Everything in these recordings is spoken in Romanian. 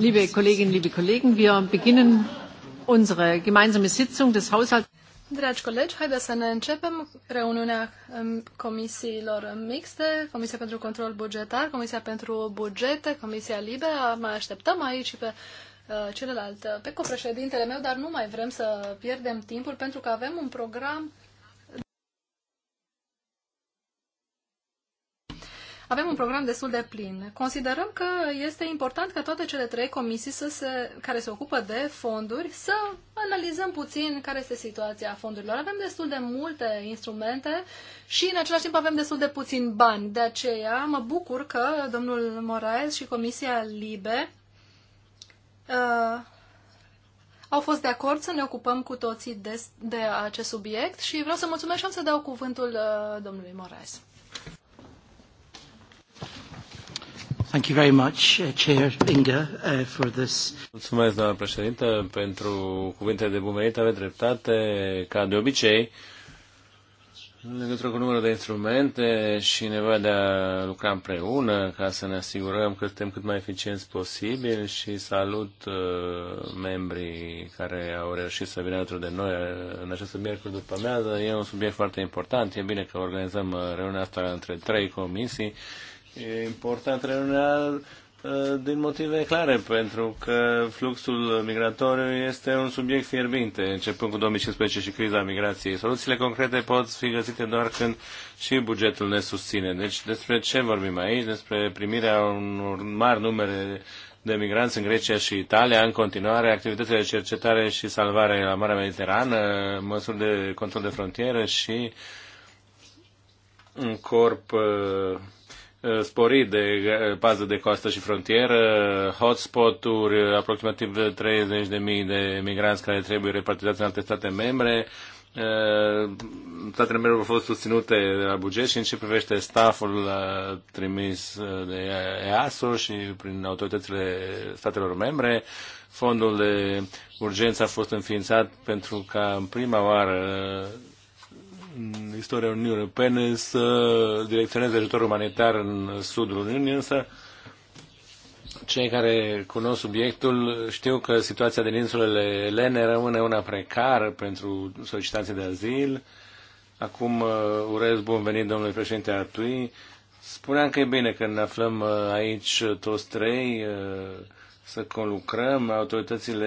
liebe Kolleginnen, liebe Kollegen, wir beginnen unsere gemeinsame Sitzung des Haushalts. Dragi colegi, haideți să ne începem reuniunea um, comisiilor mixte, Comisia pentru Control Bugetar, Comisia pentru Bugete, Comisia Liberă. Mai așteptăm aici și pe uh, celălalt, uh, pe copreședintele meu, dar nu mai vrem să pierdem timpul pentru că avem un program Avem un program destul de plin. Considerăm că este important ca toate cele trei comisii să se, care se ocupă de fonduri să analizăm puțin care este situația fondurilor. Avem destul de multe instrumente și în același timp avem destul de puțin bani. De aceea mă bucur că domnul Moraes și Comisia Libe uh, au fost de acord să ne ocupăm cu toții de, de acest subiect și vreau să mulțumesc și am să dau cuvântul uh, domnului Moraes. Mulțumesc, doamna președintă, pentru cuvintele de bun venit. Aveți dreptate, ca de obicei, în legătură cu numărul de instrumente și nevoia de a lucra împreună ca să ne asigurăm că suntem cât mai eficienți posibil și salut uh, membrii care au reușit să vină alături de noi uh, în această miercuri după amiază. E un subiect foarte important. E bine că organizăm uh, reuniunea asta între trei comisii e important reuniunea ă, din motive clare, pentru că fluxul migratoriu este un subiect fierbinte, începând cu 2015 și criza migrației. Soluțiile concrete pot fi găsite doar când și bugetul ne susține. Deci despre ce vorbim aici? Despre primirea unor mari numere de migranți în Grecia și Italia, în continuare activitățile de cercetare și salvare la Marea Mediterană, măsuri de control de frontieră și un corp ă, Eh, sporit de eh, pază de coastă și frontieră, hotspot-uri, aproximativ 30.000 de migranți care trebuie repartizați în alte state membre. Eh, statele membre au fost susținute de la buget și în ce privește stafful trimis de EASO și prin autoritățile statelor membre, fondul de urgență a fost înființat pentru ca în prima oară în istoria Uniunii Europene să direcționeze ajutorul umanitar în sudul Uniunii, însă cei care cunosc subiectul știu că situația din insulele Elene rămâne una precară pentru solicitanții de azil. Acum uh, urez bun venit domnului președinte Artui. Spuneam că e bine că ne aflăm uh, aici toți trei uh, să conlucrăm. Autoritățile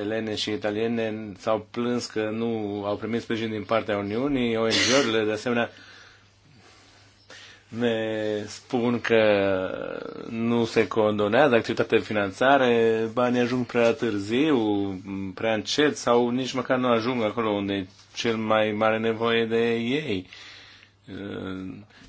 elene și italiene s-au plâns că nu au primit sprijin din partea Uniunii, ONG-urile de asemenea ne spun că nu se condonează activitatea de finanțare, banii ajung prea târziu, prea încet sau nici măcar nu ajung acolo unde e cel mai mare nevoie de ei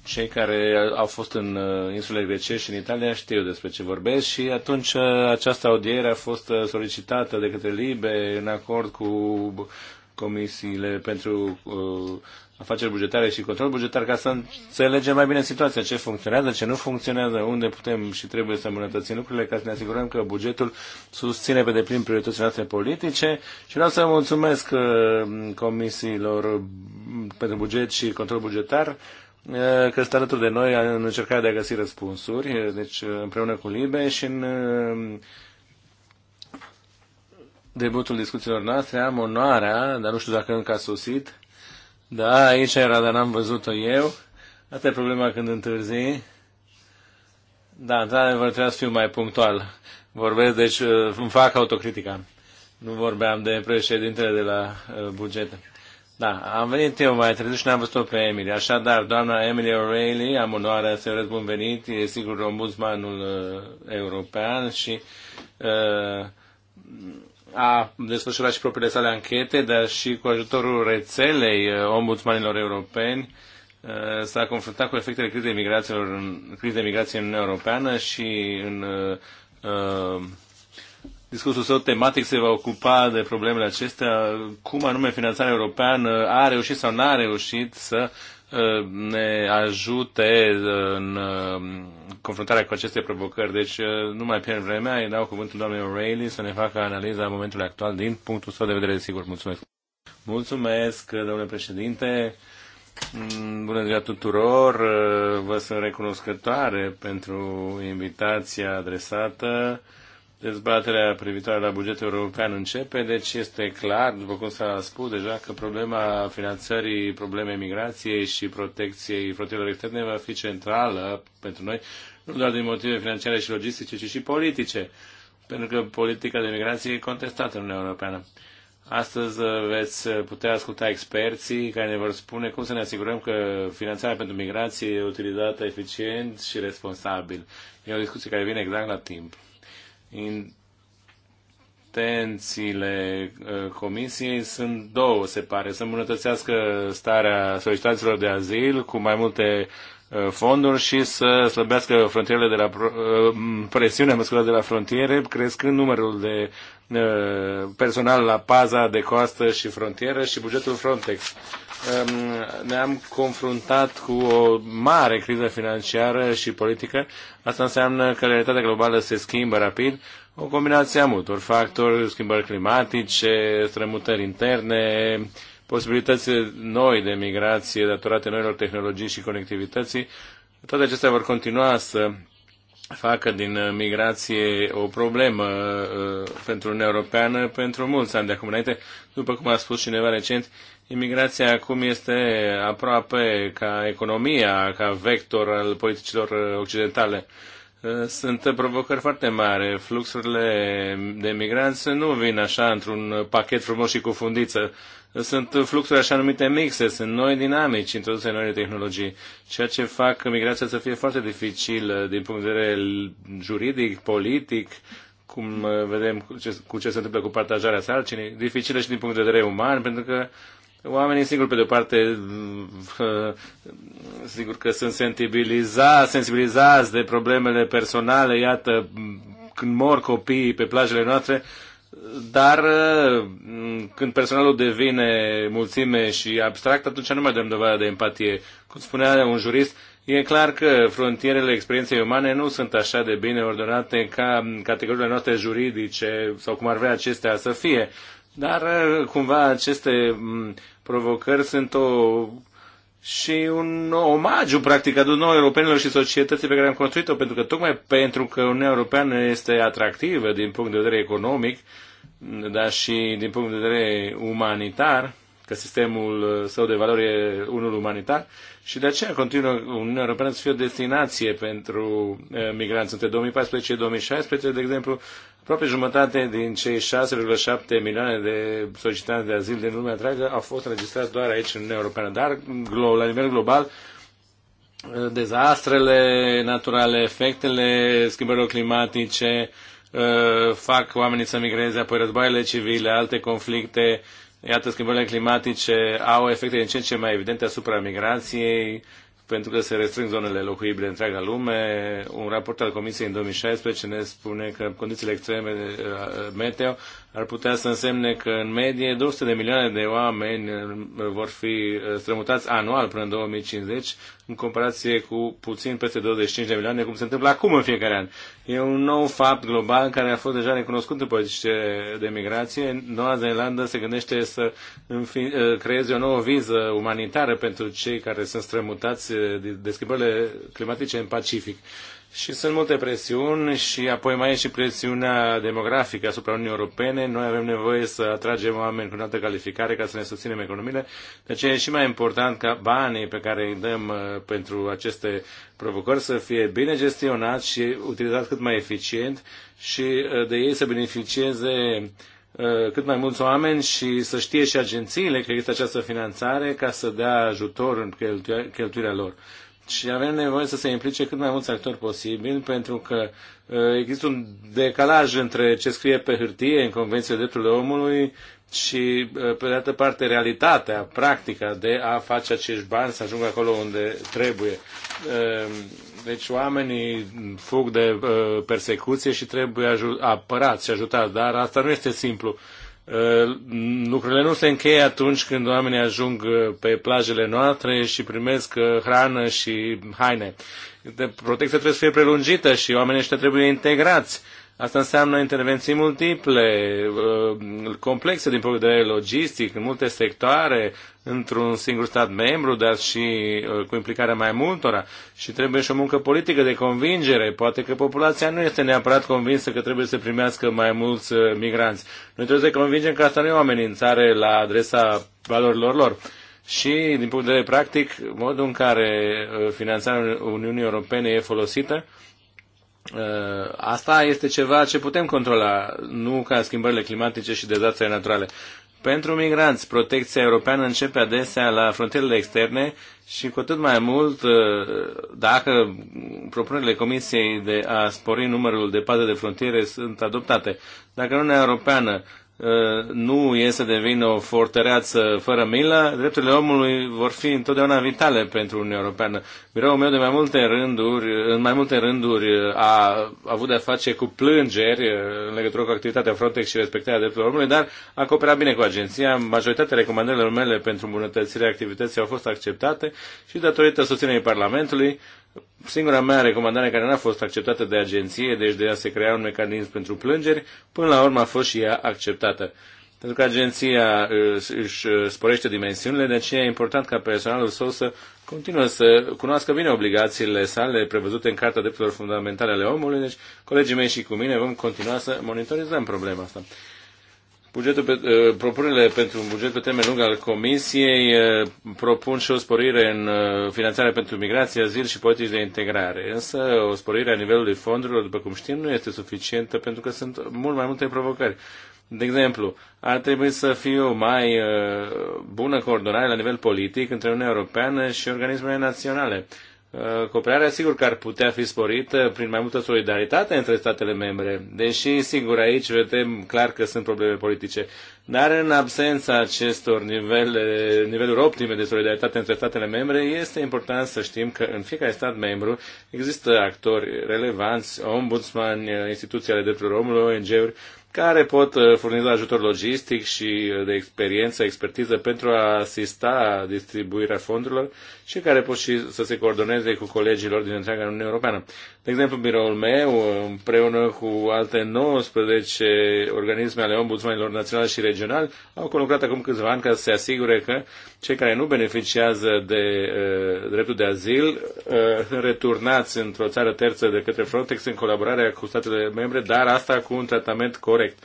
cei care au fost în uh, insulele Grecie și în Italia știu despre ce vorbesc și atunci uh, această audiere a fost uh, solicitată de către LIBE în acord cu comisiile pentru uh, afaceri bugetare și control bugetar ca să înțelegem mai bine situația, ce funcționează, ce nu funcționează, unde putem și trebuie să îmbunătățim lucrurile ca să ne asigurăm că bugetul susține pe deplin prioritățile noastre politice și vreau să mulțumesc comisiilor pentru buget și control bugetar că este alături de noi în încercarea de a găsi răspunsuri, deci împreună cu Libe și în debutul discuțiilor noastre am onoarea, dar nu știu dacă încă a sosit, da, aici era, dar n-am văzut-o eu. Asta e problema când întârzi. Da, într-adevăr, trebuie să fiu mai punctual. Vorbesc, deci îmi fac autocritica. Nu vorbeam de președintele de la buget. Da, am venit eu mai târziu și n-am văzut-o pe Emily. Așadar, doamna Emily O'Reilly, am onoarea să-i urez bun venit, e sigur ombudsmanul uh, european și uh, a desfășurat și propriile sale anchete, dar și cu ajutorul rețelei uh, ombudsmanilor europeni uh, s-a confruntat cu efectele crizei migrațiilor, crizei migrației în Uniunea Europeană și în uh, uh discursul său tematic se va ocupa de problemele acestea, cum anume finanțarea europeană a reușit sau n-a reușit să uh, ne ajute uh, în uh, confruntarea cu aceste provocări. Deci nu mai pierd vremea, îi dau cuvântul doamnei O'Reilly să ne facă analiza momentului actual din punctul său de vedere, sigur. Mulțumesc! Mulțumesc, domnule președinte! Mm, bună ziua tuturor! Vă sunt recunoscătoare pentru invitația adresată. Dezbaterea privitoare la bugetul european începe, deci este clar, după cum s-a spus deja, că problema finanțării, probleme migrației și protecției frontierelor externe va fi centrală pentru noi, nu doar din motive financiare și logistice, ci și politice, pentru că politica de migrație e contestată în Uniunea Europeană. Astăzi uh, veți putea asculta experții care ne vor spune cum să ne asigurăm că finanțarea pentru migrație e utilizată eficient și responsabil. E o discuție care vine exact la timp intențiile uh, Comisiei sunt două, se pare. Să îmbunătățească starea solicitanților de azil cu mai multe uh, fonduri și să slăbească frontierele de la uh, presiunea măscurilor de la frontiere, crescând numărul de personal la paza de coastă și frontieră și bugetul Frontex. Ehm, ne-am confruntat cu o mare criză financiară și politică. Asta înseamnă că realitatea globală se schimbă rapid, o combinație a multor factori, schimbări climatice, strămutări interne, posibilități noi de migrație datorate noilor tehnologii și conectivității. Toate acestea vor continua să facă din migrație o problemă uh, pentru Uniunea Europeană pentru mulți ani de acum înainte. După cum a spus cineva recent, uh, Imigrația acum este aproape ca economia, ca vector al politicilor occidentale. Sunt provocări foarte mari. Fluxurile de migranți nu vin așa într-un pachet frumos și cu fundiță. Sunt fluxuri așa numite mixe, sunt noi dinamici introduse noi tehnologii, ceea ce fac migrația să fie foarte dificil din punct de vedere juridic, politic, cum vedem cu ce, cu ce se întâmplă cu partajarea sarcinii, dificilă și din punct de vedere uman, pentru că uh, Oamenii, sigur, pe de-o parte, sigur că sunt sensibilizați, sensibilizați de problemele personale, iată, când mor copiii pe plajele noastre, dar mm, când personalul devine mulțime și abstract, atunci nu mai dăm dovadă de empatie. Cum spunea un jurist, e clar că frontierele experienței umane nu sunt așa de bine ordonate ca categoriile noastre juridice sau cum ar vrea acestea să fie. Dar cumva aceste mm, provocări sunt o, și un omagiu, practic, adus noi europenilor și societății pe care am construit-o, pentru că tocmai pentru că Uniunea Europeană este atractivă din punct de vedere economic, dar și din punct de vedere umanitar, că sistemul său de valori e unul umanitar și de aceea continuă Uniunea Europeană să fie o destinație pentru eh, migranți. Între 2014 și 2016, de exemplu, Aproape jumătate din cei 6,7 milioane de solicitanți de azil din lumea întreagă au fost înregistrați doar aici în Uniunea Europeană, dar la nivel global dezastrele naturale, efectele schimbărilor climatice uh, fac oamenii să migreze, apoi războaiele civile, alte conflicte, iată schimbările climatice au efecte din ce în ce mai evidente asupra migrației, pentru că se restrâng zonele locuibile întreaga lume. Un raport al Comisiei în 2016 ne spune că condițiile extreme uh, meteo ar putea să însemne că în medie 200 de milioane de oameni eh, vor fi eh, strămutați anual până în 2050, în comparație cu puțin peste 25 de milioane, cum se întâmplă acum în fiecare an. E un nou fapt global care a fost deja recunoscut după politicile de migrație. Noua Zeelandă se gândește să eh, creeze o nouă viză umanitară pentru cei care sunt strămutați de schimbările climatice în Pacific. Și sunt multe presiuni și apoi mai e și presiunea demografică asupra Uniunii Europene. Noi avem nevoie să atragem oameni cu înaltă calificare ca să ne susținem economiile. De aceea e și mai important ca banii pe care îi dăm uh, pentru aceste provocări să fie bine gestionați și utilizați cât mai eficient și uh, de ei să beneficieze uh, cât mai mulți oameni și să știe și agențiile că există această finanțare ca să dea ajutor în cheltuirea lor și avem nevoie să se implice cât mai mulți actori posibil, pentru că uh, există un decalaj între ce scrie pe hârtie în Convenția Drepturilor Omului și, uh, pe de altă parte, realitatea, practica de a face acești bani să ajungă acolo unde trebuie. Uh, deci oamenii fug de persecuție și trebuie apărați și ajutați, dar asta nu este simplu Uh, lucrurile nu se încheie atunci când oamenii ajung uh, pe plajele noastre și primesc uh, hrană și haine. De protecția trebuie să fie prelungită și oamenii ăștia trebuie integrați. Asta înseamnă intervenții multiple, complexe din punct de vedere logistic, în multe sectoare, într-un singur stat membru, dar și uh, cu implicarea mai multora și trebuie și o muncă politică de convingere. Poate că populația nu este neapărat convinsă că trebuie să primească mai mulți uh, migranți. Noi trebuie să convingem că asta nu e o amenințare la adresa valorilor lor. Și, din punct de vedere practic, modul în care uh, finanțarea Uniunii Europene e folosită, Asta este ceva ce putem controla, nu ca schimbările climatice și dezastrele naturale. Pentru migranți, protecția europeană începe adesea la frontierele externe și cu atât mai mult uh, dacă propunerile Comisiei de a spori numărul de paze de frontiere sunt adoptate. Dacă Uniunea Europeană Uh, nu e să devină o fortăreață fără milă, drepturile omului vor fi întotdeauna vitale pentru Uniunea Europeană. Biroul meu de mai multe rânduri, în mai multe rânduri a avut de-a face cu plângeri uh, în legătură cu activitatea Frontex și respectarea drepturilor omului, dar a cooperat bine cu agenția. Majoritatea recomandărilor mele pentru îmbunătățirea activității au fost acceptate și datorită susținerii Parlamentului Singura mea recomandare care n-a fost acceptată de agenție, deci de a se crea un mecanism pentru plângeri, până la urmă a fost și ea acceptată. Pentru că agenția uh, își uh, sporește dimensiunile, de aceea e important ca personalul său să continuă să cunoască bine obligațiile sale prevăzute în Carta Drepturilor Fundamentale ale Omului, deci colegii mei și cu mine vom continua să monitorizăm problema asta. Bugetul pe, uh, propunerile pentru un buget pe termen lung al Comisiei uh, propun și o sporire în uh, finanțarea pentru migrație, azil și politici de integrare. Însă o sporire a nivelului fondurilor, după cum știm, nu este suficientă pentru că sunt mult mai multe provocări. De exemplu, ar trebui să fie o mai bună coordonare la nivel politic între Uniunea Europeană și organismele naționale Uh, cooperarea sigur că ar putea fi sporită prin mai multă solidaritate între statele membre, deși sigur aici vedem clar că sunt probleme politice. Dar în absența acestor nivele, niveluri optime de solidaritate între statele membre, este important să știm că în fiecare stat membru există actori relevanți, ombudsmani, instituții ale drepturilor omului, ONG-uri, care pot uh, furniza ajutor logistic și uh, de experiență, expertiză pentru a asista distribuirea fondurilor și care pot și să se coordoneze cu colegilor din întreaga Uniune Europeană. De exemplu, biroul meu, împreună cu alte 19 organisme ale ombudsmanilor naționali și regionali, au colaborat acum câțiva ani ca să se asigure că cei care nu beneficiază de uh, dreptul de azil uh, returnați într-o țară terță de către Frontex în colaborarea cu statele membre, dar asta cu un tratament corect.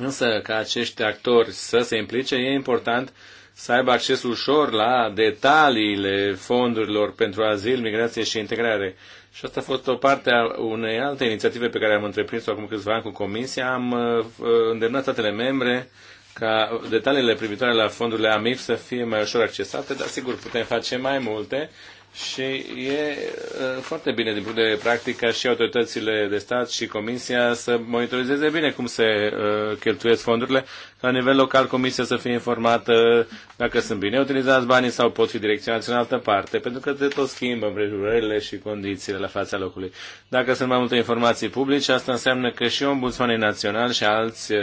Însă, ca acești actori să se implice, e important uh, să aibă acces ușor la detaliile fondurilor pentru azil, migrație și integrare. Și asta a fost o parte a unei alte inițiative pe care am întreprins-o acum câțiva ani cu Comisia. Am uh, uh, îndemnat statele membre ca detaliile privitoare la fondurile AMIF să fie mai ușor accesate, dar sigur putem face mai multe și e uh, foarte bine din punct de practică practic ca și autoritățile de stat și Comisia să monitorizeze bine cum se cheltuiesc fondurile la nivel local comisia să fie informată dacă sunt bine utilizați banii sau pot fi direcționați în altă parte, pentru că se tot schimbă împrejurările și condițiile la fața locului. Dacă sunt mai multe informații publice, asta înseamnă că și ombudsmanii naționali și alți eh,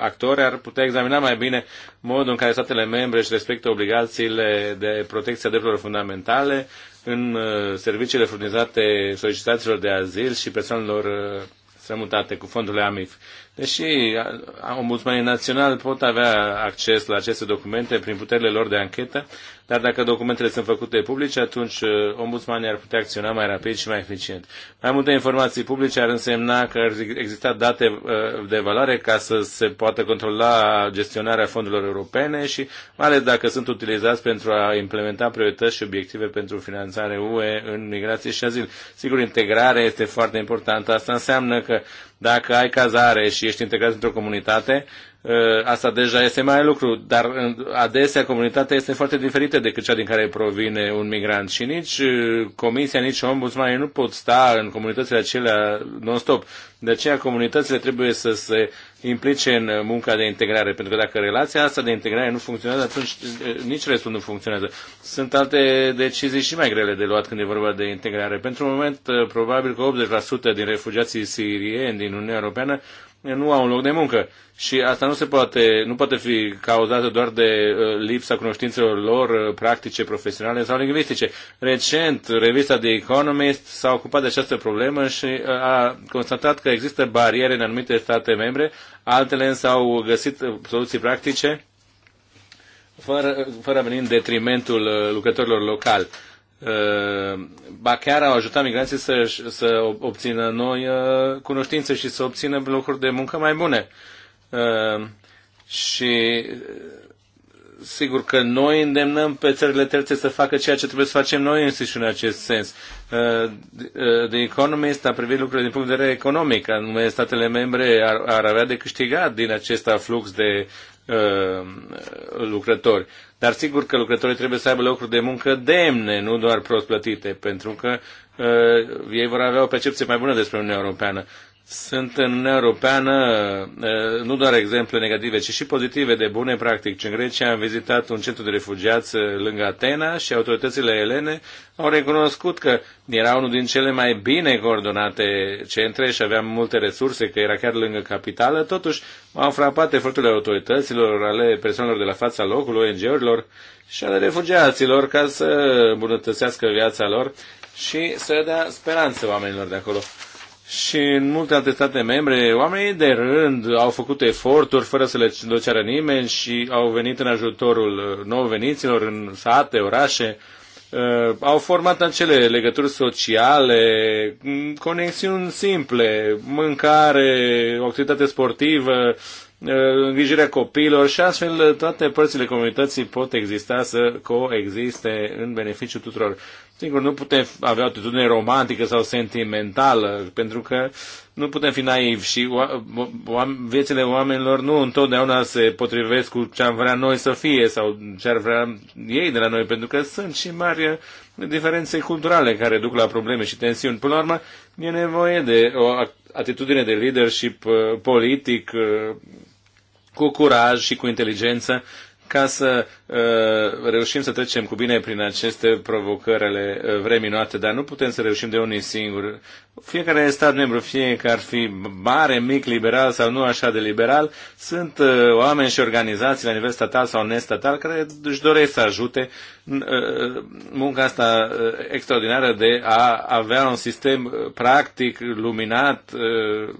actori ar putea examina mai bine modul în care statele membre își respectă obligațiile de protecție a drepturilor fundamentale în eh, serviciile furnizate solicitațiilor de azil și persoanelor eh, strămutate cu fondurile AMIF. Deși ombudsmanii naționali pot avea acces la aceste documente prin puterile lor de anchetă, dar dacă documentele sunt făcute publice, atunci uh, ombudsmanii ar putea acționa mai rapid și mai eficient. Mai multe informații publice ar însemna că ar exista date uh, de valoare ca să se poată controla gestionarea fondurilor europene și mai ales dacă sunt utilizați pentru a implementa priorități și obiective pentru finanțare UE în migrație și azil. Sigur, integrarea este foarte importantă. Asta înseamnă că dacă ai cazare și ești integrat într-o comunitate, Eh, asta deja este mai lucru, dar adesea comunitatea este foarte diferită decât cea din care provine un migrant și nici eh, comisia, nici ombudsmanii nu pot sta în comunitățile acelea non-stop. De aceea comunitățile trebuie să se implice în munca de integrare, pentru că dacă relația asta de integrare nu funcționează, atunci eh, nici restul nu funcționează. Sunt alte decizii și mai grele de luat când e vorba de integrare. Pentru moment, probabil că 80% din refugiații sirieni din Uniunea Europeană nu au un loc de muncă. Și asta nu se poate, nu poate fi cauzată doar de uh, lipsa cunoștințelor lor uh, practice, profesionale sau lingvistice. Recent, revista The Economist s-a ocupat de această problemă și uh, a constatat că există bariere în anumite state membre, altele însă au găsit soluții practice fără, fără a veni în detrimentul lucrătorilor locali. Ă, ba chiar au ajutat migranții să, să obțină noi ă, cunoștințe și să obțină locuri de muncă mai bune. Ă, și sigur că noi îndemnăm pe țările terțe să facă ceea ce trebuie să facem noi în în acest sens. De Economist a privit lucrurile din punct de vedere economic, anume statele membre ar, ar avea de câștigat din acest flux de Uh, lucrători. Dar sigur că lucrătorii trebuie să aibă locuri de muncă demne, nu doar prost plătite, pentru că uh, ei vor avea o percepție mai bună despre Uniunea Europeană sunt în Uniunea Europeană nu doar exemple negative, ci și pozitive de bune practici. În Grecia am vizitat un centru de refugiați lângă Atena și autoritățile elene au recunoscut că era unul din cele mai bine coordonate centre și aveam multe resurse, că era chiar lângă capitală. Totuși, au frapat eforturile autorităților, ale persoanelor de la fața locului, ONG-urilor și ale refugiaților ca să îmbunătățească viața lor și să dea speranță oamenilor de acolo. Și în multe alte state membre, oamenii de rând au făcut eforturi fără să le doceară nimeni și au venit în ajutorul uh, nou veniților în sate, orașe. Uh, au format acele legături sociale, mm, conexiuni simple, mâncare, o activitate sportivă, Uh, îngrijirea copiilor și astfel uh, toate părțile comunității pot exista să coexiste în beneficiu tuturor. Sigur, nu putem avea o atitudine romantică sau sentimentală, pentru că nu putem fi naivi și viețile oamenilor nu întotdeauna se potrivesc cu ce am vrea noi să fie sau ce ar vrea ei de la noi, pentru că sunt și mari uh, diferențe culturale care duc la probleme și tensiuni. Până la urmă, e nevoie de o atitudine de leadership politic cu curaj și cu inteligență ca să uh, reușim să trecem cu bine prin aceste provocări ale uh, vremii noastre, dar nu putem să reușim de unii singuri. Fiecare stat membru, fie că ar fi mare, mic, liberal sau nu așa de liberal, sunt uh, oameni și organizații la nivel statal sau nestatal care își doresc să ajute uh, munca asta uh, extraordinară de a avea un sistem uh, practic, luminat, uh,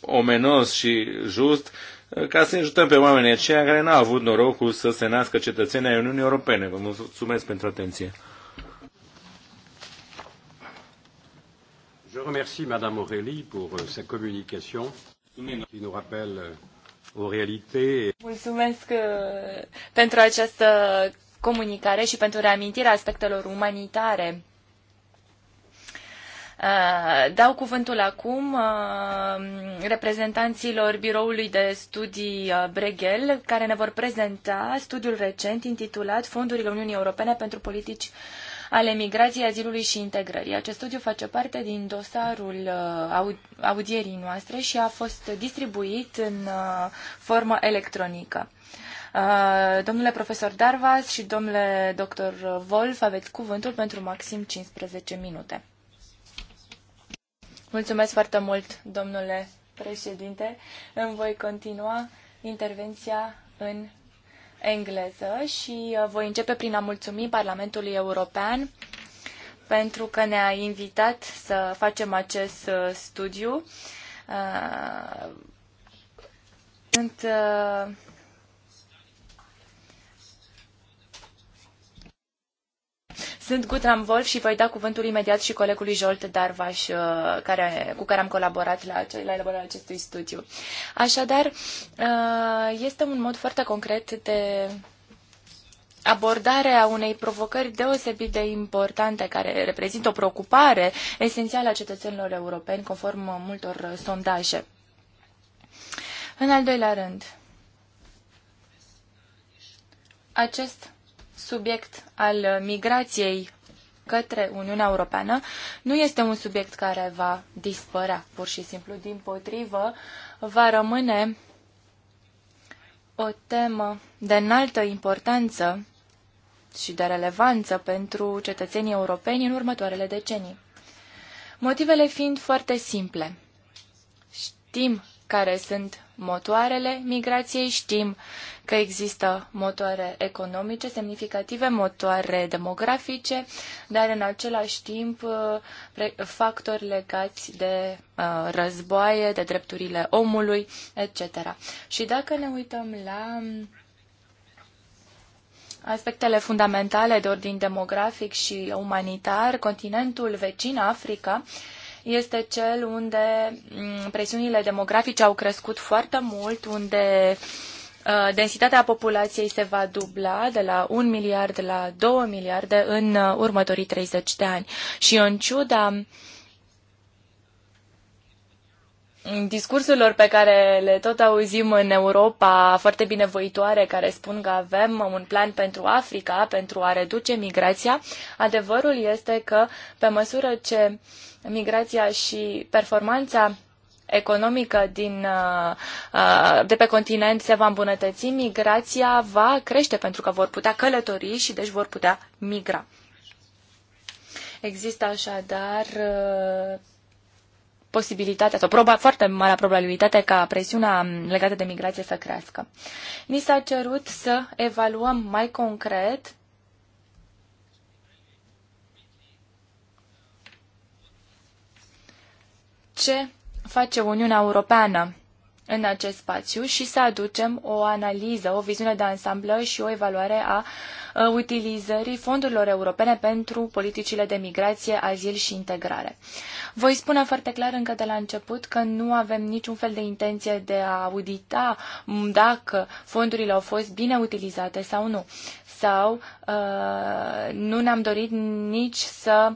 omenos și just, uh, ca să ajutăm pe oamenii aceia care n-au avut norocul să se nască cetățenii ai Uniunii Europene. Vă mulțumesc pentru atenție. Je remercie Madame Aurélie pour euh, sa communication qui nous rappelle euh, aux réalités. Mulțumesc euh, pentru această comunicare și pentru reamintirea aspectelor umanitare Uh, dau cuvântul acum uh, reprezentanților Biroului de Studii uh, Breghel, care ne vor prezenta studiul recent intitulat Fondurile Uniunii Europene pentru Politici ale Migrației, Azilului și Integrării. Acest studiu face parte din dosarul audierii noastre și a fost distribuit în formă electronică. Domnule profesor Darvas și domnule doctor Wolf, aveți cuvântul pentru maxim 15 minute. Mulțumesc foarte mult, domnule președinte. Îmi voi continua intervenția în engleză și uh, voi începe prin a mulțumi Parlamentului European pentru că ne-a invitat să facem acest uh, studiu. Uh, sunt Sunt Gutram Wolf și voi da cuvântul imediat și colegului Jolt Darvaș, uh, care, cu care am colaborat la, la elaborarea acestui studiu. Așadar, uh, este un mod foarte concret de abordarea unei provocări deosebit de importante, care reprezintă o preocupare esențială a cetățenilor europeni, conform multor sondaje. În al doilea rând, acest subiect al migrației către Uniunea Europeană nu este un subiect care va dispărea pur și simplu. Din potrivă, va rămâne o temă de înaltă importanță și de relevanță pentru cetățenii europeni în următoarele decenii. Motivele fiind foarte simple. Știm care sunt motoarele migrației, știm că există motoare economice semnificative, motoare demografice, dar în același timp uh, factori legați de uh, războaie, de drepturile omului, etc. Și dacă ne uităm la um, aspectele fundamentale de ordin demografic și umanitar, continentul vecin, Africa, este cel unde mm, presiunile demografice au crescut foarte mult, unde uh, Uh, densitatea populației se va dubla de la 1 miliard la 2 miliarde în uh, următorii 30 de ani. Și în ciuda discursurilor pe care le tot auzim în Europa, foarte binevoitoare, care spun că avem un plan pentru Africa, pentru a reduce migrația, adevărul este că pe măsură ce migrația și performanța economică din, uh, uh, de pe continent se va îmbunătăți, migrația va crește pentru că vor putea călători și deci vor putea migra. Există așadar uh, posibilitatea sau proba, foarte mare probabilitate ca presiunea legată de migrație să crească. Ni s-a cerut să evaluăm mai concret ce face Uniunea Europeană în acest spațiu și să aducem o analiză, o viziune de ansamblă și o evaluare a utilizării fondurilor europene pentru politicile de migrație, azil și integrare. Voi spune foarte clar încă de la început că nu avem niciun fel de intenție de a audita dacă fondurile au fost bine utilizate sau nu. Sau uh, nu ne-am dorit nici să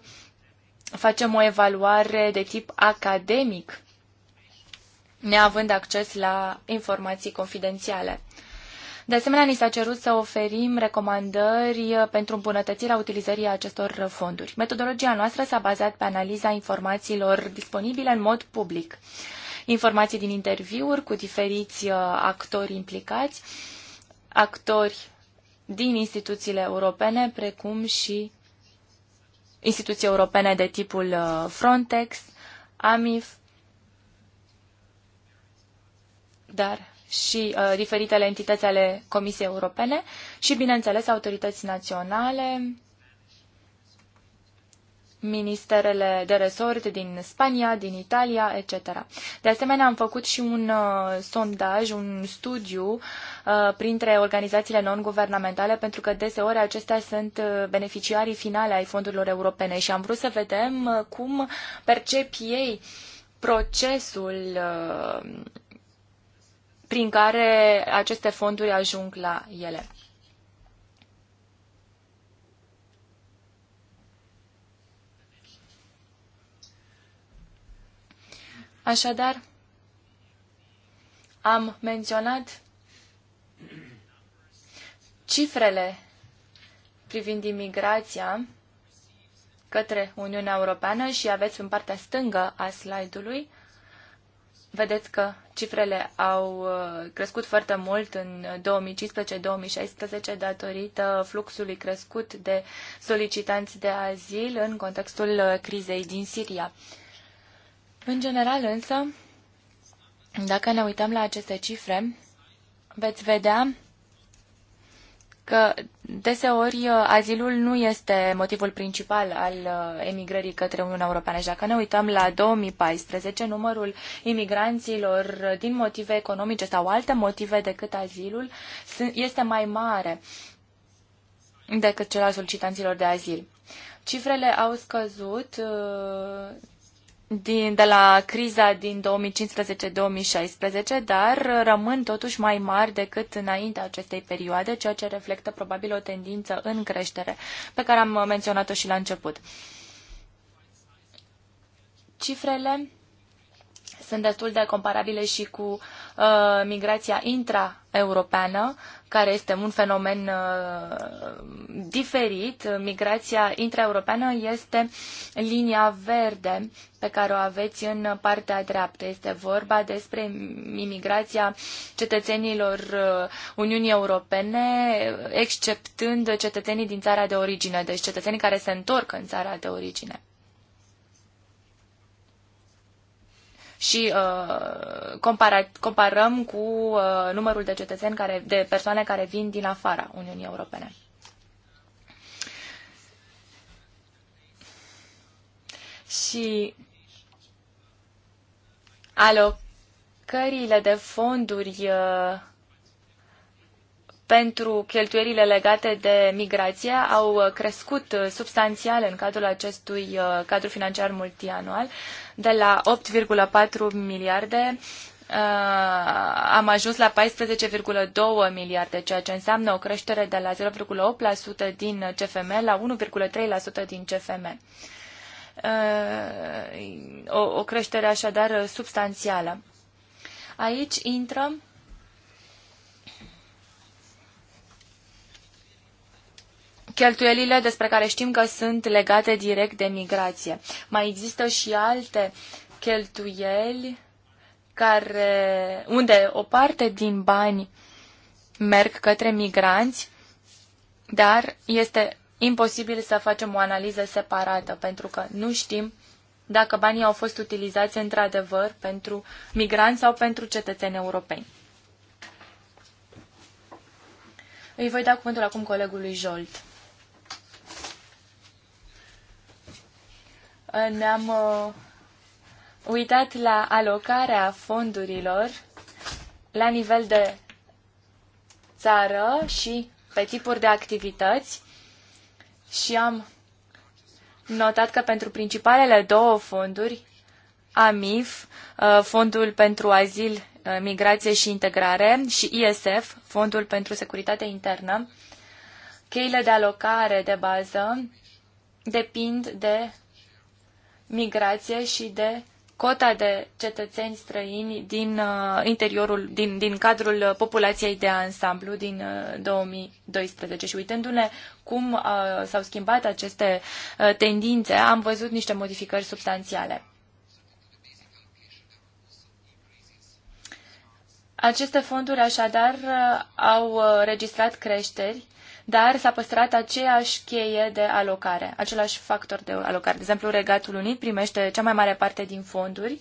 facem o evaluare de tip academic neavând acces la informații confidențiale. De asemenea, ni s-a cerut să oferim recomandări pentru îmbunătățirea utilizării acestor fonduri. Metodologia noastră s-a bazat pe analiza informațiilor disponibile în mod public, informații din interviuri cu diferiți uh, actori implicați, actori din instituțiile europene, precum și instituții europene de tipul uh, Frontex, AMIF, dar și uh, diferitele entități ale Comisiei Europene și, bineînțeles, autorități naționale, ministerele de resort din Spania, din Italia, etc. De asemenea, am făcut și un uh, sondaj, un studiu uh, printre organizațiile non-guvernamentale, pentru că deseori acestea sunt uh, beneficiarii finale ai fondurilor europene și am vrut să vedem uh, cum percep ei procesul uh, prin care aceste fonduri ajung la ele. Așadar, am menționat cifrele privind imigrația către Uniunea Europeană și aveți în partea stângă a slide-ului Vedeți că cifrele au uh, crescut foarte mult în 2015-2016 datorită fluxului crescut de solicitanți de azil în contextul uh, crizei din Siria. În general însă, dacă ne uităm la aceste cifre, veți vedea că deseori uh, azilul nu este motivul principal al uh, emigrării către Uniunea Europeană. Și dacă ne uităm la 2014, numărul imigranților din motive economice sau alte motive decât azilul este mai mare decât cel al solicitanților de azil. Cifrele au scăzut uh, din, de la criza din 2015-2016, dar rămân totuși mai mari decât înaintea acestei perioade, ceea ce reflectă probabil o tendință în creștere, pe care am menționat-o și la început. Cifrele sunt destul de comparabile și cu uh, migrația intra-europeană, care este un fenomen uh, diferit. Migrația intra-europeană este linia verde pe care o aveți în partea dreaptă. Este vorba despre imigrația cetățenilor uh, Uniunii Europene, exceptând cetățenii din țara de origine, deci cetățenii care se întorc în țara de origine. și uh, compara, comparăm cu uh, numărul de cetățeni care, de persoane care vin din afara Uniunii Europene. Și alocările de fonduri uh, pentru cheltuierile legate de migrație au uh, crescut uh, substanțial în cadrul acestui cadru financiar multianual de la 8,4 miliarde uh, am ajuns la 14,2 miliarde, ceea ce înseamnă o creștere de la 0,8% din CFM la 1,3% din CFM. Uh, o, o creștere așadar substanțială. Aici intră cheltuielile despre care știm că sunt legate direct de migrație. Mai există și alte cheltuieli care, unde o parte din bani merg către migranți, dar este imposibil să facem o analiză separată, pentru că nu știm dacă banii au fost utilizați într-adevăr pentru migranți sau pentru cetățeni europeni. Îi voi da cuvântul acum colegului Jolt. ne-am uh, uitat la alocarea fondurilor la nivel de țară și pe tipuri de activități și am notat că pentru principalele două fonduri, AMIF, uh, Fondul pentru Azil, uh, Migrație și Integrare, și ISF, Fondul pentru Securitate Internă, cheile de alocare de bază depind de migrație și de cota de cetățeni străini din uh, interiorul, din, din cadrul populației de ansamblu din 2012. Uh, și uitându-ne cum uh, s-au schimbat aceste tendințe, am văzut niște modificări substanțiale. Aceste fonduri așadar au registrat creșteri dar s-a păstrat aceeași cheie de alocare, același factor de alocare. De exemplu, Regatul Unit primește cea mai mare parte din fonduri,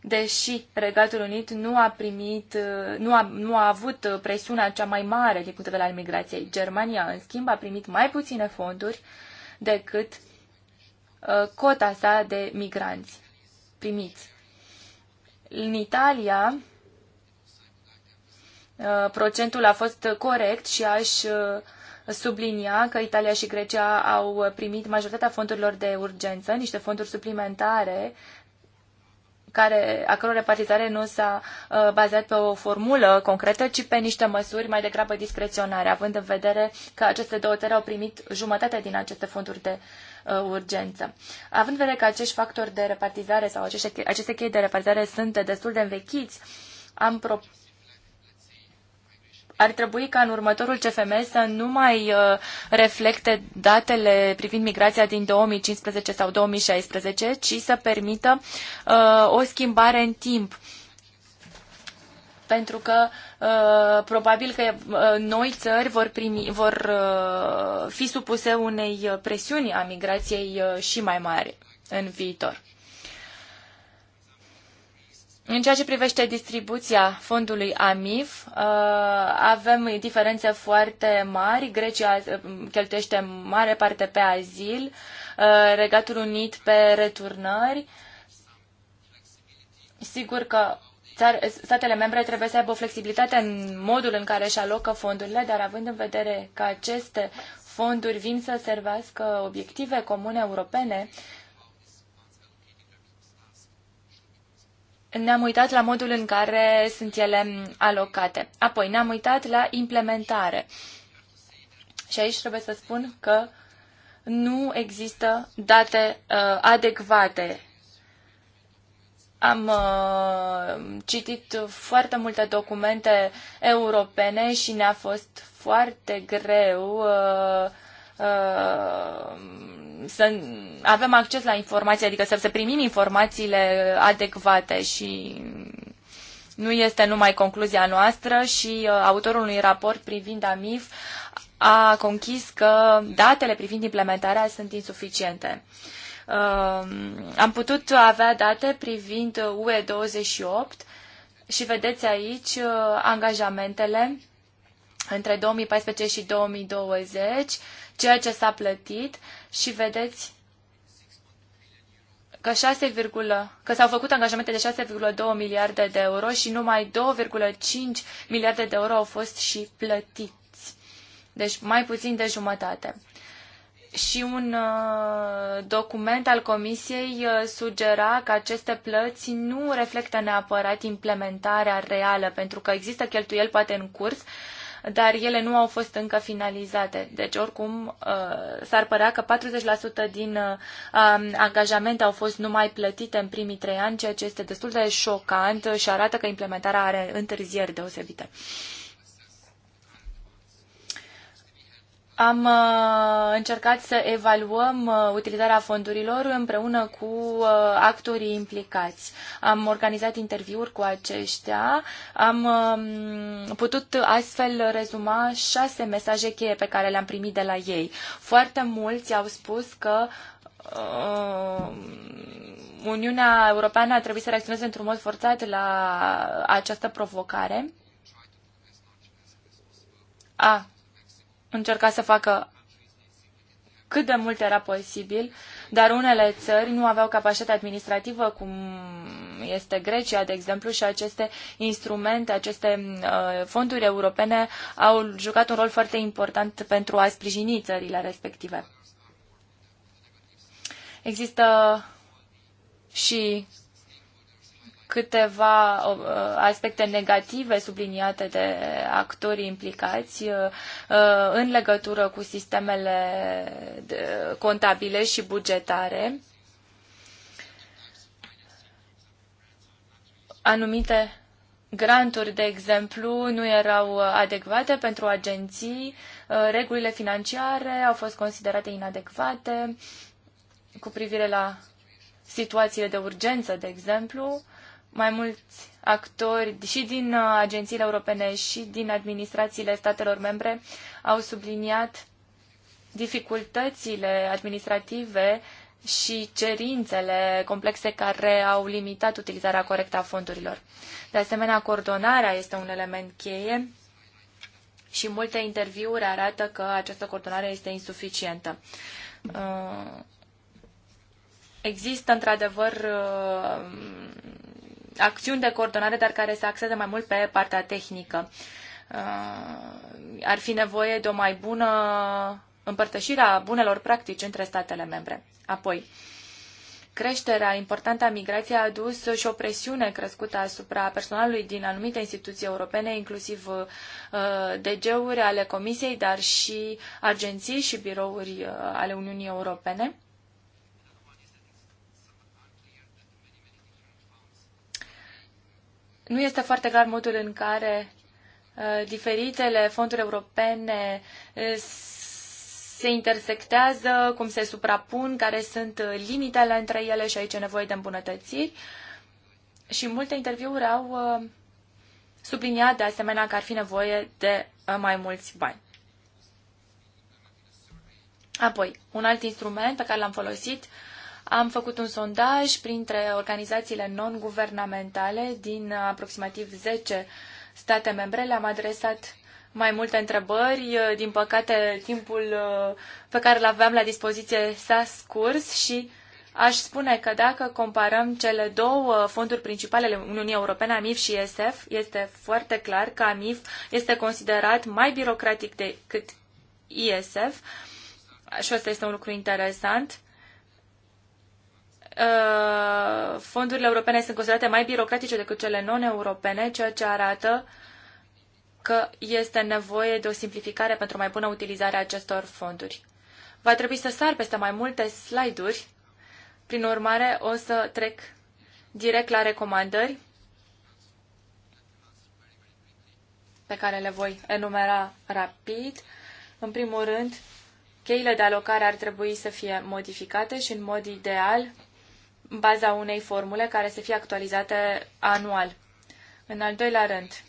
deși Regatul Unit nu a primit, nu a, nu a avut presiunea cea mai mare din punct de vedere al migrației. Germania, în schimb, a primit mai puține fonduri decât uh, cota sa de migranți primiți. În Italia, Uh, procentul a fost corect și aș uh, sublinia că Italia și Grecia au primit majoritatea fondurilor de urgență, niște fonduri suplimentare care, a căror repartizare nu s-a uh, bazat pe o formulă concretă, ci pe niște măsuri mai degrabă discreționare, având în vedere că aceste două țări au primit jumătate din aceste fonduri de uh, urgență. Având în vedere că acești factori de repartizare sau aceste, aceste chei de repartizare sunt destul de învechiți, am propus ar trebui ca în următorul CFM să nu mai uh, reflecte datele privind migrația din 2015 sau 2016, ci să permită uh, o schimbare în timp pentru că uh, probabil că noi țări vor, primi, vor fi supuse unei presiuni a migrației și mai mari în viitor. În ceea ce privește distribuția fondului AMIF, uh, avem diferențe foarte mari. Grecia uh, cheltuiește mare parte pe azil, uh, Regatul Unit pe returnări. Sigur că statele membre trebuie să aibă o flexibilitate în modul în care își alocă fondurile, dar având în vedere că aceste fonduri vin să servească obiective comune europene, ne-am uitat la modul în care sunt ele alocate. Apoi ne-am uitat la implementare. Și aici trebuie să spun că nu există date uh, adecvate. Am uh, citit foarte multe documente europene și ne-a fost foarte greu uh, uh, să avem acces la informații, adică să, să primim informațiile adecvate și nu este numai concluzia noastră și uh, autorul unui raport privind AMIF a conchis că datele privind implementarea sunt insuficiente. Um, am putut avea date privind UE28 și vedeți aici uh, angajamentele între 2014 și 2020, ceea ce s-a plătit și vedeți că, că s-au făcut angajamente de 6,2 miliarde de euro și numai 2,5 miliarde de euro au fost și plătiți. Deci mai puțin de jumătate. Și un uh, document al Comisiei uh, sugera că aceste plăți nu reflectă neapărat implementarea reală, pentru că există cheltuieli poate în curs, dar ele nu au fost încă finalizate. Deci, oricum, uh, s-ar părea că 40% din uh, um, angajamente au fost numai plătite în primii trei ani, ceea ce este destul de șocant și arată că implementarea are întârzieri deosebite. Am uh, încercat să evaluăm uh, utilizarea fondurilor împreună cu uh, actorii implicați. Am organizat interviuri cu aceștia. Am um, putut astfel rezuma șase mesaje cheie pe care le-am primit de la ei. Foarte mulți au spus că um, Uniunea Europeană a trebuit să reacționeze într-un mod forțat la această provocare. A încerca să facă cât de mult era posibil, dar unele țări nu aveau capacitate administrativă, cum este Grecia, de exemplu, și aceste instrumente, aceste uh, fonduri europene au jucat un rol foarte important pentru a sprijini țările respective. Există și câteva uh, aspecte negative subliniate de actorii implicați uh, uh, în legătură cu sistemele contabile și bugetare. Anumite granturi, de exemplu, nu erau adecvate pentru agenții, regulile financiare au fost considerate inadecvate cu privire la situațiile de urgență, de exemplu mai mulți actori și din uh, agențiile europene și din administrațiile statelor membre au subliniat dificultățile administrative și cerințele complexe care au limitat utilizarea corectă a fondurilor. De asemenea, coordonarea este un element cheie și multe interviuri arată că această coordonare este insuficientă. Uh, există într-adevăr uh, acțiuni de coordonare, dar care se axează mai mult pe partea tehnică. Uh, ar fi nevoie de o mai bună împărtășire a bunelor practici între statele membre. Apoi, creșterea importantă a migrației a adus și o presiune crescută asupra personalului din anumite instituții europene, inclusiv uh, DG-uri ale Comisiei, dar și agenții și birouri uh, ale Uniunii Europene. nu este foarte clar modul în care uh, diferitele fonduri europene uh, se intersectează, cum se suprapun, care sunt uh, limitele între ele și aici e nevoie de îmbunătățiri. Și multe interviuri au subliniat de asemenea că ar fi nevoie de mai mulți bani. Apoi, un alt instrument pe care l-am folosit am făcut un sondaj printre organizațiile non-guvernamentale din aproximativ 10 state membre. Le-am adresat mai multe întrebări. Din păcate, timpul uh, pe care îl aveam la dispoziție s-a scurs și aș spune că dacă comparăm cele două fonduri principale ale Uniunii Europene, AMIF și ESF, este foarte clar că AMIF este considerat mai birocratic decât ISF și asta este un lucru interesant. Uh, fondurile europene sunt considerate mai birocratice decât cele non-europene, ceea ce arată că este nevoie de o simplificare pentru mai bună utilizare a acestor fonduri. Va trebui să sar peste mai multe slide-uri, prin urmare o să trec direct la recomandări pe care le voi enumera rapid. În primul rând, cheile de alocare ar trebui să fie modificate și în mod ideal în baza unei formule care să fie actualizate anual. În al doilea rând,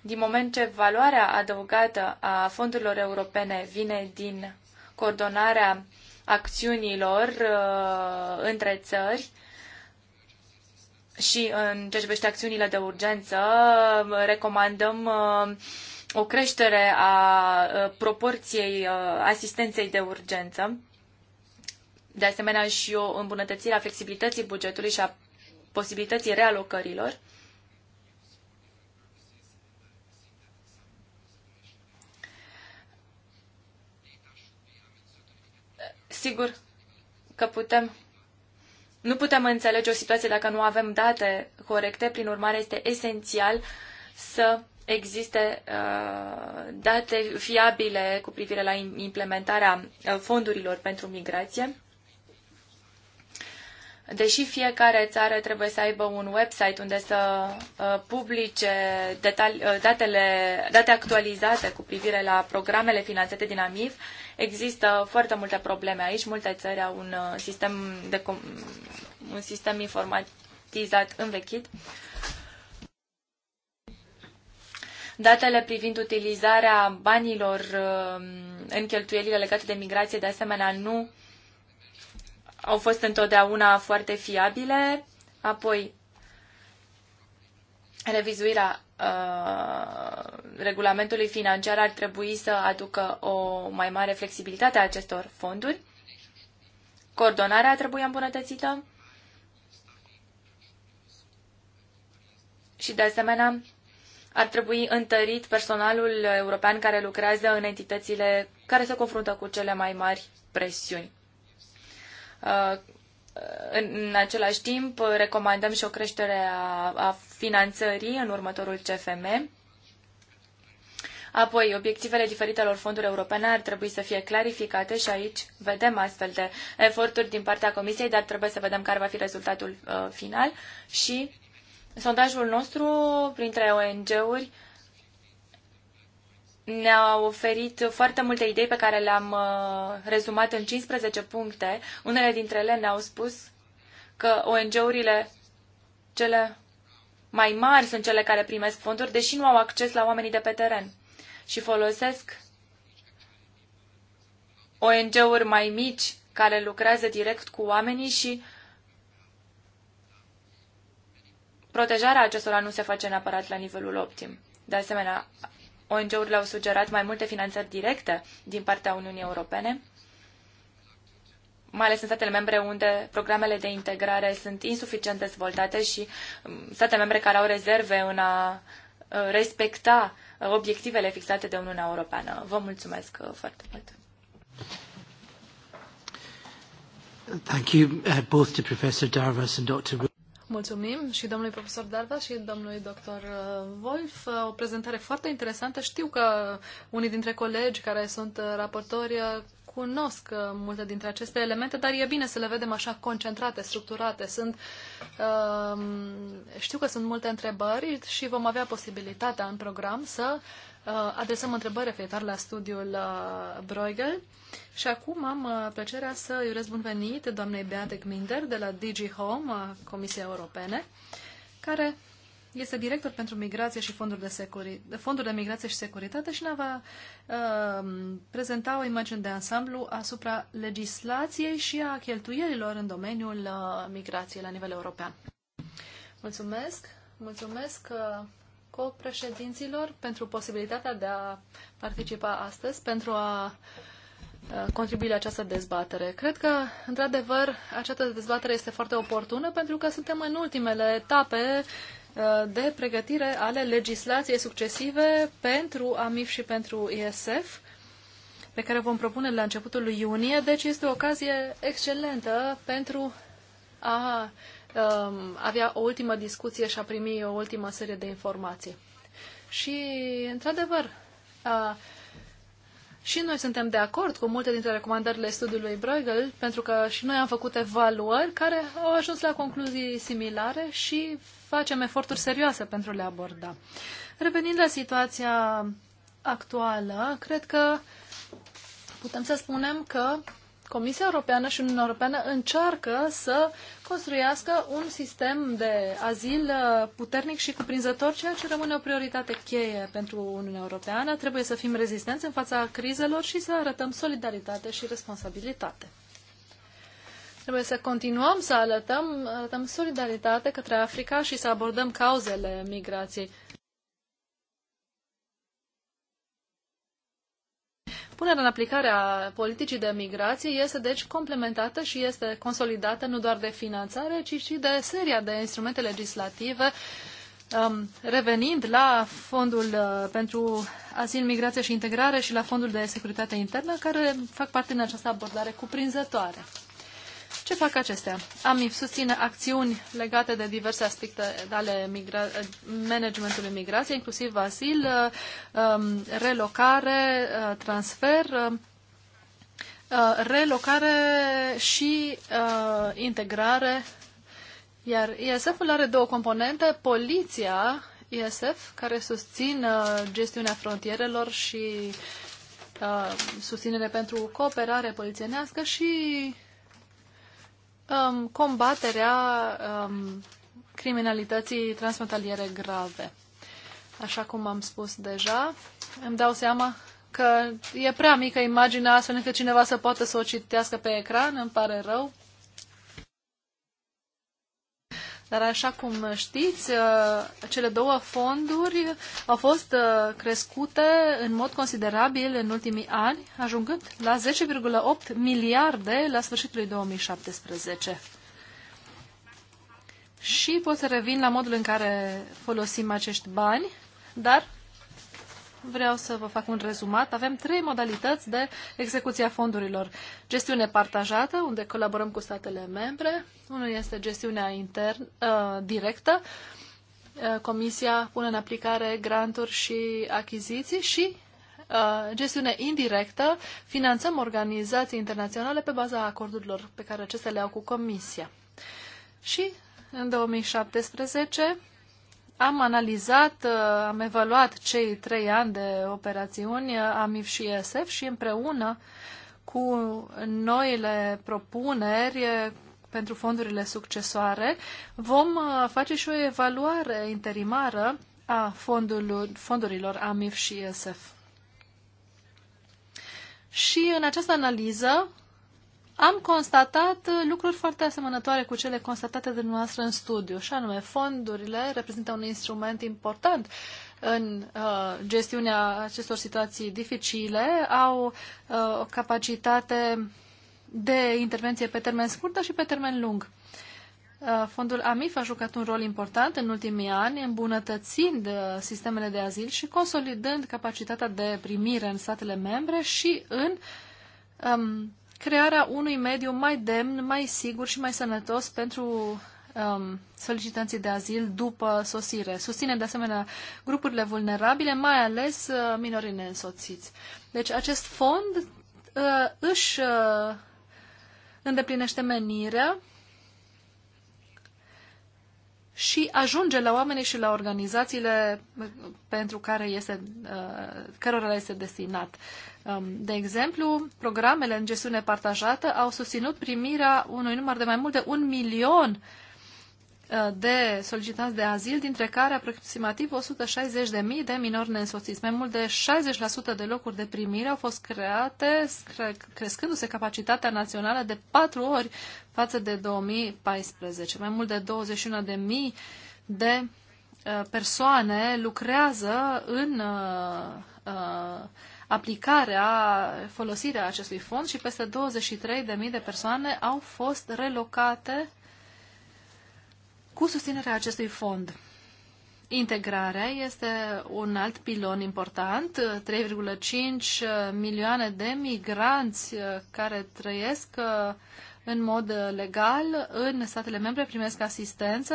din moment ce valoarea adăugată a fondurilor europene vine din coordonarea acțiunilor uh, între țări și în ce privește acțiunile de urgență, recomandăm uh, o creștere a uh, proporției uh, asistenței de urgență de asemenea și o îmbunătățire a flexibilității bugetului și a posibilității realocărilor. Sigur că putem nu putem înțelege o situație dacă nu avem date corecte, prin urmare este esențial să existe uh, date fiabile cu privire la implementarea uh, fondurilor pentru migrație deși fiecare țară trebuie să aibă un website unde să uh, publice uh, datele, date actualizate cu privire la programele finanțate din AMIF, există foarte multe probleme aici. Multe țări au un uh, sistem, de, un sistem informatizat învechit. Datele privind utilizarea banilor în cheltuielile legate de migrație, de asemenea, nu au fost întotdeauna foarte fiabile, apoi revizuirea uh, regulamentului financiar ar trebui să aducă o mai mare flexibilitate a acestor fonduri, coordonarea trebuie îmbunătățită și, de asemenea, ar trebui întărit personalul european care lucrează în entitățile care se confruntă cu cele mai mari presiuni. Uh, în același timp, recomandăm și o creștere a, a finanțării în următorul CFM. Apoi, obiectivele diferitelor fonduri europene ar trebui să fie clarificate și aici vedem astfel de eforturi din partea Comisiei, dar trebuie să vedem care va fi rezultatul uh, final. Și sondajul nostru printre ONG-uri ne-a oferit foarte multe idei pe care le-am uh, rezumat în 15 puncte. Unele dintre ele ne-au spus că ONG-urile cele mai mari sunt cele care primesc fonduri, deși nu au acces la oamenii de pe teren și folosesc ONG-uri mai mici care lucrează direct cu oamenii și protejarea acestora nu se face neapărat la nivelul optim. De asemenea, ONG-urile au sugerat mai multe finanțări directe din partea Uniunii Europene, mai ales în statele membre unde programele de integrare sunt insuficient dezvoltate și um, state membre care au rezerve în a uh, respecta uh, obiectivele fixate de Uniunea Europeană. Vă mulțumesc uh, foarte mult! Thank you both to Professor Darvas and Dr. Mulțumim și domnului profesor Darva și domnului doctor uh, Wolf. Uh, o prezentare foarte interesantă. Știu că unii dintre colegi care sunt uh, raportori cunosc multe dintre aceste elemente, dar e bine să le vedem așa concentrate, structurate. Sunt, știu că sunt multe întrebări și vom avea posibilitatea în program să Uh, adresăm întrebări referitoare la studiul uh, Bruegel și acum am uh, plăcerea să îi urez bun venit doamnei Beate Gminder de la DG Home, Comisia Europene, care este director pentru migrație și fonduri de, securi... fonduri de migrație și securitate și ne va uh, prezenta o imagine de ansamblu asupra legislației și a cheltuielilor în domeniul uh, migrației la nivel european. Mulțumesc! Mulțumesc, uh, copreședinților pentru posibilitatea de a participa astăzi, pentru a contribui la această dezbatere. Cred că, într-adevăr, această dezbatere este foarte oportună pentru că suntem în ultimele etape de pregătire ale legislației succesive pentru AMIF și pentru ISF pe care vom propune la începutul lui iunie, deci este o ocazie excelentă pentru a Um, avea o ultimă discuție și a primi o ultimă serie de informații. Și, într-adevăr, uh, și noi suntem de acord cu multe dintre recomandările studiului Bruegel, pentru că și noi am făcut evaluări care au ajuns la concluzii similare și facem eforturi serioase pentru le aborda. Revenind la situația actuală, cred că putem să spunem că Comisia Europeană și Uniunea Europeană încearcă să construiască un sistem de azil uh, puternic și cuprinzător, ceea ce rămâne o prioritate cheie pentru Uniunea Europeană. Trebuie să fim rezistenți în fața crizelor și să arătăm solidaritate și responsabilitate. Trebuie să continuăm să arătăm, arătăm solidaritate către Africa și să abordăm cauzele migrației. Punerea în aplicare a politicii de migrație este deci complementată și este consolidată nu doar de finanțare, ci și de seria de instrumente legislative um, revenind la fondul uh, pentru azil, migrație și integrare și la fondul de securitate internă, care fac parte din această abordare cuprinzătoare. Ce fac acestea? AMIF susține acțiuni legate de diverse aspecte ale migra- managementului migrației, inclusiv azil, um, relocare, uh, transfer, um, uh, relocare și uh, integrare. Iar ISF-ul are două componente, poliția ISF, care susțin gestiunea frontierelor și susținere pentru cooperare polițienească și um, combaterea um, criminalității transfrontaliere grave. Așa cum am spus deja, îmi dau seama că e prea mică imaginea astfel încât cineva să poată să o citească pe ecran, îmi pare rău. Dar așa cum știți, uh, cele două fonduri au fost uh, crescute în mod considerabil în ultimii ani, ajungând la 10,8 miliarde la sfârșitul 2017. Și pot să revin la modul în care folosim acești bani, dar vreau să vă fac un rezumat. Avem trei modalități de execuție a fondurilor. Gestiune partajată, unde colaborăm cu statele membre. Unul este gestiunea intern, uh, directă. Uh, comisia pune în aplicare granturi și achiziții și uh, gestiune indirectă. Finanțăm organizații internaționale pe baza acordurilor pe care acestea le au cu Comisia. Și în 2017 am analizat, uh, am evaluat cei trei ani de operațiuni, uh, AMIF și ESF, și împreună cu noile propuneri uh, pentru fondurile succesoare, vom face și o evaluare interimară a fondurilor AMIF și ESF. Și în această analiză am constatat uh, lucruri foarte asemănătoare cu cele constatate de noastră în studiu, și anume fondurile reprezintă un instrument important în uh, gestiunea acestor situații dificile, au uh, o capacitate de intervenție pe termen scurt, dar și pe termen lung. Uh, fondul AMIF a jucat un rol important în ultimii ani, îmbunătățind uh, sistemele de azil și consolidând capacitatea de primire în statele membre și în um, crearea unui mediu mai demn, mai sigur și mai sănătos pentru um, solicitanții de azil după sosire. Susține de asemenea grupurile vulnerabile, mai ales uh, minorii neînsoțiți. Deci acest fond uh, își uh, îndeplinește menirea și ajunge la oamenii și la organizațiile uh, pentru care este, uh, cărora este destinat. Um, de exemplu, programele în gestiune partajată au susținut primirea unui număr de mai mult de un milion uh, de solicitanți de azil, dintre care aproximativ 160.000 de minori neînsoțiți. Mai mult de 60% de locuri de primire au fost create, crescându-se capacitatea națională de patru ori față de 2014. Mai mult de 21.000 de uh, persoane lucrează în uh, uh, aplicarea, folosirea acestui fond și peste 23.000 de persoane au fost relocate cu susținerea acestui fond. Integrarea este un alt pilon important. 3,5 milioane de migranți uh, care trăiesc uh, în mod uh, legal în statele membre, primesc asistență,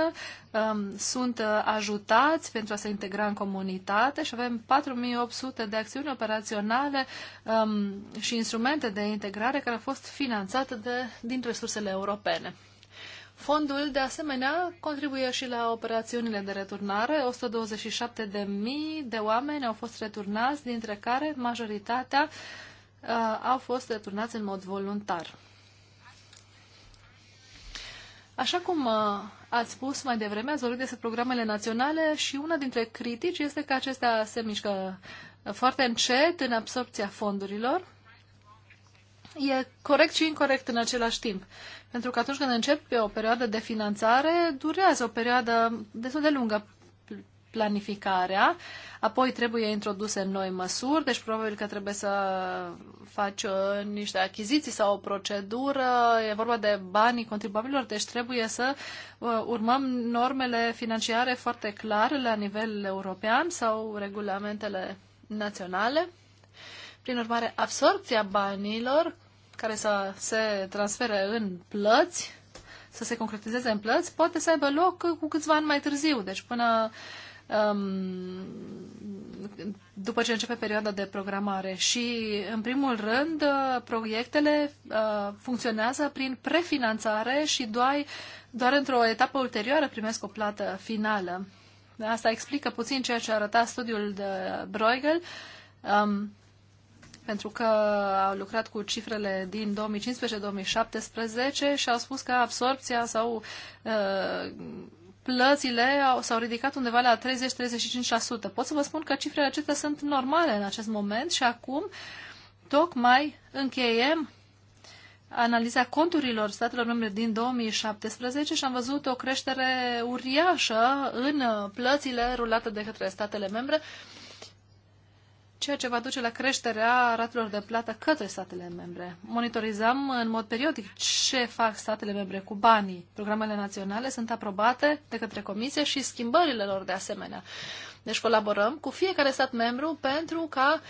um, sunt uh, ajutați pentru a se integra în comunitate și avem 4800 de acțiuni operaționale um, și instrumente de integrare care au fost finanțate de, din resursele europene. Fondul, de asemenea, contribuie și la operațiunile de returnare. 127.000 de oameni au fost returnați, dintre care majoritatea uh, au fost returnați în mod voluntar. Așa cum uh, ați spus mai devreme, ați vorbit despre programele naționale și una dintre critici este că acestea se mișcă foarte încet în absorpția fondurilor. E corect și incorrect în același timp. Pentru că atunci când începi o perioadă de finanțare, durează o perioadă destul de lungă planificarea, apoi trebuie introduse noi măsuri, deci probabil că trebuie să faci uh, niște achiziții sau o procedură, e vorba de banii contribuabililor, deci trebuie să uh, urmăm normele financiare foarte clare la nivel european sau regulamentele naționale. Prin urmare, absorpția banilor care să se transfere în plăți, să se concretizeze în plăți, poate să aibă loc cu câțiva ani mai târziu, deci până Um, după ce începe perioada de programare și, în primul rând, uh, proiectele uh, funcționează prin prefinanțare și doar, doar într-o etapă ulterioară primesc o plată finală. Asta explică puțin ceea ce arăta studiul de Bruegel, um, pentru că au lucrat cu cifrele din 2015-2017 și au spus că absorpția sau uh, plățile s-au ridicat undeva la 30-35%. Pot să vă spun că cifrele acestea sunt normale în acest moment și acum tocmai încheiem analiza conturilor statelor membre din 2017 și am văzut o creștere uriașă în plățile rulate de către statele membre ceea ce va duce la creșterea ratelor de plată către statele membre. Monitorizăm în mod periodic ce fac statele membre cu banii. Programele naționale sunt aprobate de către comisie și schimbările lor de asemenea. Deci colaborăm cu fiecare stat membru pentru ca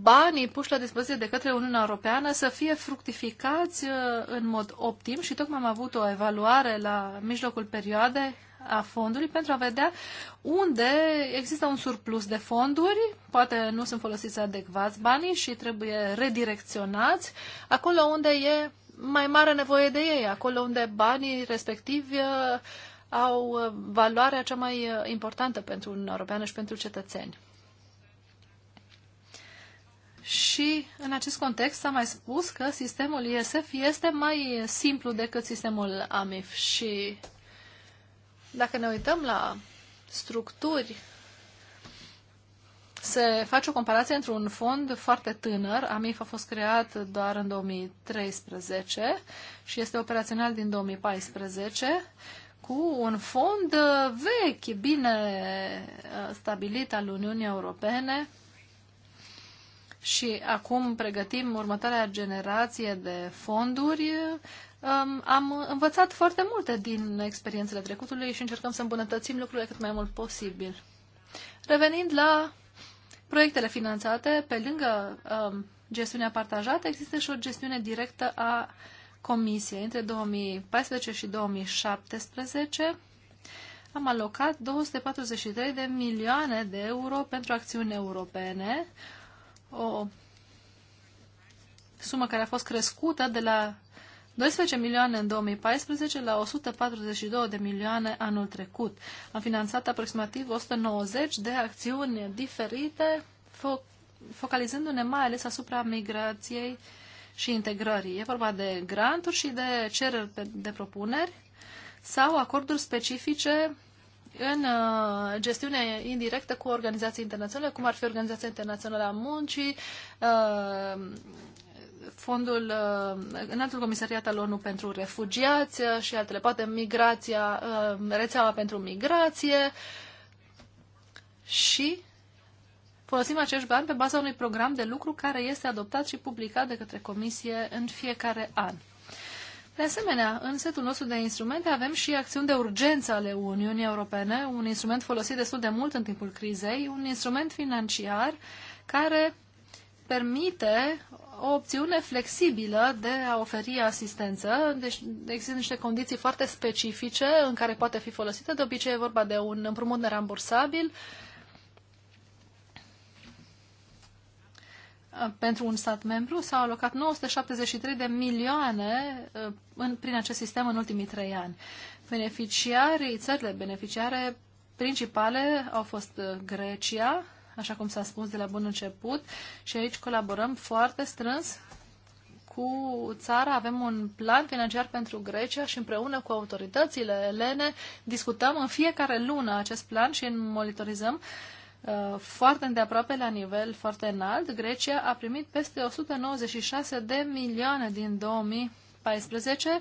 banii puși la dispoziție de către Uniunea Europeană să fie fructificați uh, în mod optim și tocmai am avut o evaluare la mijlocul perioadei a fondului pentru a vedea unde există un surplus de fonduri, poate nu sunt folosiți adecvat banii și trebuie redirecționați acolo unde e mai mare nevoie de ei, acolo unde banii respectivi uh, au uh, valoarea cea mai uh, importantă pentru un european și pentru cetățeni. Și în acest context s-a mai spus că sistemul ISF este mai simplu decât sistemul AMIF și dacă ne uităm la structuri, se face o comparație între un fond foarte tânăr, AMIF a fost creat doar în 2013 și este operațional din 2014, cu un fond vechi, bine uh, stabilit al Uniunii Europene, și acum pregătim următoarea generație de fonduri um, am învățat foarte multe din experiențele trecutului și încercăm să îmbunătățim lucrurile cât mai mult posibil. Revenind la proiectele finanțate, pe lângă um, gestiunea partajată, există și o gestiune directă a Comisiei. Între 2014 și 2017 am alocat 243 de milioane de euro pentru acțiuni europene, o sumă care a fost crescută de la 12 milioane în 2014 la 142 de milioane anul trecut. Am finanțat aproximativ 190 de acțiuni diferite, fo- focalizându-ne mai ales asupra migrației și integrării. E vorba de granturi și de cereri de propuneri sau acorduri specifice în uh, gestiune indirectă cu organizații internaționale, cum ar fi Organizația Internațională a Muncii, uh, fondul, uh, înaltul comisariat al ONU pentru refugiați uh, și altele, poate migrația, uh, rețeaua pentru migrație și folosim acești bani pe baza unui program de lucru care este adoptat și publicat de către comisie în fiecare an. De asemenea, în setul nostru de instrumente avem și acțiuni de urgență ale Uniunii Europene, un instrument folosit destul de mult în timpul crizei, un instrument financiar care permite o opțiune flexibilă de a oferi asistență. Deci există niște condiții foarte specifice în care poate fi folosită. De obicei e vorba de un împrumut nerambursabil uh, pentru un stat membru. S-au alocat 973 de milioane uh, în, prin acest sistem în ultimii trei ani. Beneficiarii, țările beneficiare principale au fost uh, Grecia, așa cum s-a spus de la bun început, și aici colaborăm foarte strâns cu țara, avem un plan financiar pentru Grecia și împreună cu autoritățile elene discutăm în fiecare lună acest plan și îl monitorizăm uh, foarte îndeaproape la nivel foarte înalt. Grecia a primit peste 196 de milioane din 2014 uh,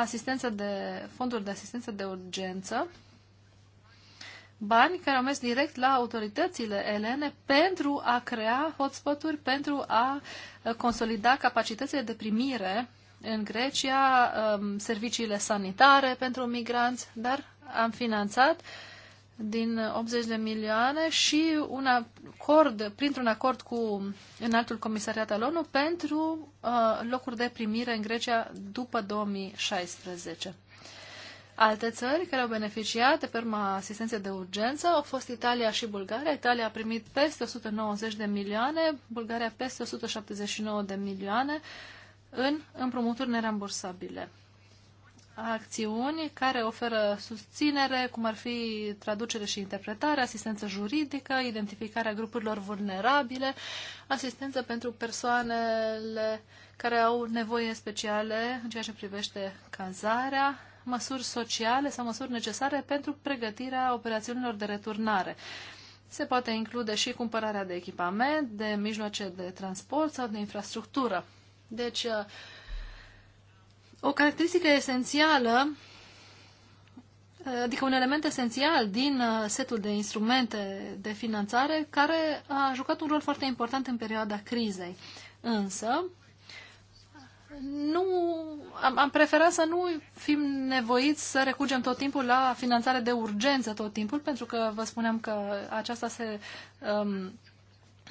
asistență de, fonduri de asistență de urgență bani care au mers direct la autoritățile elene pentru a crea hotspoturi, pentru a uh, consolida capacitățile de primire în Grecia, um, serviciile sanitare pentru migranți, dar am finanțat din 80 de milioane și un acord, printr-un acord cu înaltul comisariat al ONU pentru uh, locuri de primire în Grecia după 2016. Alte țări care au beneficiat de pe asistenței de urgență au fost Italia și Bulgaria. Italia a primit peste 190 de milioane, Bulgaria peste 179 de milioane în împrumuturi nerambursabile. Acțiuni care oferă susținere, cum ar fi traducere și interpretare, asistență juridică, identificarea grupurilor vulnerabile, asistență pentru persoanele care au nevoie speciale în ceea ce privește cazarea, măsuri sociale sau măsuri necesare pentru pregătirea operațiunilor de returnare. Se poate include și cumpărarea de echipament, de mijloace de transport sau de infrastructură. Deci, uh, o caracteristică esențială, uh, adică un element esențial din uh, setul de instrumente de finanțare care a jucat un rol foarte important în perioada crizei. Însă, nu, am, am preferat să nu fim nevoiți să recurgem tot timpul la finanțare de urgență tot timpul, pentru că vă spuneam că aceasta se um,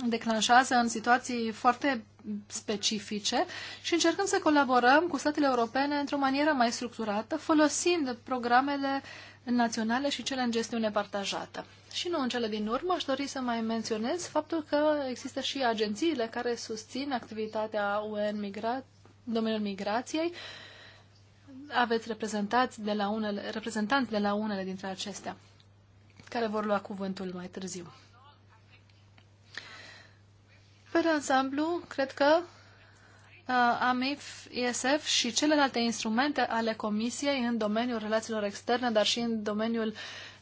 declanșează în situații foarte specifice și încercăm să colaborăm cu statele europene într-o manieră mai structurată, folosind programele naționale și cele în gestiune partajată. Și nu în cele din urmă, aș dori să mai menționez faptul că există și agențiile care susțin activitatea UN Migrat domeniul migrației. Aveți reprezentanți de la unele, reprezentanți de la unele dintre acestea care vor lua cuvântul mai târziu. Pe ansamblu, cred că uh, AMIF, ISF și celelalte instrumente ale Comisiei în domeniul relațiilor externe, dar și în domeniul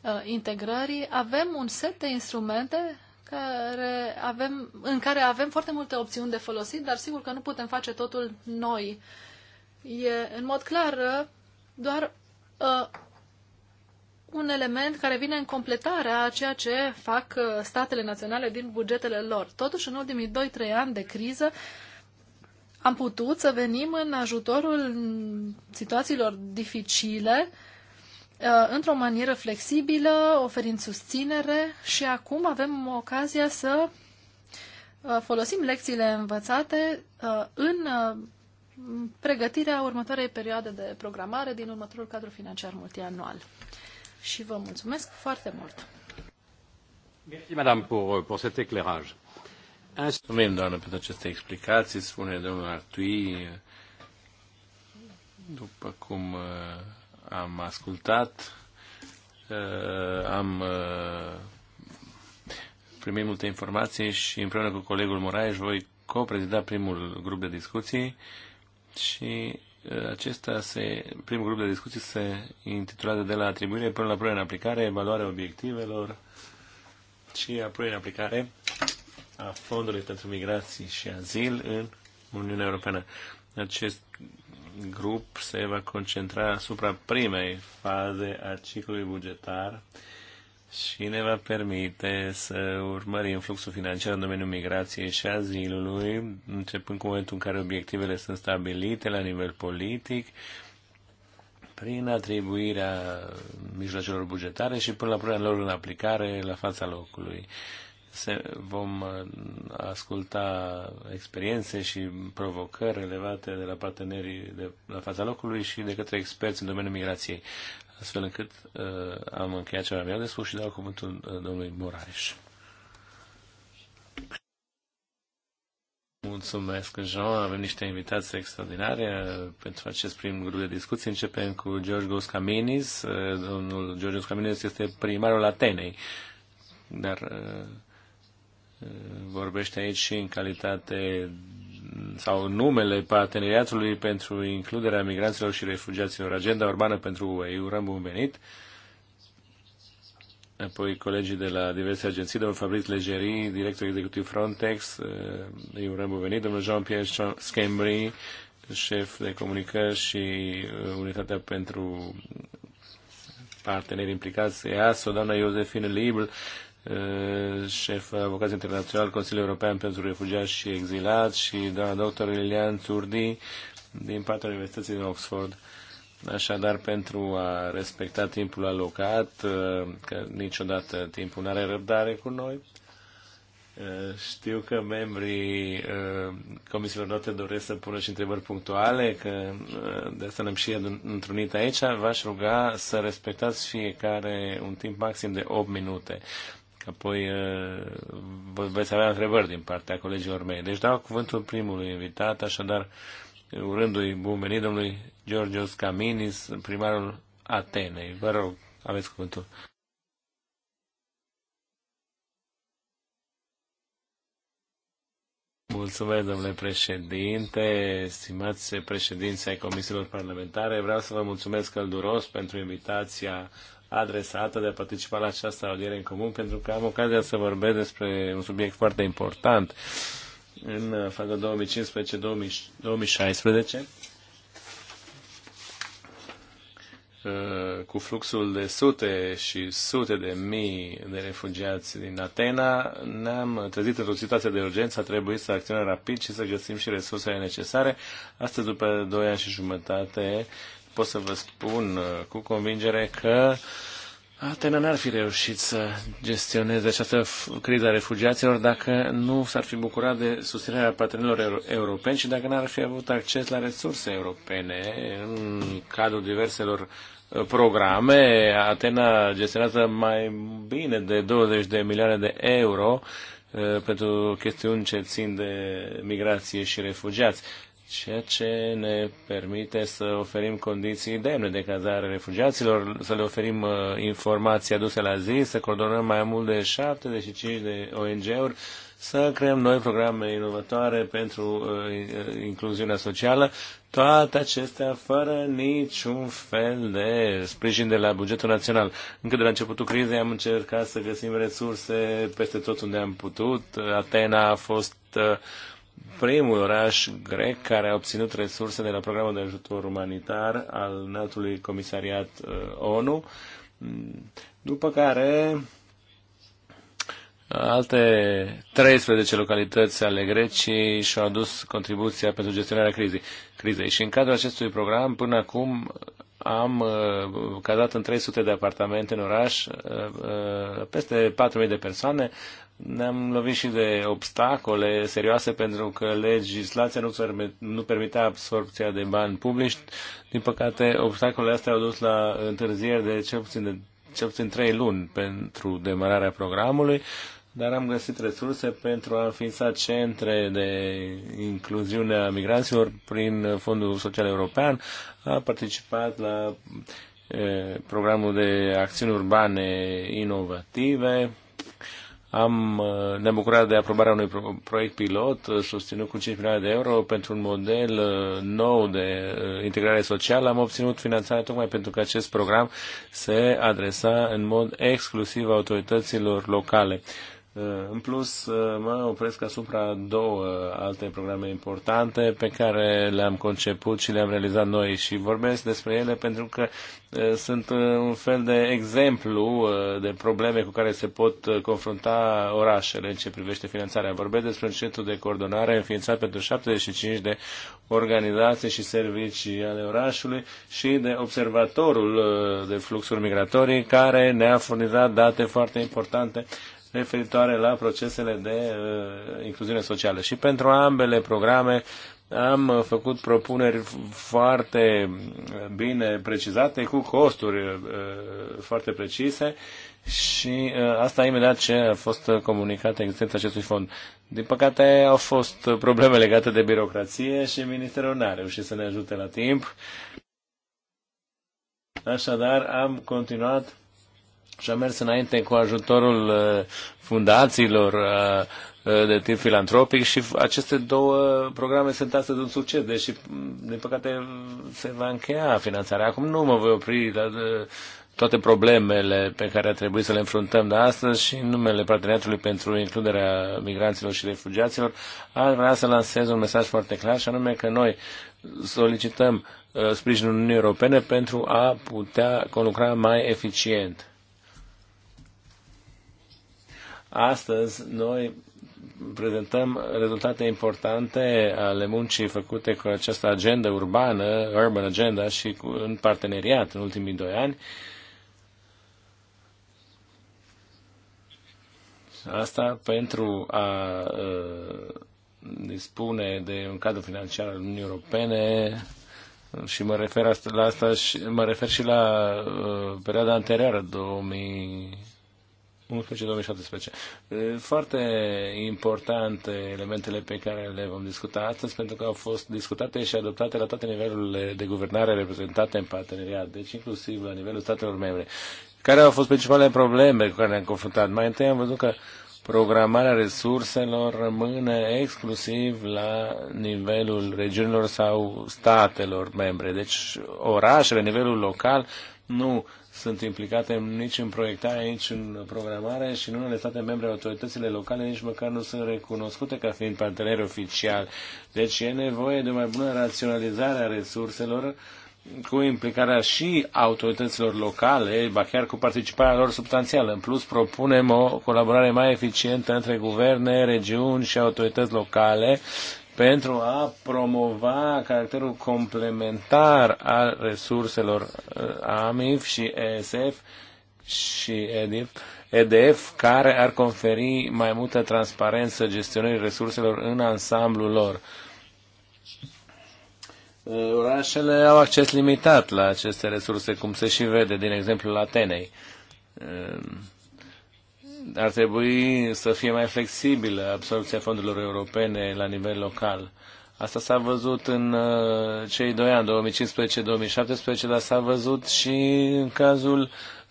uh, integrării, avem un set de instrumente care avem, în care avem foarte multe opțiuni de folosit, dar sigur că nu putem face totul noi. E, în mod clar, doar uh, un element care vine în completarea a ceea ce fac uh, statele naționale din bugetele lor. Totuși, în ultimii 2-3 ani de criză, am putut să venim în ajutorul situațiilor dificile uh, Uh, într-o manieră flexibilă, oferind susținere și acum avem ocazia să uh, folosim lecțiile învățate uh, în pregătirea următoarei perioade de programare din următorul cadru financiar multianual. Și vă mulțumesc foarte mult! Mulțumim, madame, pour, euh, pour cet éclairage. Mulțumim, doamnă, pentru aceste explicații, spune domnul Artui, după cum am ascultat, uh, am uh, primit multe informații și împreună cu colegul Moraes voi co-prezida primul grup de discuții și uh, acesta se, primul grup de discuții se intitulează de la atribuire până la punerea în aplicare, evaluarea obiectivelor și apoi în aplicare a fondului pentru migrații și azil în Uniunea Europeană. Acest grup se va concentra asupra primei faze a ciclului bugetar și ne va permite să urmărim fluxul financiar în domeniul migrației și azilului, începând cu momentul în care obiectivele sunt stabilite la nivel politic, prin atribuirea mijloacelor bugetare și până la punerea lor în aplicare la fața locului se, vom uh, asculta experiențe și provocări relevate de la partenerii de la fața locului și de către experți în domeniul migrației, astfel încât uh, am încheiat ce am de spus și dau cuvântul uh, domnului Moraes. Mulțumesc, Jean. Avem niște invitații extraordinare uh, pentru acest prim grup de discuții. Începem cu George Caminis. Uh, domnul George Caminis este primarul Atenei, dar uh, vorbește aici și în calitate sau numele parteneriatului pentru includerea migranților și refugiaților, agenda urbană pentru UE. Urăm bun venit! Apoi colegii de la diverse agenții, domnul Fabrice Legeri, director executiv Frontex, uh, îi urăm bun venit, domnul Jean-Pierre Schembri, șef de comunicări și uh, unitatea pentru parteneri implicați, EASO, doamna Iosefine Libl, Eh, șef avocat internațional Consiliul European pentru Refugiați și Exilați și doamna doctor Lilian Turdi din partea Universității din Oxford. Așadar, pentru a respecta timpul alocat, eh, că niciodată timpul nu are răbdare cu noi, eh, știu că membrii comisiilor note doresc să pună și întrebări punctuale, că de asta ne-am și întrunit aici. V-aș ruga să respectați fiecare un timp maxim de 8 minute că apoi veți avea întrebări din partea colegilor mei. Deci dau cuvântul primului invitat, așadar urându-i bun venit domnului Georgios Caminis, primarul Atenei. Vă rog, aveți cuvântul. Mulțumesc, domnule președinte, stimați președinții ai comisiilor parlamentare. Vreau să vă mulțumesc călduros pentru invitația adresată de a participa la această audiere în comun, pentru că am ocazia să vorbesc despre un subiect foarte important în fața 2015-2016 cu fluxul de sute și sute de mii de refugiați din Atena, ne-am trezit într-o situație de urgență, a trebuit să acționăm rapid și să găsim și resursele necesare. Astăzi, după 2 ani și jumătate pot să vă spun uh, cu convingere că uh, Atena n-ar fi reușit să gestioneze această criză a refugiaților dacă nu s-ar fi bucurat de susținerea partenerilor europeni și dacă n-ar fi avut acces la resurse europene în cadrul diverselor uh, programe. Atena gestionează mai bine de 20 de milioane de euro pentru chestiuni ce țin de migrație și refugiați ceea ce ne permite să oferim condiții demne de cazare refugiaților, să le oferim uh, informații aduse la zi, să coordonăm mai mult de 75 de ONG-uri, să creăm noi programe inovatoare pentru uh, uh, incluziunea socială, toate acestea fără niciun fel de sprijin de la bugetul național. Încă de la începutul crizei am încercat să găsim resurse peste tot unde am putut. Atena a fost uh, primul oraș grec care a obținut resurse de la programul de ajutor umanitar al înaltului comisariat uh, ONU, după care uh, alte 13 localități ale Greciei și-au adus contribuția pentru gestionarea crizei. crizei. Și în cadrul acestui program, până acum, am uh, cazat în 300 de apartamente în oraș, peste 4.000 de persoane, ne-am lovit și de obstacole serioase pentru că legislația nu, nu permitea absorpția de bani publici. Din păcate, obstacolele astea au dus la întârzieri de cel puțin, de, cel puțin 3 luni pentru demararea programului, dar am găsit resurse pentru a înființa centre de incluziune a migranților prin Fondul Social European. A participat la e, eh, programul de acțiuni urbane inovative am, uh, ne bucurat de aprobarea unui proiect pilot uh, susținut cu 5 milioane de euro pentru un model uh, nou de integrare socială. Am obținut finanțare tocmai pentru că acest program se adresa în mod exclusiv autorităților locale. Eh, în plus, eh, mă opresc asupra două alte programe importante pe care le-am conceput și le-am realizat noi și vorbesc despre ele pentru că eh, sunt un fel de exemplu de probleme cu care se pot confrunta orașele în ce privește finanțarea. Vorbesc despre un centru de coordonare înființat pentru 75 de organizații și servicii ale orașului și de observatorul de fluxuri migratorii care ne-a furnizat date foarte importante referitoare la procesele de uh, incluziune socială. Și pentru ambele programe am uh, făcut propuneri foarte bine precizate, cu costuri uh, foarte precise și uh, asta imediat ce a fost comunicată existența acestui fond. Din păcate au fost probleme legate de birocrație și ministerul n-a reușit să ne ajute la timp. Așadar, am continuat și a mers înainte cu ajutorul uh, fundațiilor uh, uh, de tip filantropic și aceste două programe sunt astăzi un succes, deși, din păcate, se va încheia finanțarea. Acum nu mă voi opri la toate problemele pe care a trebuit să le înfruntăm de astăzi și în numele Parteneriatului pentru Includerea Migranților și Refugiaților, aș vrea să lansez un mesaj foarte clar și anume că noi solicităm sprijinul Uniunii Europene pentru a putea conlucra mai eficient Astăzi noi prezentăm rezultate importante ale muncii făcute cu această agenda urbană, Urban Agenda, și cu, în parteneriat în ultimii doi ani. Asta pentru a uh, dispune de un cadru financiar al Uniunii Europene și mă refer la asta și, mă refer și la uh, perioada anterioară, 2000 2011-2017. Foarte importante elementele pe care le vom discuta astăzi, pentru că au fost discutate și adoptate la toate nivelurile de guvernare reprezentate în parteneriat, deci inclusiv la nivelul statelor membre. Care au fost principalele probleme cu care ne-am confruntat? Mai întâi am văzut că programarea resurselor rămâne exclusiv la nivelul regiunilor sau statelor membre. Deci orașele, nivelul local, nu sunt implicate nici în proiectare, nici în programare și în unele state membre autoritățile locale nici măcar nu sunt recunoscute ca fiind parteneri oficial. Deci e nevoie de o mai bună raționalizare a resurselor cu implicarea și autorităților locale, ba chiar cu participarea lor substanțială. În plus, propunem o colaborare mai eficientă între guverne, regiuni și autorități locale pentru a promova caracterul complementar al resurselor uh, AMIF și ESF și EDF, EDF care ar conferi mai multă transparență gestionării resurselor în ansamblul lor. Uh, orașele au acces limitat la aceste resurse, cum se și vede din exemplul Atenei uh, ar trebui să fie mai flexibilă absorpția fondurilor europene la nivel local. Asta s-a văzut în uh, cei doi ani, 2015-2017, dar s-a văzut și în cazul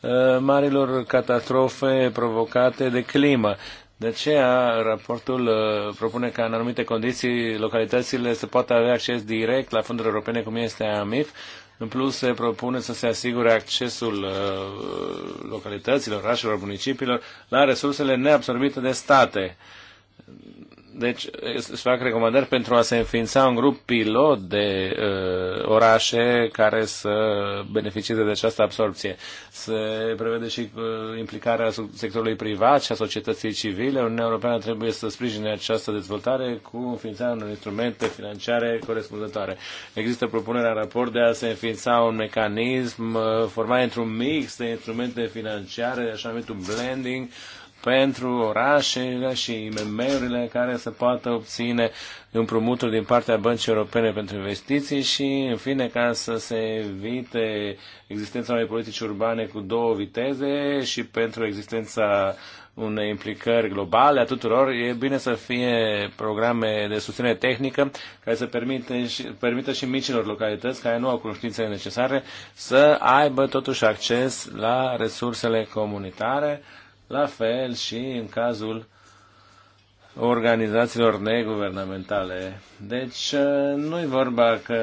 uh, marilor catastrofe provocate de climă. De aceea, raportul uh, propune ca în anumite condiții localitățile să poată avea acces direct la fonduri europene, cum este AMIF, în plus, se propune să se asigure accesul uh, localităților, orașelor, municipiilor la resursele neabsorbite de state deci se fac recomandări pentru a se înființa un grup pilot de uh, orașe care să beneficieze de această absorpție. Se prevede și uh, implicarea sectorului privat și a societății civile. Uniunea Europeană trebuie să sprijine această dezvoltare cu înființarea unor instrumente financiare corespunzătoare. Există propunerea în raport de a se înființa un mecanism uh, format într-un mix de instrumente financiare, așa numitul blending, uh, pentru orașele și IMM-urile care să poată obține împrumuturi din partea Băncii Europene pentru Investiții și, în fine, ca să se evite existența unei politici urbane cu două viteze și pentru existența unei implicări globale a tuturor, e bine să fie programe de susținere tehnică care să permită și, permită și micilor localități care nu au cunoștințele necesare să aibă totuși acces la resursele comunitare la fel și în cazul organizațiilor neguvernamentale. Deci uh, nu i vorba că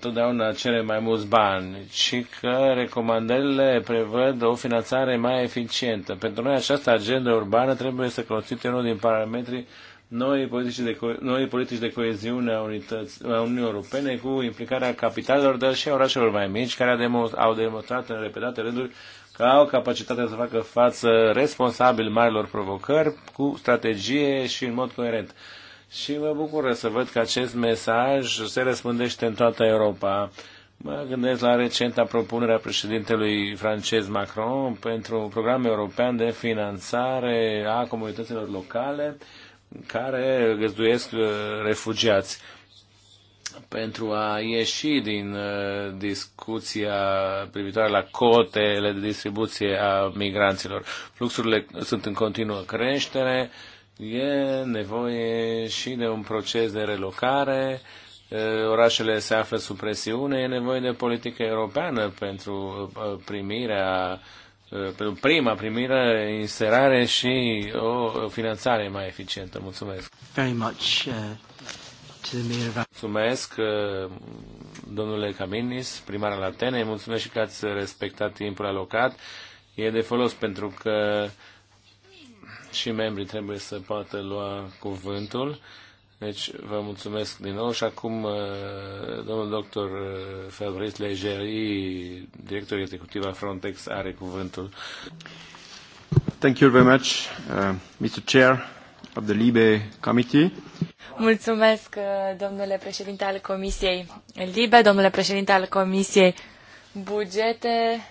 totdeauna cere mai mulți bani, ci că recomandările prevăd o finanțare mai eficientă. Pentru noi această agenda urbană trebuie să constituie unul din parametrii noi politici de, noi politici de coeziune a, unități, a Uniunii Europene cu implicarea capitalelor, dar și a orașelor mai mici, care au demonstrat în repetate rânduri că au capacitatea să facă față responsabil marilor provocări cu strategie și în mod coerent. Și mă bucură să văd că acest mesaj se răspândește în toată Europa. Mă gândesc la recenta propunere a președintelui francez Macron pentru un program european de finanțare a comunităților locale care găzduiesc uh, refugiați pentru a ieși din uh, discuția privitoare la cotele de distribuție a migranților. Fluxurile sunt în continuă creștere, e nevoie și de un proces de relocare, uh, orașele se află sub presiune, e nevoie de politică europeană pentru uh, primirea pentru prima primire, inserare și o finanțare mai eficientă. Mulțumesc. Very much, uh... Mulțumesc, domnule Caminis, primar al Atenei, mulțumesc și că ați respectat timpul alocat. E de folos pentru că și membrii trebuie să poată lua cuvântul. Deci vă mulțumesc din nou și acum uh, domnul doctor uh, Fabrice Legeri, director executiv al Frontex, are cuvântul. Thank you very much, uh, Mr. Chair of the Libe Committee. Mulțumesc, uh, domnule președinte al Comisiei Libe, domnule președinte al Comisiei Bugete.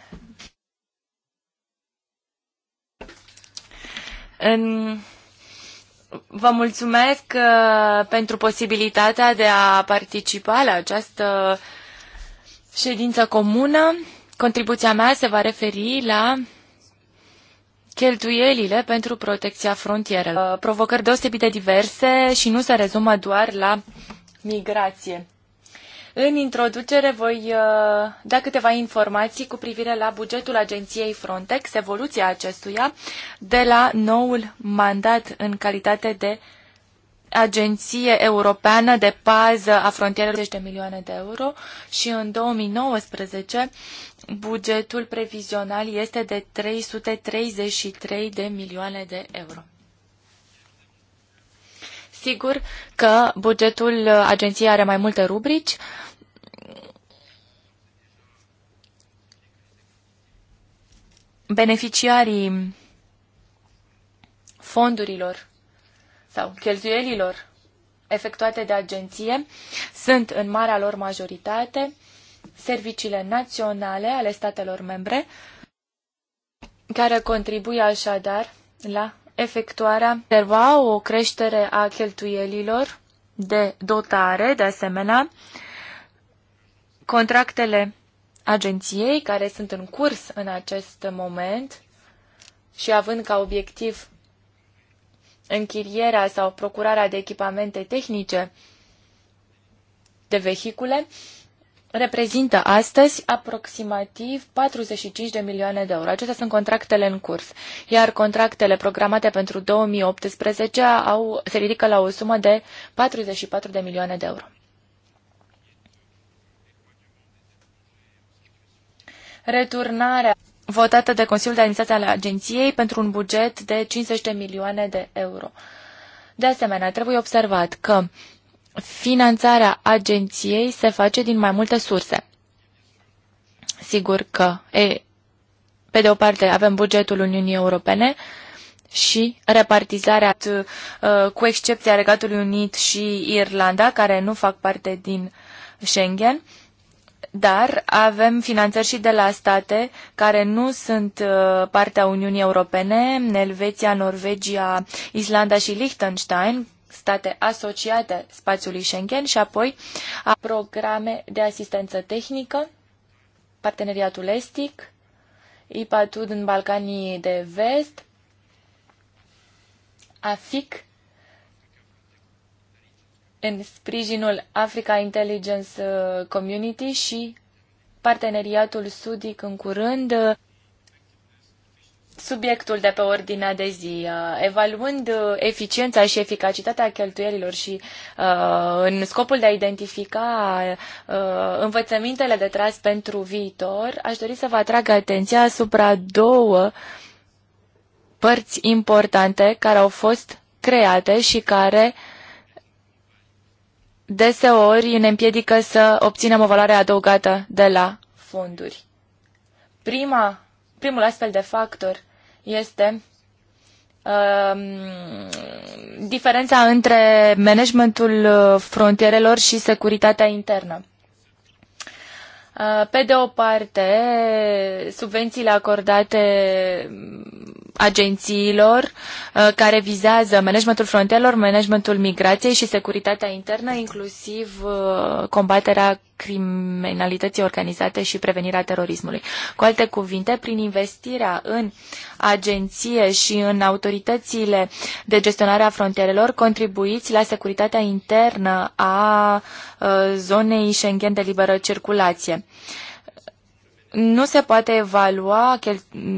În... Vă mulțumesc uh, pentru posibilitatea de a participa la această ședință comună. Contribuția mea se va referi la cheltuielile pentru protecția frontierelor. Uh, provocări deosebit de diverse și nu se rezumă doar la migrație. În introducere voi uh, da câteva informații cu privire la bugetul agenției Frontex, evoluția acestuia de la noul mandat în calitate de agenție europeană de pază a frontierelor de milioane de euro și în 2019 bugetul previzional este de 333 de milioane de euro. Sigur că bugetul agenției are mai multe rubrici. Beneficiarii fondurilor sau cheltuielilor efectuate de agenție sunt în marea lor majoritate serviciile naționale ale statelor membre, care contribuie așadar la efectuarea observa o creștere a cheltuielilor de dotare, de asemenea, contractele agenției care sunt în curs în acest moment și având ca obiectiv închirierea sau procurarea de echipamente tehnice de vehicule reprezintă astăzi aproximativ 45 de milioane de euro. Acestea sunt contractele în curs, iar contractele programate pentru 2018 au, se ridică la o sumă de 44 de milioane de euro. Returnarea votată de Consiliul de Administrație al Agenției pentru un buget de 50 de milioane de euro. De asemenea, trebuie observat că finanțarea agenției se face din mai multe surse. Sigur că, e, pe de o parte, avem bugetul Uniunii Europene și repartizarea, uh, cu excepția Regatului Unit și Irlanda, care nu fac parte din Schengen, dar avem finanțări și de la state care nu sunt uh, partea Uniunii Europene, Elveția, Norvegia, Islanda și Liechtenstein, state asociate spațiului Schengen și apoi a programe de asistență tehnică, parteneriatul estic, ipa în Balcanii de Vest, AFIC în sprijinul Africa Intelligence uh, Community și parteneriatul sudic în curând. Uh, subiectul de pe ordinea de zi, uh, evaluând eficiența și eficacitatea cheltuielilor și în scopul de a identifica învățămintele de tras pentru viitor, aș dori să vă atrag atenția asupra două părți importante care au fost create și care uh, deseori ne împiedică să obținem o valoare adăugată de la fonduri. Prima, primul astfel de factor este um, diferența între managementul uh, frontierelor și securitatea internă. Uh, pe de o parte, subvențiile acordate agențiilor uh, care vizează managementul frontelor, managementul migrației și securitatea internă, inclusiv uh, combaterea criminalității organizate și prevenirea terorismului. Cu alte cuvinte, prin investirea în agenție și în autoritățile de gestionare a frontierelor, contribuiți la securitatea internă a uh, zonei Schengen de liberă circulație nu se poate evalua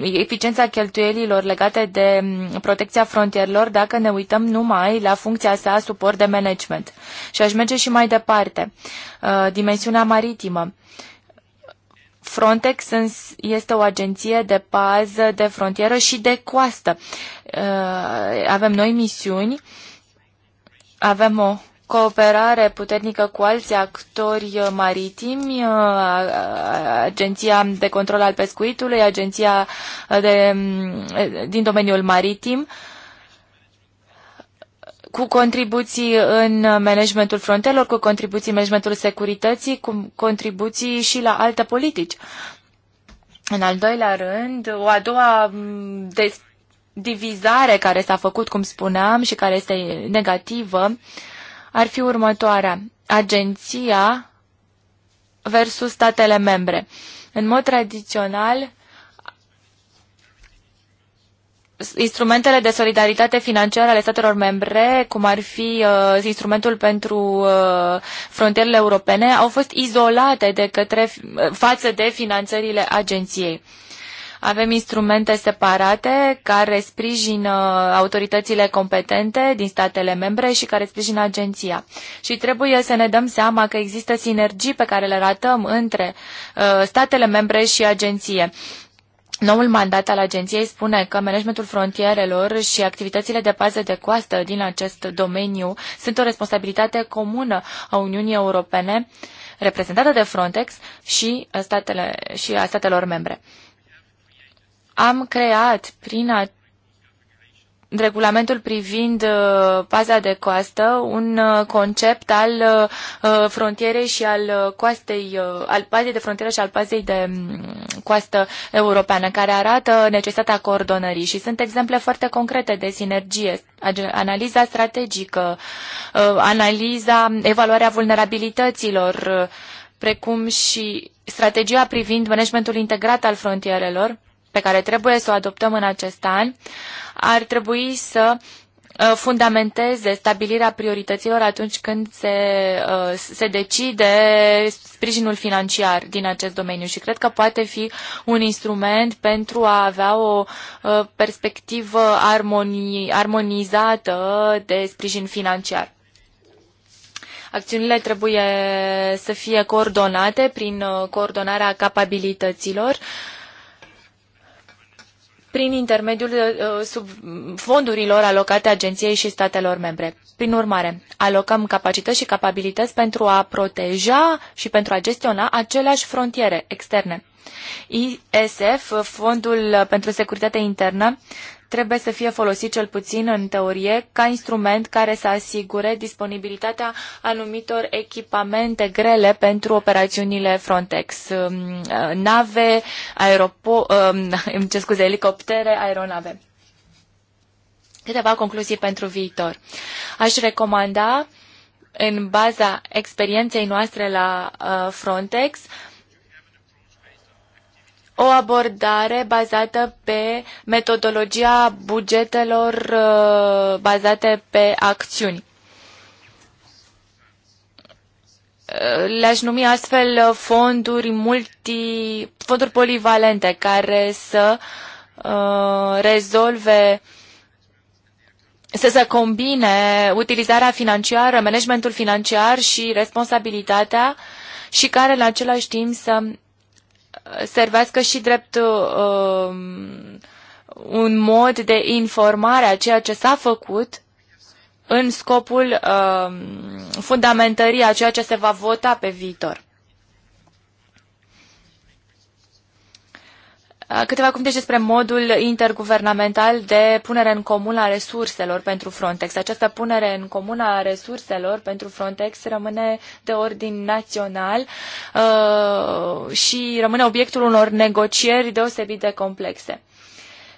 eficiența cheltuielilor legate de mm, protecția frontierelor dacă ne uităm numai la funcția sa suport de management. Și aș merge și mai departe. Uh, dimensiunea maritimă. Frontex este o agenție de pază, de frontieră și de coastă. Uh, avem noi misiuni, avem o cooperare puternică cu alți actori maritimi, uh, Agenția de Control al Pescuitului, Agenția de, mm, din domeniul maritim, cu contribuții în managementul frontelor, cu contribuții în managementul securității, cu contribuții și la alte politici. În al doilea rând, o a doua mm, divizare care s-a făcut, cum spuneam, și care este negativă, uh, ar fi următoarea. Agenția versus statele membre. În mod tradițional, instrumentele de solidaritate financiară ale statelor membre, cum ar fi uh, instrumentul pentru uh, frontierele europene, au fost izolate de către, uh, față de finanțările agenției. Avem instrumente separate care sprijină autoritățile competente din statele membre și care sprijină agenția. Și trebuie să ne dăm seama că există sinergii pe care le ratăm între uh, statele membre și agenție. Noul mandat al agenției spune că managementul frontierelor și activitățile de pază de coastă din acest domeniu sunt o responsabilitate comună a Uniunii Europene, reprezentată de Frontex și, uh, statele, și a statelor membre am creat prin a, regulamentul privind uh, paza de coastă un uh, concept al uh, frontierei și al uh, coastei, uh, al pazei de frontieră și al pazei de mm, coastă europeană, care arată necesitatea coordonării și sunt exemple foarte concrete de sinergie, analiza strategică, uh, analiza, evaluarea vulnerabilităților, precum și strategia privind managementul integrat al frontierelor pe care trebuie să o adoptăm în acest an ar trebui să uh, fundamenteze stabilirea priorităților atunci când se, uh, se decide sprijinul financiar din acest domeniu și cred că poate fi un instrument pentru a avea o uh, perspectivă armonii, armonizată de sprijin financiar. Acțiunile trebuie să fie coordonate prin coordonarea capabilităților uh, prin intermediul uh, sub fondurilor alocate agenției și statelor membre. Prin urmare, alocăm capacități și capabilități pentru a proteja și pentru a gestiona aceleași frontiere externe. ISF, Fondul pentru Securitate Internă, trebuie să fie folosit cel puțin în teorie ca instrument care să asigure disponibilitatea anumitor echipamente grele pentru operațiunile Frontex, um, uh, nave, aeropo, um, ce scuze, elicoptere, aeronave. Câteva concluzii pentru viitor. Aș recomanda, în baza experienței noastre la uh, Frontex, uh, o abordare bazată pe metodologia bugetelor uh, bazate pe acțiuni. Uh, le-aș numi astfel fonduri multi, fonduri polivalente care să uh, rezolve să se combine utilizarea financiară, managementul financiar și responsabilitatea și care în același timp să servească și drept uh, un mod de informare a ceea ce s-a făcut în scopul uh, fundamentării a ceea ce se va vota pe viitor. Uh, câteva cuvinte și despre modul interguvernamental de punere în comun a resurselor pentru Frontex. Această punere în comun a resurselor pentru Frontex rămâne de ordin național uh, și rămâne obiectul unor negocieri deosebit de complexe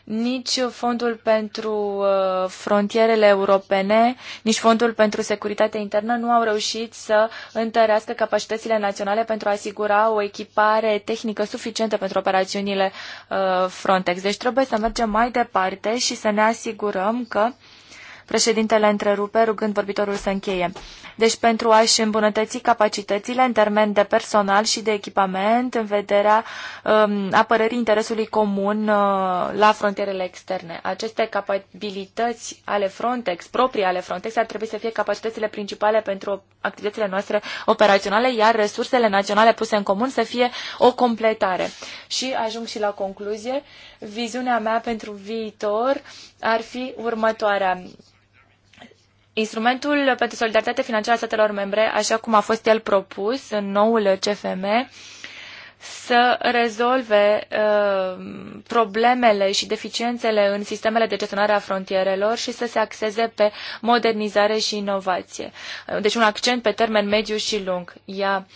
nici fondul pentru uh, frontierele europene, nici fondul pentru securitate internă nu au reușit să întărească capacitățile naționale pentru a asigura o echipare tehnică suficientă pentru operațiunile uh, Frontex. Deci trebuie să mergem mai departe și să ne asigurăm că Președintele întrerupe, rugând vorbitorul să încheie. Deci pentru a-și îmbunătăți capacitățile în termen de personal și de echipament în vederea um, apărării interesului comun uh, la frontierele externe. Aceste capabilități ale Frontex, proprii ale Frontex, ar trebui să fie capacitățile principale pentru activitățile noastre operaționale, iar resursele naționale puse în comun să fie o completare. Și ajung și la concluzie. Viziunea mea pentru viitor ar fi următoarea Instrumentul pentru solidaritate financiară a statelor membre, așa cum a fost el propus în noul CFM, să rezolve uh, problemele și deficiențele în sistemele de gestionare a frontierelor și să se axeze pe modernizare și inovație. Uh, deci un accent pe termen mediu și lung. Ia. uh,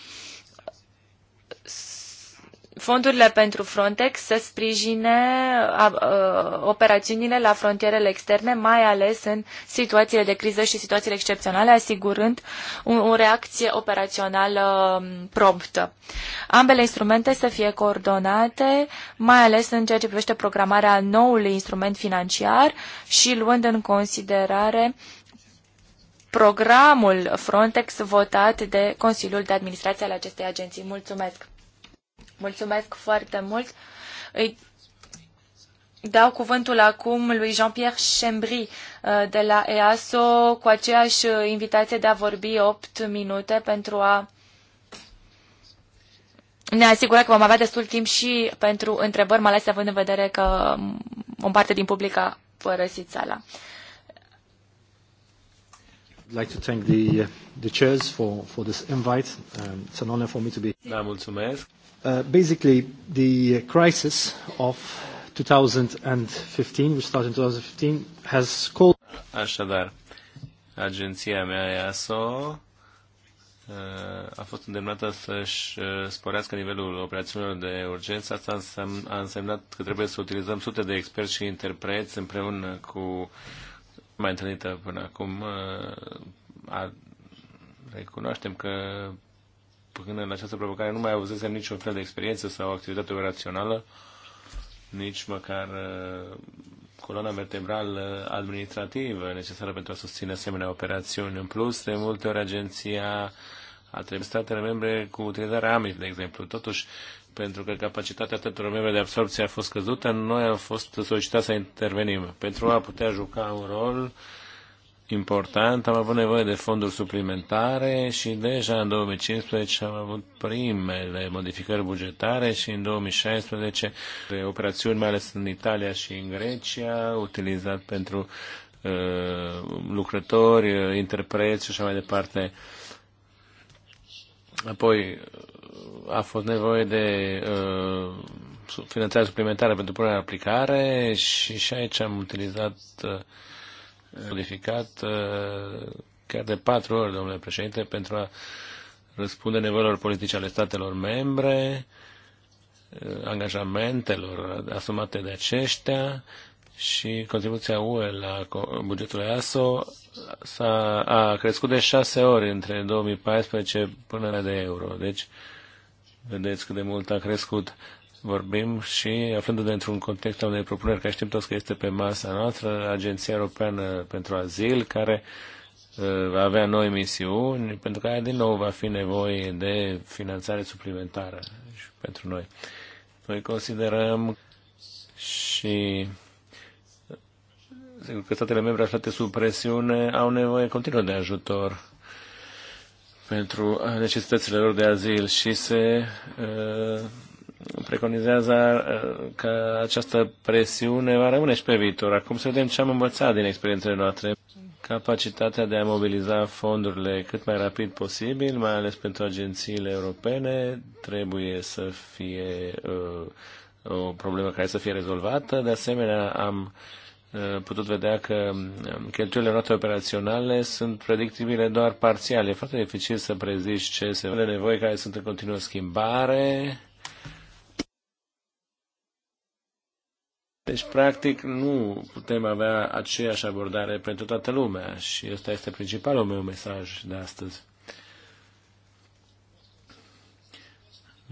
fondurile pentru Frontex să sprijine operațiunile la frontierele externe, mai ales în situațiile de criză și situațiile excepționale, asigurând o reacție operațională promptă. Ambele instrumente să fie coordonate, mai ales în ceea ce privește programarea noului instrument financiar și luând în considerare programul Frontex votat de Consiliul de Administrație al acestei agenții. Mulțumesc! Mulțumesc foarte mult. Îi dau cuvântul acum lui Jean-Pierre Chembri uh, de la EASO cu aceeași uh, invitație de a vorbi 8 minute pentru a ne asigura că vom avea destul timp și pentru întrebări, mai ales având în vedere că um, o parte din public a părăsit sala. Like to thank the, uh, the chairs for, for this invite. Um, it's an for me to be Da, mulțumesc. Uh, basically, the crisis of 2015, which started in 2015, has called... Așadar, agenția mea EASO uh, a fost îndemnată să-și uh, sporească nivelul operațiunilor de urgență. Asta a însemnat că trebuie să utilizăm sute de experți și interpreți împreună cu mai întâlnită până acum. Recunoaștem că până în această provocare nu mai avusesem niciun fel de experiență sau activitate operațională, nici măcar uh, coloana vertebrală administrativă necesară pentru a susține asemenea operațiuni. În plus, de multe ori agenția a trebuit statele membre cu utilizarea AMIF, de exemplu. Totuși, pentru că capacitatea tuturor membre de absorbție a fost scăzută, noi am fost solicitați să intervenim pentru a putea juca un rol uh, important, am avut nevoie de fonduri suplimentare și deja în 2015 am avut primele modificări bugetare și în 2016 de operațiuni, mai ales în Italia și în Grecia, utilizat pentru uh, lucrători, uh, interpreți și așa mai departe. Apoi uh, a fost nevoie de uh, finanțare suplimentară pentru punerea în aplicare și și aici am utilizat uh, modificat uh, chiar de patru ori, domnule președinte, pentru a răspunde nevoilor politice ale statelor membre, uh, angajamentelor asumate de aceștia și contribuția UE la bugetul EASO a a crescut de șase ori între 2014 până la de euro. Deci, vedeți cât de mult a crescut vorbim și aflându-ne într-un context al unei propuneri, care știm toți că este pe masa noastră, Agenția Europeană pentru Azil, care uh, va avea noi misiuni, pentru aia din nou va fi nevoie de finanțare suplimentară și pentru noi. Noi considerăm și sigur că statele membre aflate sub presiune au nevoie continuă de ajutor pentru necesitățile lor de azil și se uh, preconizează uh, că această presiune va rămâne și pe viitor. Acum să vedem ce am învățat din experiențele noastre. Capacitatea de a mobiliza fondurile cât mai rapid posibil, mai ales pentru agențiile europene, trebuie să fie uh, o problemă care să fie rezolvată. De asemenea, am uh, putut vedea că um, cheltuielile noastre operaționale sunt predictibile doar parțial. E foarte dificil să prezici ce se vede nevoie care sunt în continuă schimbare Deci, practic, nu putem avea aceeași abordare pentru toată lumea și ăsta este principalul meu mesaj de astăzi.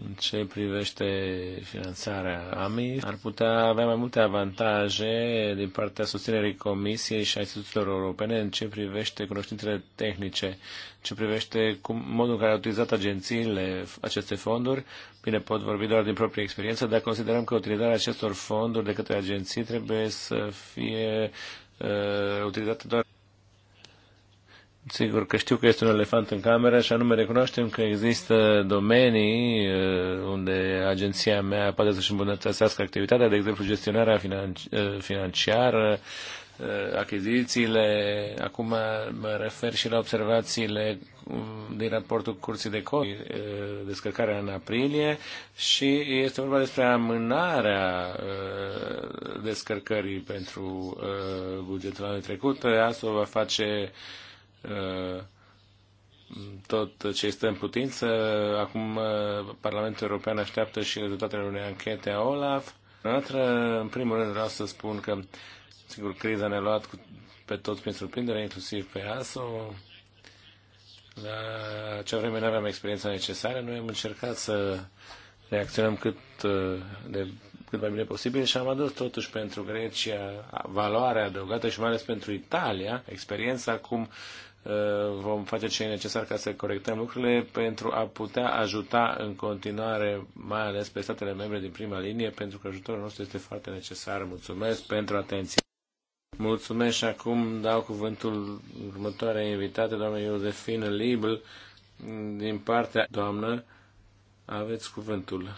În ce privește finanțarea AMI, ar putea avea mai multe avantaje din partea susținerii Comisiei și a instituțiilor europene în ce privește cunoștințele tehnice, în ce privește cum, modul în care au utilizat agențiile aceste fonduri Bine, pot vorbi doar din proprie experiență, dar considerăm că utilizarea acestor fonduri de către agenții trebuie să fie uh, utilizată doar. Sigur că știu că este un elefant în cameră și anume recunoaștem că există domenii uh, unde agenția mea poate să-și îmbunătățească activitatea, de exemplu gestionarea uh, financiară, Eh, achizițiile. Acum mă refer și la observațiile din raportul Curții de Cont, eh, descărcarea în aprilie și este vorba despre amânarea eh, descărcării pentru bugetul anului trecut. Asta va face tot ce este în putință. Acum Parlamentul European așteaptă și rezultatele unei anchete a OLAF. În primul rând vreau să spun că uh, Sigur, criza ne-a luat cu, pe toți prin surprindere, inclusiv pe ASO. La acea vreme nu aveam experiența necesară. Noi am încercat să reacționăm cât, uh, de, cât mai bine posibil și am adus totuși pentru Grecia valoarea adăugată și mai ales pentru Italia experiența cum uh, vom face ce e necesar ca să corectăm lucrurile pentru a putea ajuta în continuare, mai ales pe statele membre din prima linie, pentru că ajutorul nostru este foarte necesar. Mulțumesc pentru atenție. Mulțumesc și acum dau cuvântul următoarea invitate doamna Iosefină Libel, din partea doamnă, aveți cuvântul.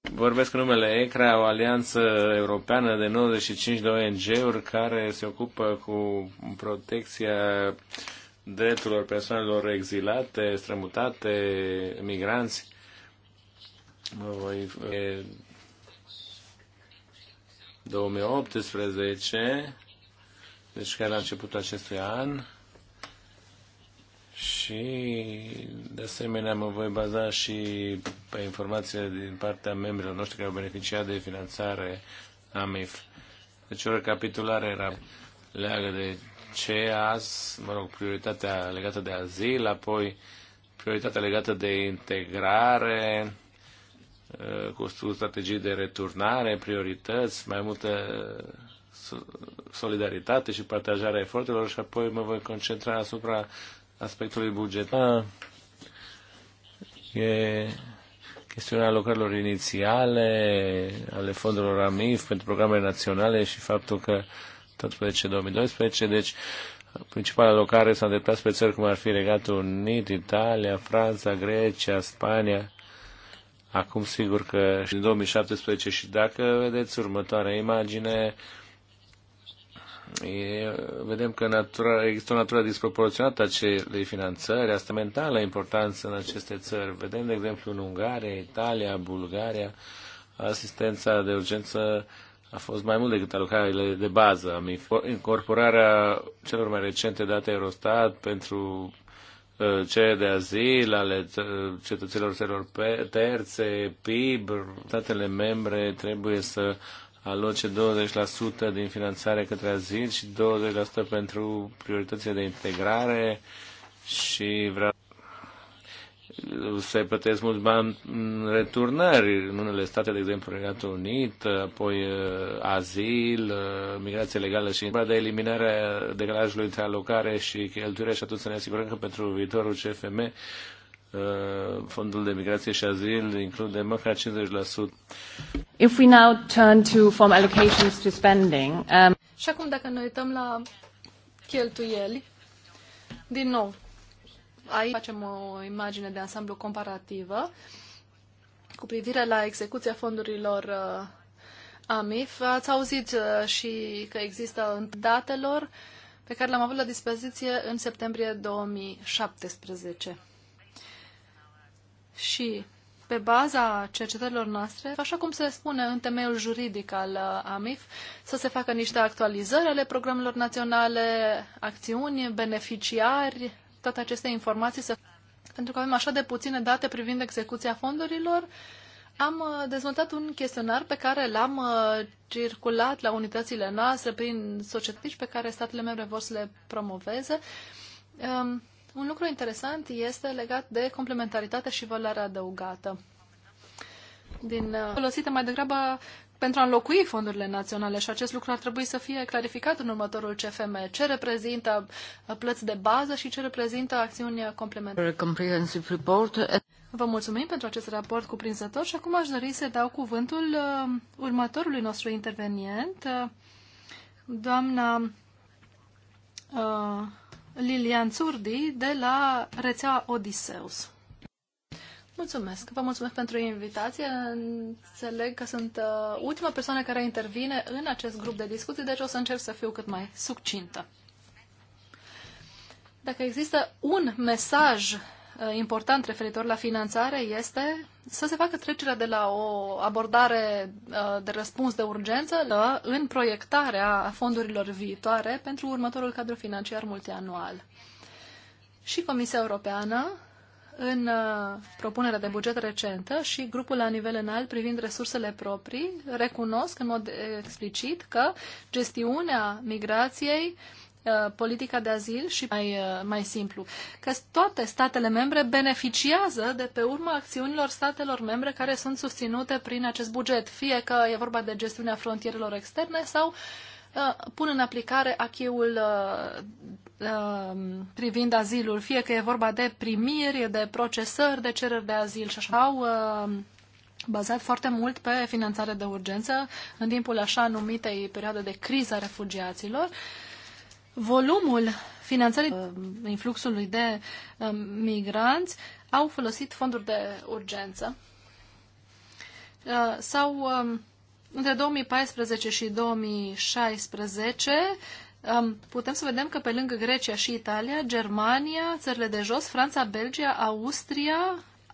vorbesc în numele ECRA, o alianță europeană de 95 de ONG-uri care se ocupă cu protecția drepturilor persoanelor exilate, strămutate, migranți. Mă voi... 2018, deci chiar la începutul acestui an, și de asemenea mă voi baza și pe informațiile din partea membrilor noștri care au beneficiat de finanțare AMIF. Deci o recapitulare era leagă de ce azi, mă rog, prioritatea legată de azil, apoi prioritatea legată de integrare, Uh, cu strategii de returnare, priorități, mai multă uh, solidaritate și partajarea eforturilor și apoi mă voi concentra asupra aspectului bugetar. Da. E chestiunea lucrărilor inițiale, ale fondurilor AMIF pentru programele naționale și faptul că tot 2012 deci principala locare s-a îndreptat spre țări cum ar fi Regatul Unit, Italia, Franța, Grecia, Spania, Acum, sigur că și în 2017 și dacă vedeți următoarea imagine, e, vedem că natura, există o natură disproporționată a acelei finanțări, asta mentală importanță în aceste țări. Vedem, de exemplu, în Ungaria, Italia, Bulgaria, asistența de urgență a fost mai mult decât alocarele de bază. Am incorporarea celor mai recente date Eurostat pentru Uh, cereri de azil ale uh, cetățenilor țărilor terțe, PIB, statele membre trebuie să aloce 20% din finanțare către azil și 20% pentru prioritățile de integrare și vreau se plătesc mulți bani în returnări în unele state, de exemplu Regatul Unit, apoi uh, azil, uh, migrație legală și de eliminarea degrajului între alocare și cheltuire și atunci să ne asigurăm că pentru viitorul CFM uh, fondul de migrație și azil include măcar 50%. If we now turn to from allocations to spending. Um... Și acum dacă ne uităm la cheltuieli, din nou, Aici facem o imagine de ansamblu comparativă cu privire la execuția fondurilor uh, AMIF. Ați auzit uh, și că există datelor pe care le-am avut la dispoziție în septembrie 2017. Și pe baza cercetărilor noastre, așa cum se spune în temeiul juridic al uh, AMIF, să se facă niște actualizări ale programelor naționale, acțiuni, beneficiari, toate aceste informații să... Pentru că avem așa de puține date privind execuția fondurilor, am uh, dezvoltat un chestionar pe care l-am uh, circulat la unitățile noastre prin societăți pe care statele membre vor să le promoveze. Um, un lucru interesant este legat de complementaritate și valoarea adăugată. Din, uh, folosite mai degrabă pentru a înlocui fondurile naționale și acest lucru ar trebui să fie clarificat în următorul CFM. Ce reprezintă uh, plăți de bază și ce reprezintă acțiuni complementare? Vă mulțumim pentru acest raport cuprinzător și acum aș dori să dau cuvântul uh, următorului nostru intervenient, uh, doamna Lilian Țurdi de la rețeaua Odiseus. Mulțumesc. Vă mulțumesc pentru invitație. Înțeleg că sunt uh, ultima persoană care intervine în acest grup de discuții, deci o să încerc să fiu cât mai succintă. Dacă există un mesaj uh, important referitor la finanțare este să se facă trecerea de la o abordare uh, de răspuns de urgență la, uh, în proiectarea fondurilor viitoare pentru următorul cadru financiar multianual. Și Comisia Europeană în uh, propunerea de buget recentă și grupul la nivel înalt privind resursele proprii recunosc în mod explicit că gestiunea migrației uh, politica de azil și mai, uh, mai simplu. Că toate statele membre beneficiază de pe urma acțiunilor statelor membre care sunt susținute prin acest buget, fie că e vorba de gestiunea frontierelor externe sau uh, Uh, pun în aplicare acheul uh, uh, privind azilul, fie că e vorba de primiri, de procesări, de cereri de azil și așa. Au bazat foarte mult pe finanțare de urgență în timpul așa numitei perioade de criză a refugiaților. Volumul finanțării influxului de migranți au folosit fonduri de urgență. S-au um, între 2014 și 2016 um, putem să vedem că pe lângă Grecia și Italia, Germania, țările de jos, Franța, Belgia, Austria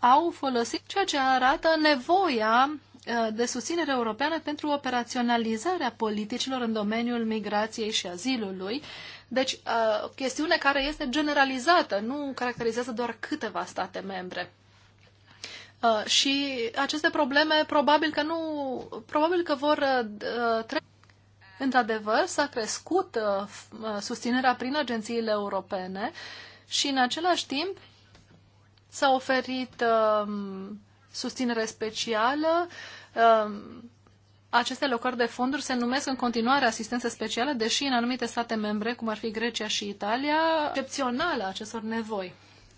au folosit ceea ce arată nevoia uh, de susținere europeană pentru operaționalizarea politicilor în domeniul migrației și azilului. Deci, o uh, chestiune care este generalizată, nu caracterizează doar câteva state membre. Uh, și aceste probleme probabil că nu, probabil că vor uh, uh trece. Într-adevăr, s-a crescut uh, uh, susținerea prin agențiile europene și în același timp s-a oferit um, susținere specială. Um, aceste locări de fonduri se numesc în continuare asistență specială, deși în anumite state membre, cum ar fi Grecia și Italia, excepțională acestor nevoi.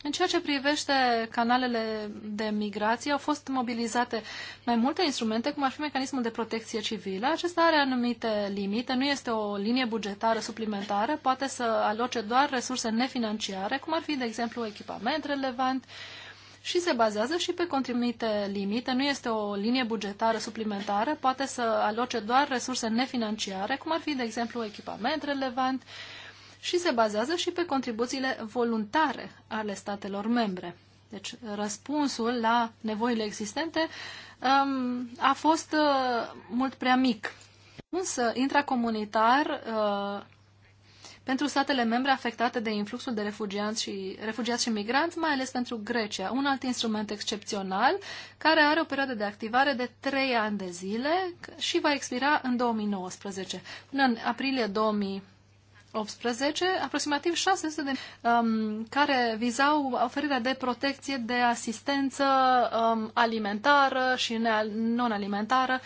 În ceea ce privește canalele de migrație, au fost mobilizate mai multe instrumente, cum ar fi mecanismul de protecție civilă. Acesta are anumite limite, nu este o linie bugetară suplimentară, poate să aloce doar resurse nefinanciare, cum ar fi, de exemplu, echipament relevant, și se bazează și pe contrimite limite, nu este o linie bugetară suplimentară, poate să aloce doar resurse nefinanciare, cum ar fi, de exemplu, echipament relevant, și se bazează și pe contribuțiile voluntare ale statelor membre. Deci răspunsul la nevoile existente um, a fost uh, mult prea mic. Însă, intracomunitar, uh, pentru statele membre afectate de influxul de refugiați și, refugiați și migranți, mai ales pentru Grecia, un alt instrument excepțional care are o perioadă de activare de 3 ani de zile și va expira în 2019. Până în aprilie 2019, 18, aproximativ 600 de um, care vizau oferirea de protecție, de asistență um, alimentară și non-alimentară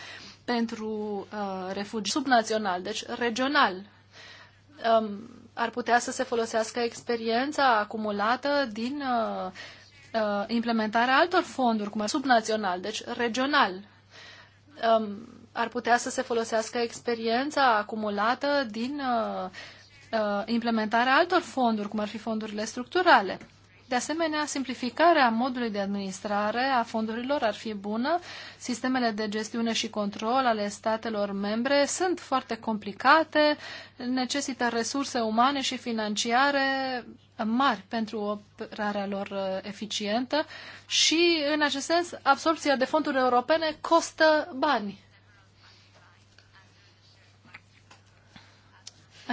pentru uh, refugi subnațional, deci regional. Um, ar putea să se folosească experiența acumulată din uh, uh, implementarea altor fonduri, cum ar subnațional, deci regional. Um, ar putea să se folosească experiența acumulată din uh, uh, implementarea altor fonduri, cum ar fi fondurile structurale. De asemenea, simplificarea modului de administrare a fondurilor ar fi bună. Sistemele de gestiune și control ale statelor membre sunt foarte complicate, necesită resurse umane și financiare mari pentru operarea lor uh, eficientă și, în acest sens, absorpția de fonduri europene costă bani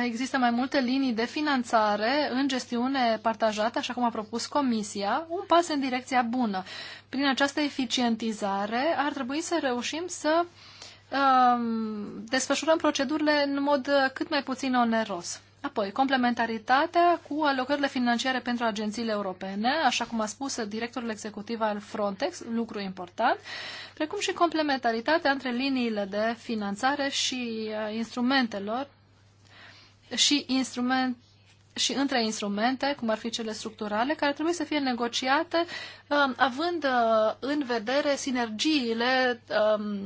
există mai multe linii de finanțare în gestiune partajată, așa cum a propus Comisia, un pas în direcția bună. Prin această eficientizare ar trebui să reușim să um, desfășurăm procedurile în mod cât mai puțin oneros. Apoi, complementaritatea cu alocările financiare pentru agențiile europene, așa cum a spus directorul executiv al Frontex, lucru important, precum și complementaritatea între liniile de finanțare și uh, instrumentelor și, instrument, și între instrumente, cum ar fi cele structurale, care trebuie să fie negociate um, având uh, în vedere sinergiile um,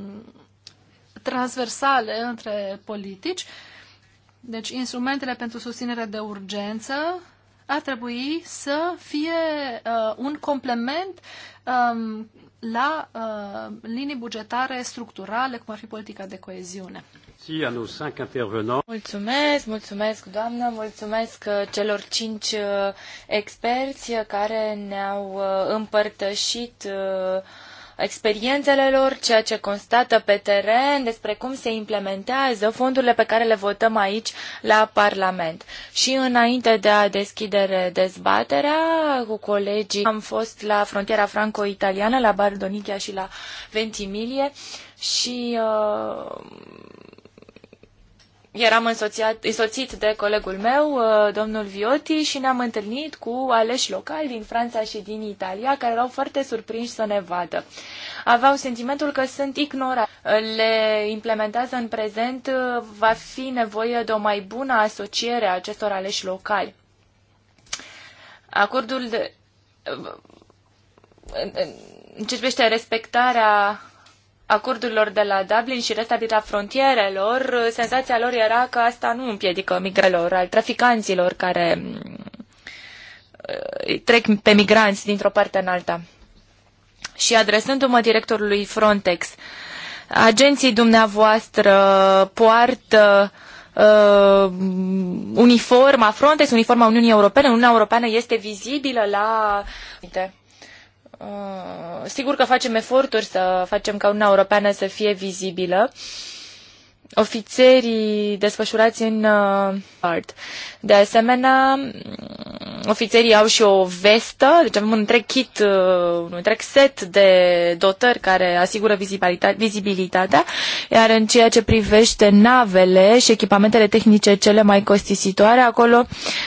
transversale între politici. Deci instrumentele pentru susținere de urgență ar trebui să fie uh, un complement um, la uh, linii bugetare structurale, cum ar fi politica de coeziune. Merci à nos cinq intervenants. Mulțumesc, mulțumesc doamnă, mulțumesc uh, celor cinci uh, experți uh, care ne-au împărtășit experiențele lor, ceea ce constată pe teren, despre cum se implementează fondurile pe care le votăm aici la Parlament. Și înainte de a deschide dezbaterea cu colegii, am fost la frontiera franco-italiană, la Bardonichia și la Ventimilie și uh, eram însoțiat, însoțit de colegul meu, uh, domnul Vioti, și ne-am întâlnit cu aleși locali din Franța și din Italia, care erau foarte surprinși să ne vadă. Aveau sentimentul că sunt ignorați. Le implementează în prezent, uh, va fi nevoie de o mai bună asociere a acestor aleși locali. Acordul de... Uh, în ce privește respectarea acordurilor de la Dublin și restabilirea frontierelor, senzația lor era că asta nu împiedică migrelor, al traficanților care mm, trec pe migranți dintr-o parte în alta. Și adresându-mă directorului Frontex, agenții dumneavoastră poartă uh, uniforma Frontex, uniforma Uniunii Europene, Uniunea Europeană este vizibilă la... Uite. Uh, sigur că facem eforturi să facem ca Uniunea Europeană să fie vizibilă. Uh, ofițerii desfășurați în uh, art. De asemenea, mm, ofițerii au și o vestă, deci avem un întreg kit, uh, un întreg set de dotări care asigură vizibilitatea, iar în ceea ce privește navele și echipamentele tehnice cele mai costisitoare, acolo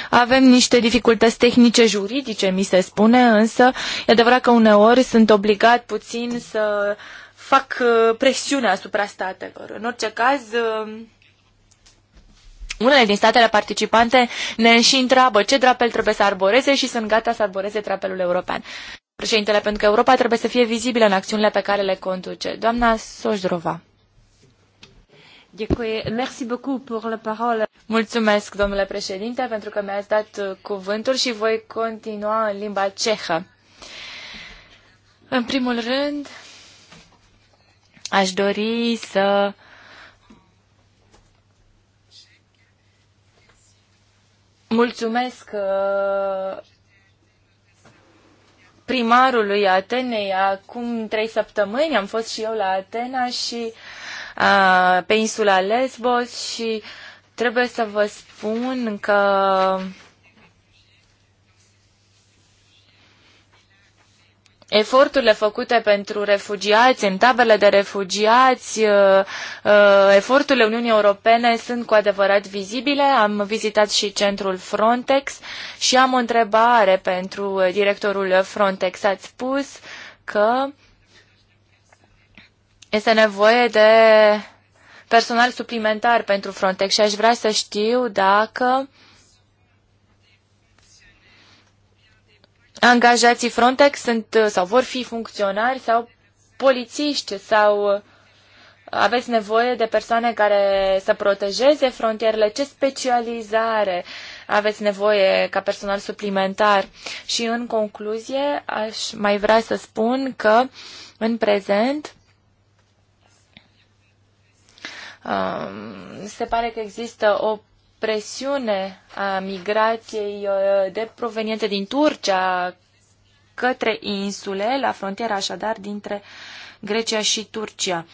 avem niște dificultăți tehnice juridice, mi se spune, însă e adevărat că uneori sunt obligat puțin să uh, fac uh, presiune asupra statelor. În orice caz, uh, unele din statele participante ne și întreabă ce drapel trebuie să arboreze și sunt gata să arboreze drapelul european. Președintele, pentru că Europa trebuie să fie vizibilă în acțiunile pe care le conduce. Doamna Sojdrova. Mulțumesc, domnule președinte, pentru că mi-ați dat uh, cuvântul și voi continua în limba cehă. În primul rând, Aș dori să mulțumesc uh, primarului Atenei. Acum trei săptămâni am fost și eu la Atena și uh, pe insula Lesbos și trebuie să vă spun că eforturile făcute pentru refugiați, în tabele de refugiați, uh, uh, eforturile Uniunii Europene sunt cu adevărat vizibile. Am vizitat și centrul Frontex și am o întrebare pentru uh, directorul Frontex. Ați spus că este nevoie de personal suplimentar pentru Frontex și aș vrea să știu dacă uh, angajații Frontex sunt uh, sau vor fi funcționari sau polițiști sau uh, aveți nevoie de persoane care să protejeze frontierele, ce specializare aveți nevoie ca personal suplimentar. Și în concluzie, aș mai vrea să spun că în prezent um, se pare că există o presiune a migrației uh, de proveniente din Turcia către insule, la frontiera așadar dintre Grecia și Turcia.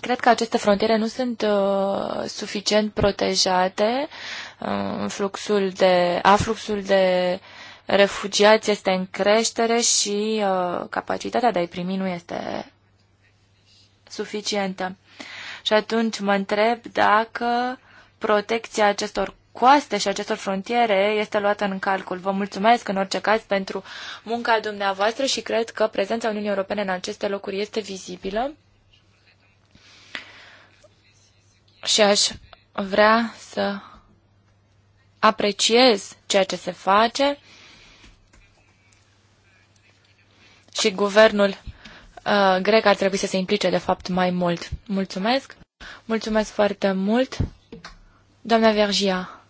Cred că aceste frontiere nu sunt uh, suficient protejate. Uh, fluxul de, afluxul de refugiați este în creștere și uh, capacitatea de a-i primi nu este suficientă. Și atunci mă întreb dacă protecția acestor coaste și acestor frontiere este luată în calcul. Vă mulțumesc în orice caz pentru munca dumneavoastră și cred că prezența Uniunii Europene în aceste locuri este vizibilă. Și aș vrea să apreciez ceea ce se face și guvernul Uh, grec ar trebui să se implice, de fapt, mai mult. Mulțumesc! Mulțumesc foarte mult! Doamna Vergia,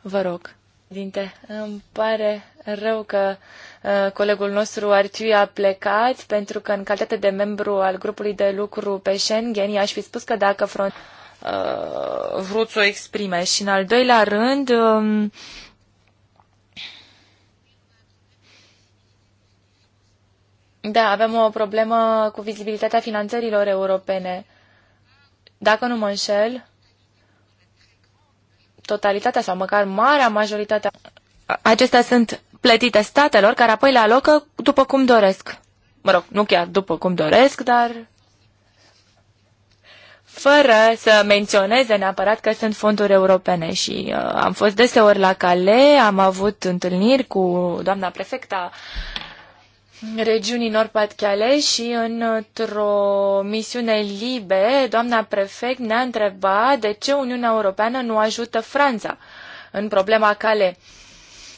vă rog. Dinte, îmi pare rău că uh, colegul nostru Arciu a plecat, pentru că în calitate de membru al grupului de lucru pe Schengen, i-aș fi spus că dacă front uh, vrut să o exprime. Și în al doilea rând, uh, Da, avem o problemă cu vizibilitatea finanțărilor europene. Dacă nu mă înșel, totalitatea sau măcar marea majoritatea acestea sunt plătite statelor care apoi le alocă după cum doresc. Mă rog, nu chiar după cum doresc, dar fără să menționeze neapărat că sunt fonduri europene și uh, am fost deseori la Cale, am avut întâlniri cu doamna prefecta regiunii norpad calais și într-o misiune libe, doamna prefect ne-a întrebat de ce Uniunea Europeană nu ajută Franța în problema cale.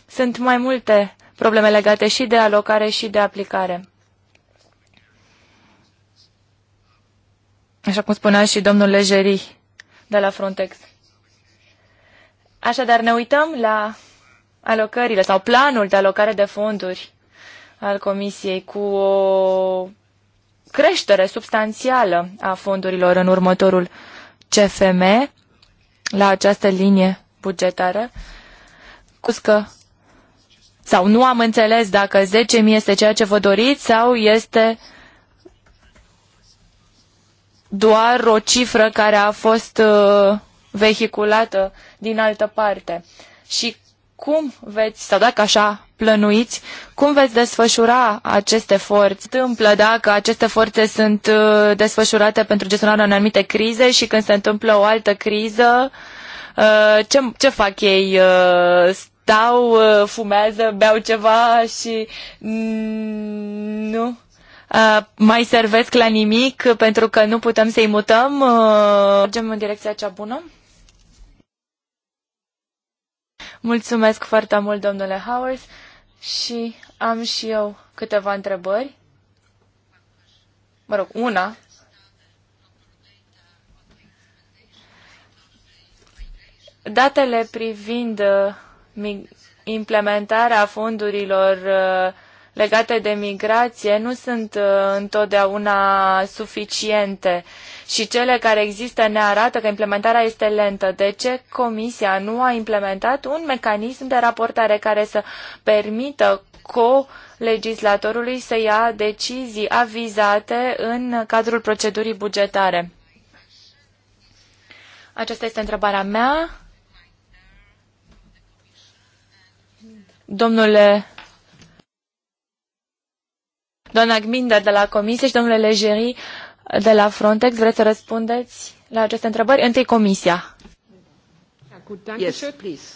Sunt mai multe probleme legate și de alocare și de aplicare. Așa cum spunea și domnul Lejeri de la Frontex. Așadar, ne uităm la alocările sau planul de alocare de fonduri al Comisiei cu o creștere substanțială a fondurilor în următorul CFM la această linie bugetară. Cuscă sau nu am înțeles dacă 10.000 este ceea ce vă doriți sau este doar o cifră care a fost uh, vehiculată din altă parte. Și cum veți, sau dacă așa plănuiți, cum veți desfășura aceste forțe? Întâmplă dacă aceste forțe sunt uh, desfășurate pentru gestionarea unei anumite crize și când se întâmplă o altă criză, uh, ce, ce fac ei? Uh, stau, fumează, beau ceva și nu? Mai servesc la nimic pentru că nu putem să-i mutăm? Mergem în direcția cea bună? Mulțumesc foarte mult, domnule Howard, și am și eu câteva întrebări. Mă rog, una. Datele privind uh, implementarea fondurilor uh, legate de migrație nu sunt uh, întotdeauna suficiente și cele care există ne arată că implementarea este lentă. De ce Comisia nu a implementat un mecanism de raportare care să permită co-legislatorului să ia decizii avizate în cadrul procedurii bugetare? Aceasta este întrebarea mea. Domnule doamna Gminder de la Comisie și domnule Lejerii, de la Frontex. Vreți să răspundeți la aceste întrebări? Întâi Comisia. Yes, please.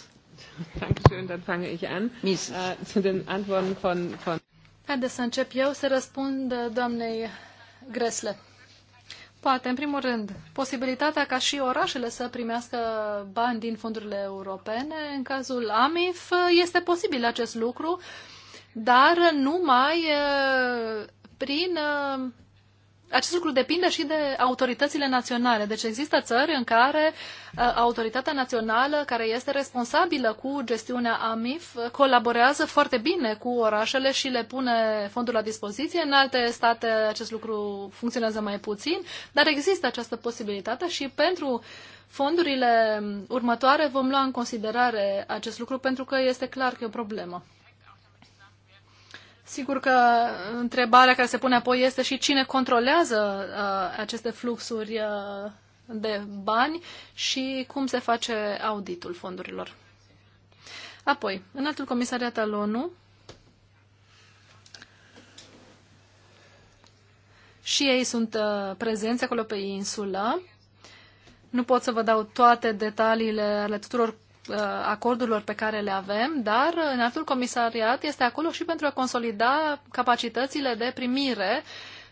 Äh, Haideți să încep eu să răspund uh, doamnei Gresle. Poate, în primul rând, posibilitatea ca și orașele să primească bani din fondurile europene, în cazul AMIF, este posibil acest lucru, dar numai uh, prin uh, acest lucru depinde și de autoritățile naționale. Deci există țări în care uh, autoritatea națională care este responsabilă cu gestiunea AMIF uh, colaborează foarte bine cu orașele și le pune fondul la dispoziție. În alte state acest lucru funcționează mai puțin, dar există această posibilitate și pentru fondurile următoare vom lua în considerare acest lucru pentru că este clar că e o problemă. Sigur că întrebarea care se pune apoi este și cine controlează uh, aceste fluxuri uh, de bani și cum se face auditul fondurilor. Apoi, în altul comisariat al ONU și ei sunt uh, prezenți acolo pe insulă. Nu pot să vă dau toate detaliile ale tuturor Uh, acordurilor pe care le avem, dar în altul comisariat este acolo și pentru a consolida capacitățile de primire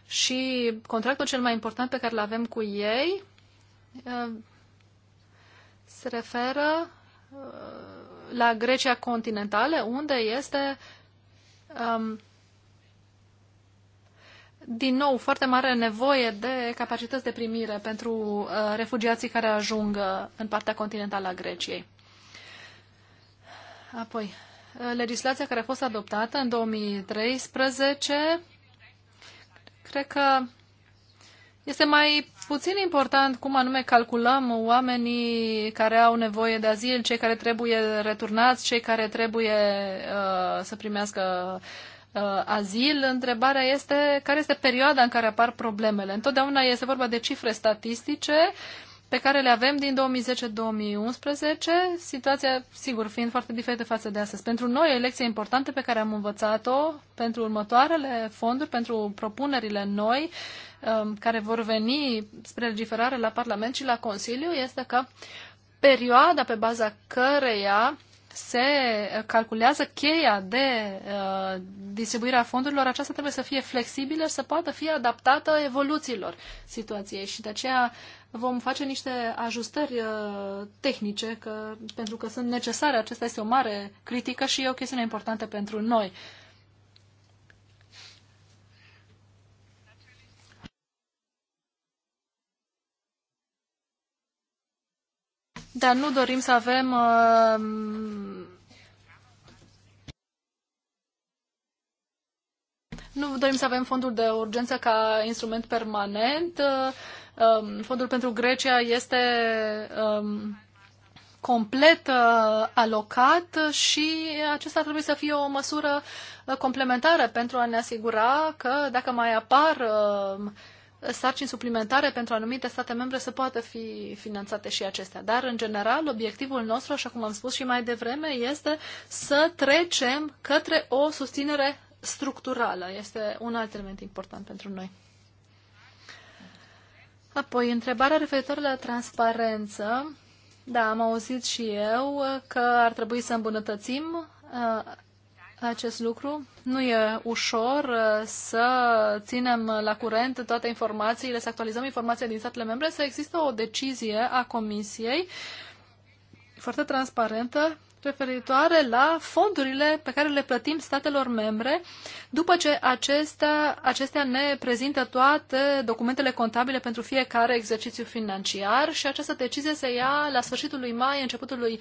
și contractul cel mai important pe care îl avem cu ei uh, se referă uh, la Grecia continentală, unde este um, din nou foarte mare nevoie de capacități de primire pentru uh, refugiații care ajung în partea continentală a Greciei. Apoi, legislația care a fost adoptată în 2013, cred că este mai puțin important cum anume calculăm oamenii care au nevoie de azil, cei care trebuie returnați, cei care trebuie uh, să primească uh, azil. Întrebarea este care este perioada în care apar problemele. Întotdeauna este vorba de cifre statistice uh, pe care le avem din 2010-2011, situația, sigur, fiind foarte diferită față de astăzi. Pentru noi, o lecție importantă pe care am învățat-o pentru următoarele fonduri, pentru propunerile noi um, care vor veni spre legiferare la Parlament și la Consiliu, este că perioada pe baza căreia se calculează cheia de uh, distribuirea fondurilor, aceasta trebuie să fie flexibilă să poată fi adaptată evoluțiilor situației și de aceea vom face niște ajustări uh, tehnice că, pentru că sunt necesare. Acesta este o mare critică și e o chestiune importantă pentru noi. Dar nu dorim să avem uh, nu dorim să avem fondul de urgență ca instrument permanent. Uh, Um, fondul pentru Grecia este um, complet uh, alocat și acesta trebuie să fie o măsură uh, complementară pentru a ne asigura că dacă mai apar uh, sarcini suplimentare pentru anumite state membre să poată fi finanțate și acestea. Dar, în general, obiectivul nostru, așa cum am spus și mai devreme, este să trecem către o susținere structurală. Este un alt element important pentru noi. Apoi, întrebarea referitoare la transparență. Da, am auzit și eu că ar trebui să îmbunătățim uh, acest lucru. Nu e ușor uh, să ținem la curent toate informațiile, să actualizăm informația din statele membre, să există o decizie a Comisiei foarte transparentă referitoare la fondurile pe care le plătim statelor membre după ce acestea, acestea ne prezintă toate documentele contabile pentru fiecare exercițiu financiar și această decizie se ia la sfârșitul lui mai, începutul lui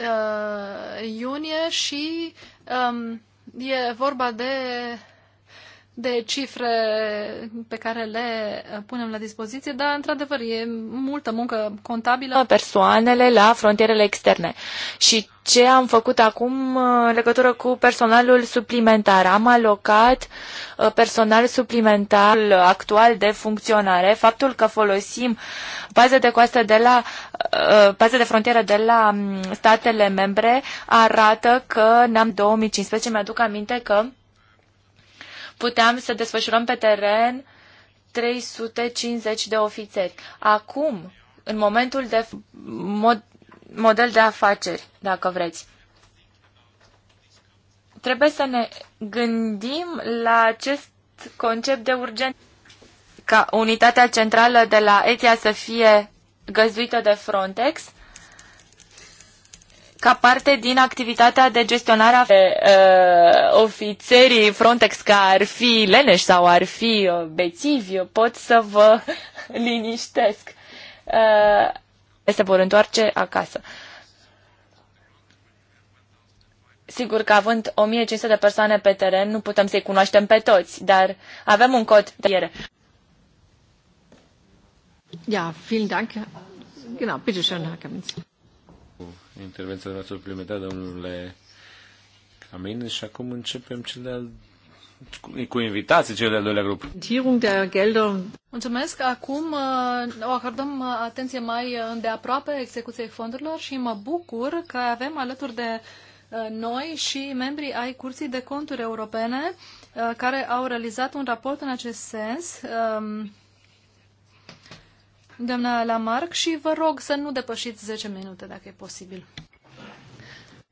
uh, iunie și um, e vorba de de cifre pe care le punem la dispoziție, dar, într-adevăr, e multă muncă contabilă. Persoanele la frontierele externe. Și ce am făcut acum uh, în legătură cu personalul suplimentar? Am alocat uh, personal suplimentar actual de funcționare. Faptul că folosim baze de coastă de la uh, baze de frontieră de la mm, statele membre arată că ne-am 2015, mi-aduc aminte că puteam să desfășurăm pe teren 350 de ofițeri. Acum, în momentul de mod, model de afaceri, dacă vreți, trebuie să ne gândim la acest concept de urgență ca unitatea centrală de la ETIA să fie găzduită de Frontex ca parte din activitatea de gestionare a uh, ofițerii Frontex, că ar fi leneși sau ar fi uh, bețivi, pot să vă liniștesc. Uh, se vor întoarce acasă. Sigur că având 1500 de persoane pe teren, nu putem să-i cunoaștem pe toți, dar avem un cod de iere. Ja, vielen Dank. Genau, bitte schön, Herr Kaminski intervenția noastră suplimentară, domnule Camin, și acum începem cel de-al cu invitații cel de-al doilea grup. Mulțumesc. Acum uh, o acordăm uh, atenție mai îndeaproape execuției fondurilor și mă bucur că avem alături de uh, noi și membrii ai Curții de Conturi Europene care au realizat un raport în acest sens um, doamna Lamarck, și vă rog să nu depășiți 10 minute, dacă e posibil.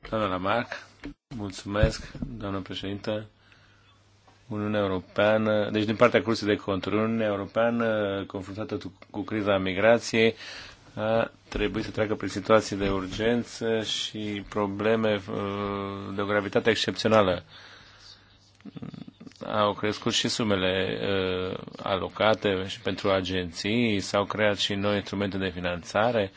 Doamna Lamarck, mulțumesc, doamna președintă. Uniunea Europeană, deci din partea Cursului de Conturi, Uniunea Europeană, confruntată cu criza migrației, a trebuit să treacă prin situații de urgență și probleme uh, de o gravitate excepțională au crescut și sumele uh, alocate și pentru agenții, s-au creat și noi instrumente de finanțare,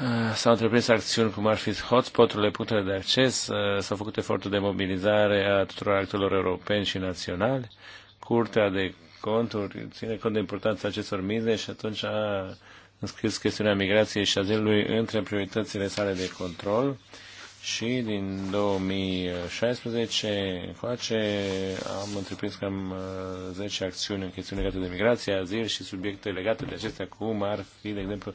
uh, s-au întreprins acțiuni cum ar fi hotspot-urile, punctele de acces, uh, s-au făcut eforturi de mobilizare a tuturor actorilor europeni și naționali, curtea de conturi ține cont de importanța acestor mize și atunci a înscris chestiunea migrației și azilului între prioritățile sale de control. Uh, și din 2016 încoace am întreprins cam 10 uh, acțiuni în chestiuni legate de migrație, azil și subiecte legate de acestea, cum ar fi, de exemplu,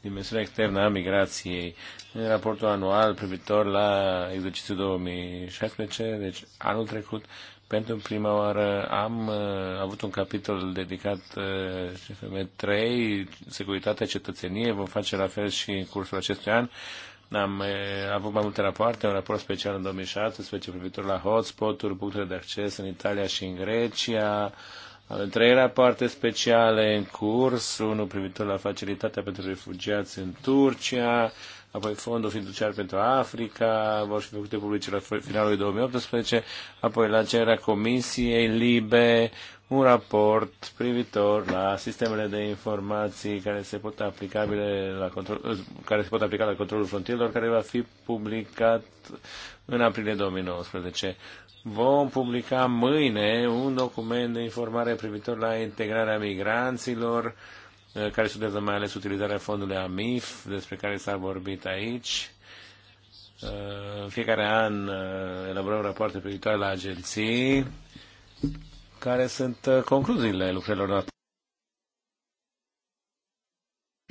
dimensiunea externă a migrației. În raportul anual privitor la exercițiul 2016, deci anul trecut, pentru prima oară am uh, avut un capitol dedicat uh, CFM 3, Securitatea cetățenie, vom face la fel și în cursul acestui an. Uh, am avut mai multe rapoarte, un raport special în 2017 privitor la hotspot-uri, punctele de acces în Italia și în Grecia, trei rapoarte speciale în curs, unul privitor la facilitatea pentru refugiați în Turcia, apoi Fondul Fiduciar pentru Africa, vor fi făcute publice la finalul 2018, apoi la cererea Comisiei Libe, un raport privitor la sistemele de informații care se pot, aplica la control, uh, care se pot aplica la controlul frontierelor, care va fi publicat în aprilie 2019. Vom publica mâine un document de informare privitor la integrarea migranților, uh, care studiază mai ales utilizarea fondului AMIF, despre care s-a vorbit aici. Uh, în fiecare an elaborăm rapoarte privitoare la agenții care sunt uh, concluziile lucrărilor noastre.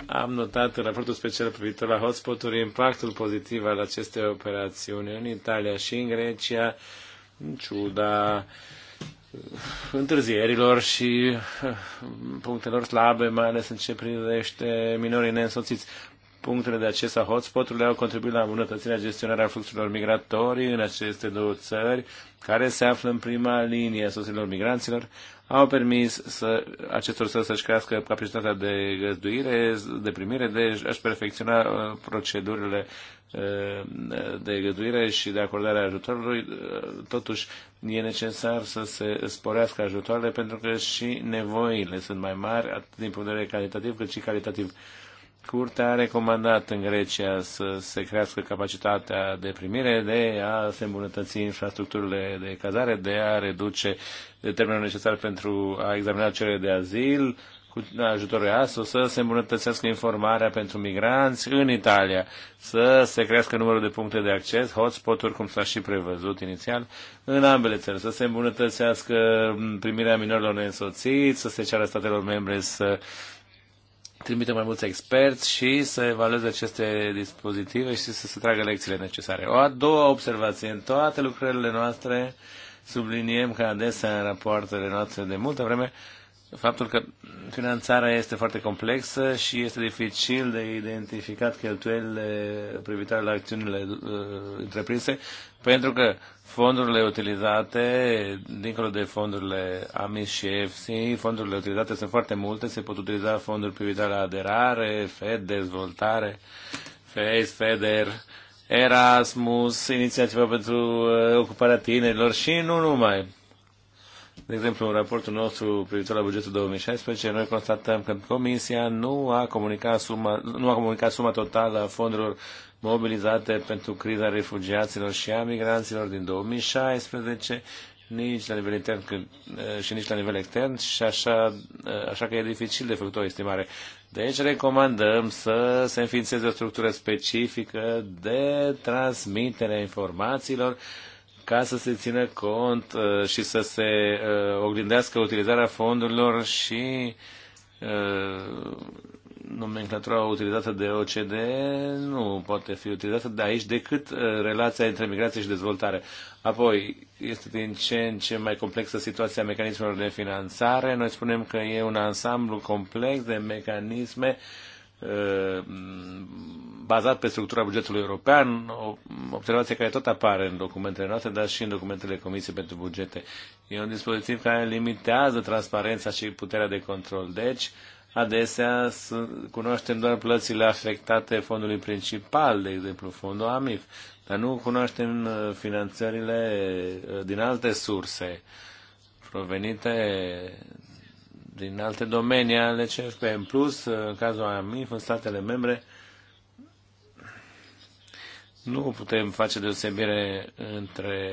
Am notat în raportul special privitor la hotspoturi impactul pozitiv al acestei operațiuni în Italia și în Grecia, în ciuda uh, întârzierilor și uh, punctelor slabe, mai ales în ce privește minorii neînsoțiți punctele de acesta hotspot-urile au contribuit la îmbunătățirea gestionarea fluxurilor migratorii în aceste două țări, care se află în prima linie a sosilor migranților, au permis să, acestor să să-și crească capacitatea de găzduire, de primire, de a-și perfecționa uh, procedurile uh, de găduire și de acordarea ajutorului, uh, totuși e necesar să se sporească ajutoarele pentru că și nevoile sunt mai mari, atât din punct de vedere calitativ cât și calitativ. Curtea a recomandat în Grecia să se crească capacitatea de primire, de a se îmbunătăți infrastructurile de cazare, de a reduce termenul necesar pentru a examina cele de azil, cu ajutorul ASO, să se îmbunătățească informarea pentru migranți în Italia, să se crească numărul de puncte de acces, hotspot-uri, cum s-a și prevăzut inițial, în ambele țări, să se îmbunătățească primirea minorilor neînsoțiți, să se ceară statelor membre să uh, trimite mai mulți experți și să evalueze aceste dispozitive și să se tragă lecțiile necesare. O a doua observație. În toate lucrările noastre subliniem că adesea în rapoartele noastre de multă vreme faptul că finanțarea este foarte complexă și este dificil de identificat cheltuielile privitoare la acțiunile uh, întreprinse, pentru că fondurile utilizate, dincolo de fondurile AMIS și EFSI, fondurile utilizate sunt foarte multe, se pot utiliza fonduri privitoare la aderare, FED, dezvoltare, FACE, FEDER, Erasmus, inițiativa pentru uh, ocuparea tinerilor și nu numai. De exemplu, în raportul nostru privitor la bugetul 2016, noi constatăm că Comisia nu a comunicat suma, nu a comunicat suma totală a fondurilor mobilizate pentru criza refugiaților și a migranților din 2016, nici la nivel intern eh, și nici la nivel extern și așa, eh, așa că e dificil de făcut o estimare. Deci recomandăm să se înființeze o structură specifică de transmitere a informațiilor ca să se țină cont uh, și să se uh, oglindească utilizarea fondurilor și uh, nomenclatura utilizată de OCDE nu poate fi utilizată de aici decât relația între migrație și dezvoltare. Apoi, este din ce în ce mai complexă situația mecanismelor de finanțare. Noi spunem că e un ansamblu complex de mecanisme uh, Uh, bazat pe structura bugetului european, o observație care tot apare în documentele noastre, dar și în documentele Comisiei pentru Bugete. E un dispozitiv care limitează transparența și puterea de control. Deci, adesea cunoaștem doar plățile afectate fondului principal, de exemplu fondul AMIF, dar nu cunoaștem uh, finanțările uh, din alte surse provenite din alte domenii ale CFP. În plus, în cazul AMIF, în statele membre, nu putem face deosebire între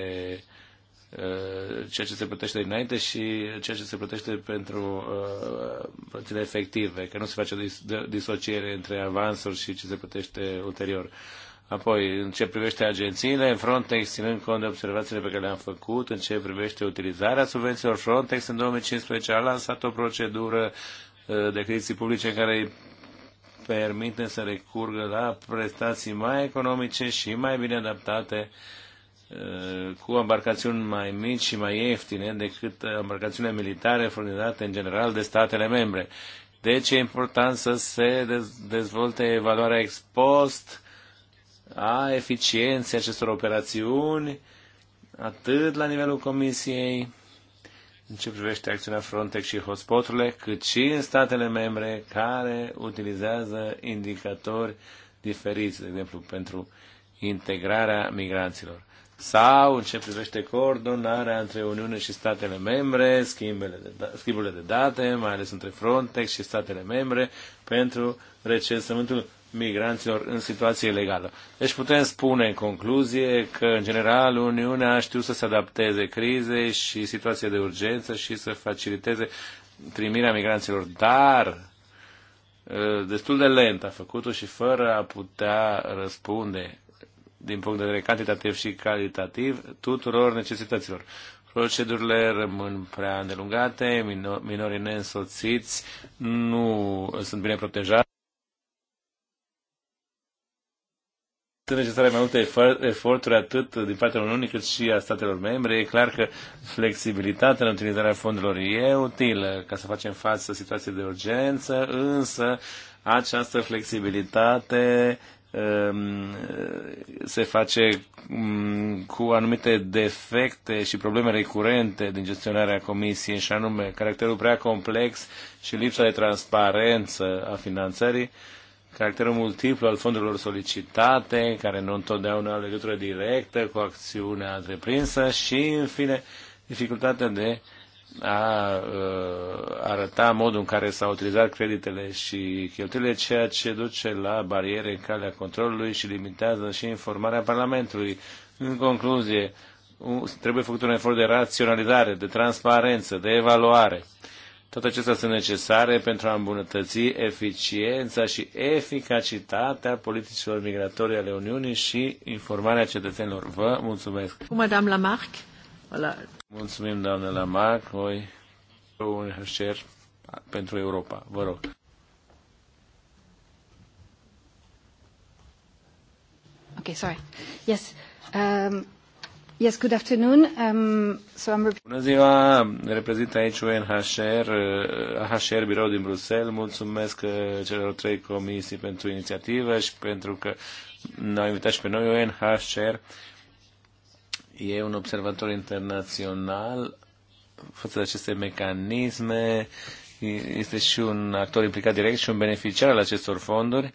uh, ceea ce se plătește dinainte și ceea ce se plătește pentru uh, plățile efective, că nu se face o disociere între avansuri și ce se plătește ulterior. Apoi, în ce privește agențiile, Frontex, ținând cont de observațiile pe care le-am făcut, în ce privește utilizarea subvențiilor Frontex, în 2015 a lansat o procedură uh, de achiziții publice care îi permite să recurgă la prestații mai economice și mai bine adaptate uh, cu embarcațiuni mai mici și mai ieftine decât uh, embarcațiunile militare furnizate în general de statele membre. Deci e important să se dezvolte evaluarea ex post a eficienței acestor operațiuni, atât la nivelul Comisiei, în ce privește acțiunea Frontex și hotspoturile, cât și în statele membre care utilizează indicatori diferiți, de exemplu, pentru integrarea migranților. Sau în ce privește coordonarea între Uniune și statele membre, schimbele de, da- schimburile de date, mai ales între Frontex și statele membre, pentru recensământul migranților în situație ilegală. Deci putem spune în concluzie că, în general, Uniunea știut să se adapteze crizei și situației de urgență și să faciliteze primirea migranților, dar uh, destul de lent a făcut-o și fără a putea răspunde din punct de vedere cantitativ și calitativ tuturor necesităților. Procedurile rămân prea îndelungate, minorii neînsoțiți nu sunt bine protejați. sunt necesare mai multe eforturi atât din partea Uniunii cât și a statelor membre. E clar că flexibilitatea în utilizarea fondurilor e utilă ca să facem față situației de urgență, însă această flexibilitate um, se face um, cu anumite defecte și probleme recurente din gestionarea comisiei, și anume caracterul prea complex și lipsa de transparență a finanțării caracterul multiplu al fondurilor solicitate, care nu întotdeauna au legătură directă cu acțiunea întreprinsă și, în fine, dificultatea de a uh, arăta modul în care s-au utilizat creditele și cheltuielile, ceea ce duce la bariere în calea controlului și limitează și informarea Parlamentului. În concluzie, trebuie făcut un efort de raționalizare, de transparență, de evaluare toate acestea sunt necesare pentru a îmbunătăți eficiența și eficacitatea politicilor migratorii ale Uniunii și informarea cetățenilor. Vă mulțumesc! Madame Lamarck. Mulțumim, doamne Lamarck. Voi un HR pentru Europa. Vă rog. Okay, sorry. Yes. Um, Yes, good afternoon. Um, so I'm... Bună ziua, reprezint aici UNHCR, AHCR, uh, birou din Bruxelles. Mulțumesc uh, celor trei comisii pentru inițiativă și pentru că ne-au invitat și pe noi UNHCR. E un observator internațional față de aceste mecanisme, este și un actor implicat direct și un beneficiar al acestor fonduri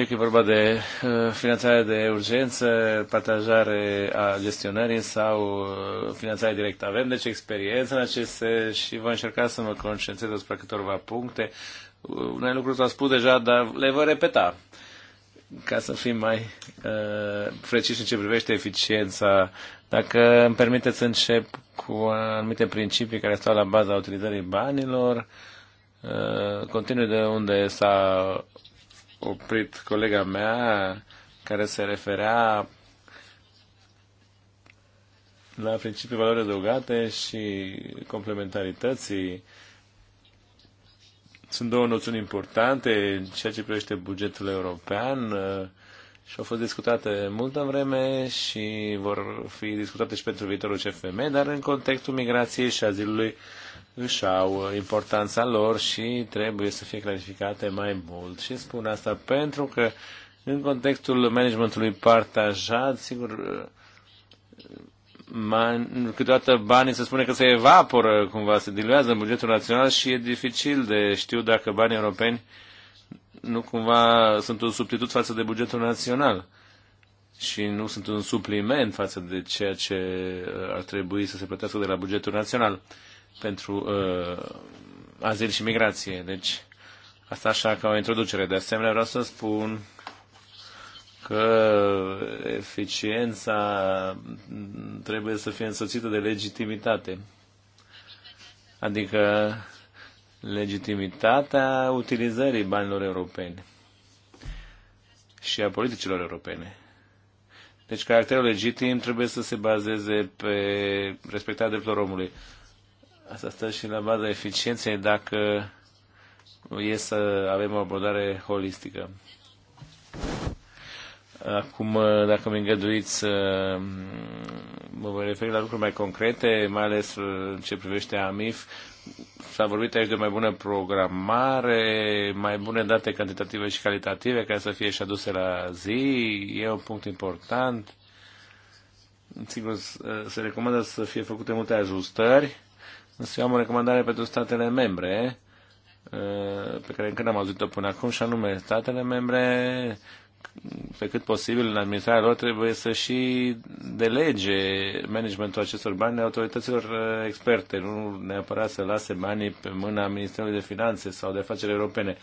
fie că e vorba de uh, finanțare de urgență, partajare a gestionării sau uh, finanțare directă. Avem deci experiență în aceste și vă încerca să mă concentrez asupra câteva puncte. Uh, unele lucruri s-au spus deja, dar le voi repeta ca să fim mai uh, preciși în ce privește eficiența. Dacă îmi permiteți să încep cu anumite principii care stau la baza utilizării banilor, uh, continui de unde s-a oprit colega mea care se referea la principiul valorii adăugate și complementarității. Sunt două noțiuni importante în ceea ce privește bugetul european uh, și au fost discutate multă vreme și vor fi discutate și pentru viitorul CFM, dar în contextul migrației și azilului își au importanța lor și trebuie să fie clarificate mai mult. Și spun asta pentru că în contextul managementului partajat, sigur, man, câteodată banii se spune că se evaporă, cumva se diluează în bugetul național și e dificil de știu dacă banii europeni nu cumva sunt un substitut față de bugetul național și nu sunt un supliment față de ceea ce ar trebui să se plătească de la bugetul național pentru uh, azil și migrație. Deci, asta așa ca o introducere. De asemenea, vreau să spun că eficiența trebuie să fie însoțită de legitimitate. Adică legitimitatea utilizării banilor europeni și a politicilor europene. Deci caracterul legitim trebuie să se bazeze pe respectarea drepturilor omului. Asta stă și la baza eficienței dacă e să avem o abordare holistică. Acum, dacă mi îngăduiți, uh, mă voi referi la lucruri mai concrete, mai ales uh, în ce privește AMIF. S-a vorbit aici de o mai bună programare, mai bune date cantitative și calitative care să fie și aduse la zi. E un punct important. Sigur, uh, se recomandă să fie făcute multe ajustări Însă eu am o recomandare pentru statele membre, uh, pe care încă n-am auzit-o până acum, și anume statele membre pe cât posibil în administrarea lor trebuie să și delege managementul acestor bani autorităților uh, experte, nu neapărat să lase banii pe mâna Ministerului de Finanțe sau de Afaceri Europene.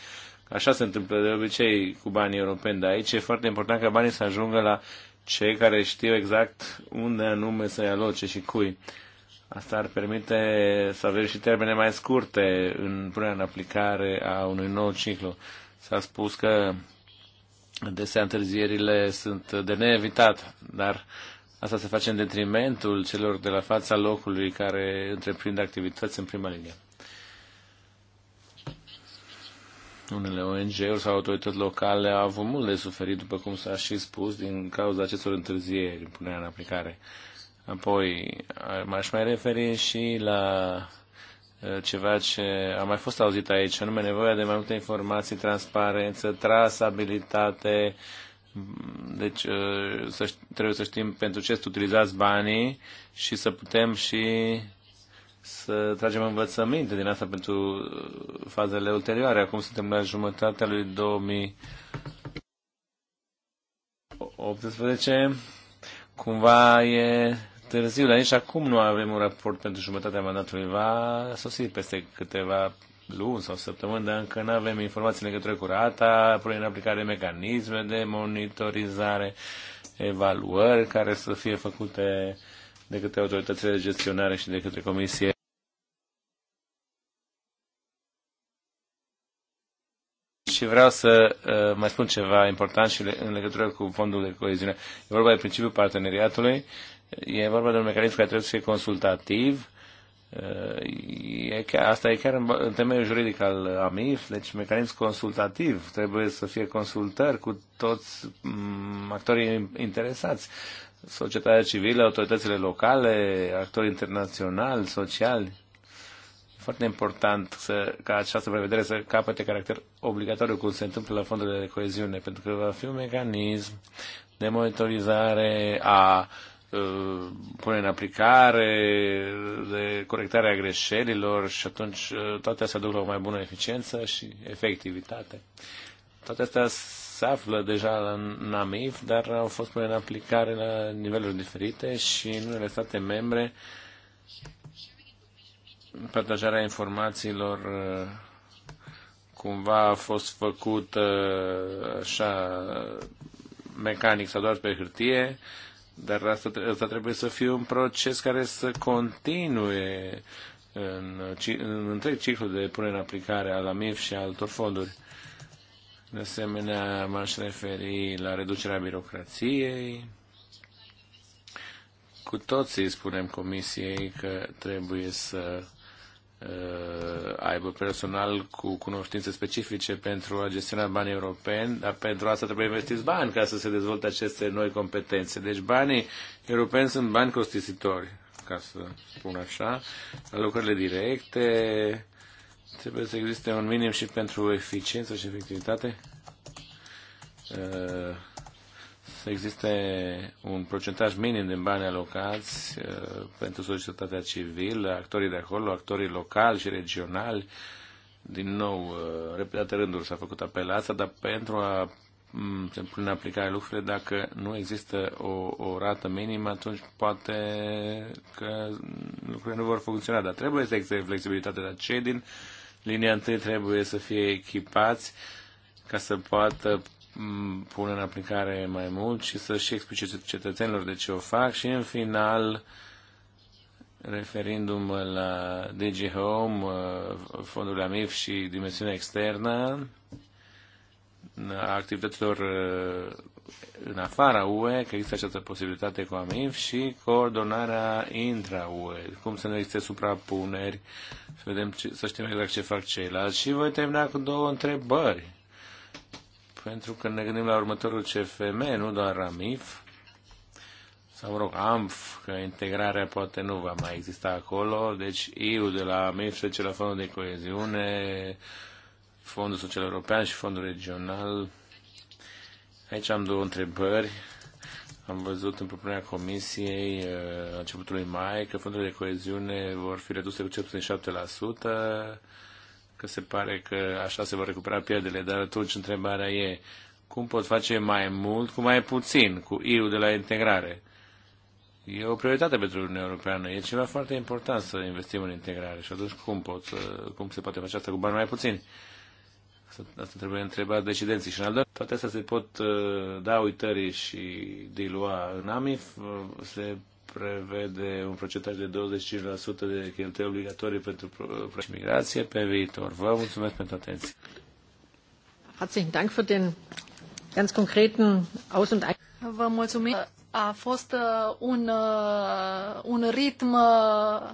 Așa se întâmplă de obicei cu banii europeni, dar aici e foarte important ca banii să ajungă la cei care știu exact unde anume să-i aloce și cui. Asta ar permite să avem și termene mai scurte în punerea în aplicare a unui nou ciclu. S-a spus că adesea întârzierile sunt de neevitat, dar asta se face în detrimentul celor de la fața locului care întreprind activități în prima linie. Unele ONG-uri sau autorități locale au avut mult de suferit, după cum s-a și spus, din cauza acestor întârzieri în punerea în aplicare. Apoi m-aș mai referi și la uh, ceva ce a mai fost auzit aici, anume nevoia de mai multe informații, transparență, trasabilitate, deci uh, să, trebuie să știm pentru ce să utilizați banii și să putem și să tragem învățăminte din asta pentru uh, fazele ulterioare. Acum suntem la jumătatea lui 2018. Cumva e târziu, dar nici acum nu avem un raport pentru jumătatea mandatului. Va sosi peste câteva luni sau săptămâni, dar încă nu avem informații în legătură cu rata, pune în aplicare mecanisme de monitorizare, evaluări care să fie făcute de către autoritățile de gestionare și de către comisie. și vreau să uh, mai spun ceva important și le, în legătură cu fondul de coeziune. E vorba de principiul parteneriatului E vorba de un mecanism care trebuie să fie consultativ. E chiar, asta e chiar în, în temeiul juridic al AMIF, deci mecanism consultativ. Trebuie să fie consultări cu toți mm, actorii interesați. Societatea civilă, autoritățile locale, actori internaționali, sociali. E foarte important să, ca această prevedere să capete caracter obligatoriu cum se întâmplă la fondurile de coeziune, pentru că va fi un mecanism de monitorizare a uh, Uh, pune în aplicare, de corectarea greșelilor și atunci uh, toate astea duc la o mai bună eficiență și efectivitate. Toate astea se află deja la AMIF, dar au fost pune în aplicare la niveluri diferite și în unele state membre partajarea informațiilor uh, cumva a fost făcută așa mecanic sau doar pe hârtie, dar asta, asta trebuie să fie un proces care să continue în, în întreg ciclu de punere în aplicare al AMIF și altor fonduri. De asemenea, m-aș referi la reducerea birocrației. Cu toții spunem Comisiei că trebuie să Uh, aibă personal cu cunoștințe specifice pentru a gestiona banii europeni, dar pentru asta trebuie investiți bani ca să se dezvolte aceste noi competențe. Deci banii europeni sunt bani costisitori, ca să spun așa, alocările directe, trebuie să existe un minim și pentru eficiență și efectivitate. Uh, să existe un procentaj minim de bani alocați uh, pentru societatea civilă, actorii de acolo, actorii locali și regionali. Din nou, uh, repetate rânduri s-a făcut apel asta, dar pentru a mm, se pune în aplicare lucrurile, dacă nu există o, o rată minimă, atunci poate că lucrurile nu vor funcționa. Dar trebuie să existe flexibilitate, dar cei din linia întâi trebuie să fie echipați ca să poată pună în aplicare mai mult și să-și explice cetățenilor de ce o fac și în final referindu-mă la DG Home, uh, fondurile AMIF și dimensiunea externă a activităților uh, în afara UE, că există această posibilitate cu AMIF și coordonarea intra-UE, cum să nu existe suprapuneri, să, vedem ce, să știm exact ce fac ceilalți. Și voi termina cu două întrebări pentru că ne gândim la următorul CFM, nu doar RAMIF, sau mă rog, AMF, că integrarea poate nu va mai exista acolo, deci EU de la se trece la Fondul de Coeziune, Fondul Social European și Fondul Regional. Aici am două întrebări. Am văzut în propunerea Comisiei uh, începutului mai că fondurile de coeziune vor fi reduse cu 57% că se pare că așa se vor recupera pierderile, dar atunci întrebarea e cum pot face mai mult cu mai puțin, cu eu de la integrare. E o prioritate pentru Uniunea Europeană. E ceva foarte important să investim în integrare. Și atunci cum, pot, uh, cum se poate face asta cu bani mai puțin Asta trebuie întrebat decidenții. Și în al doilea, toate astea se pot uh, da uitării și dilua în AMIF, uh, se prevede un procentaj de 25% de cheltuieli obligatorii pentru migrație pe viitor. Vă mulțumesc pentru atenție. Herzlichen Dank für den ganz konkreten Aus- und Vă mulțumim. A fost uh, un, uh, un ritm uh,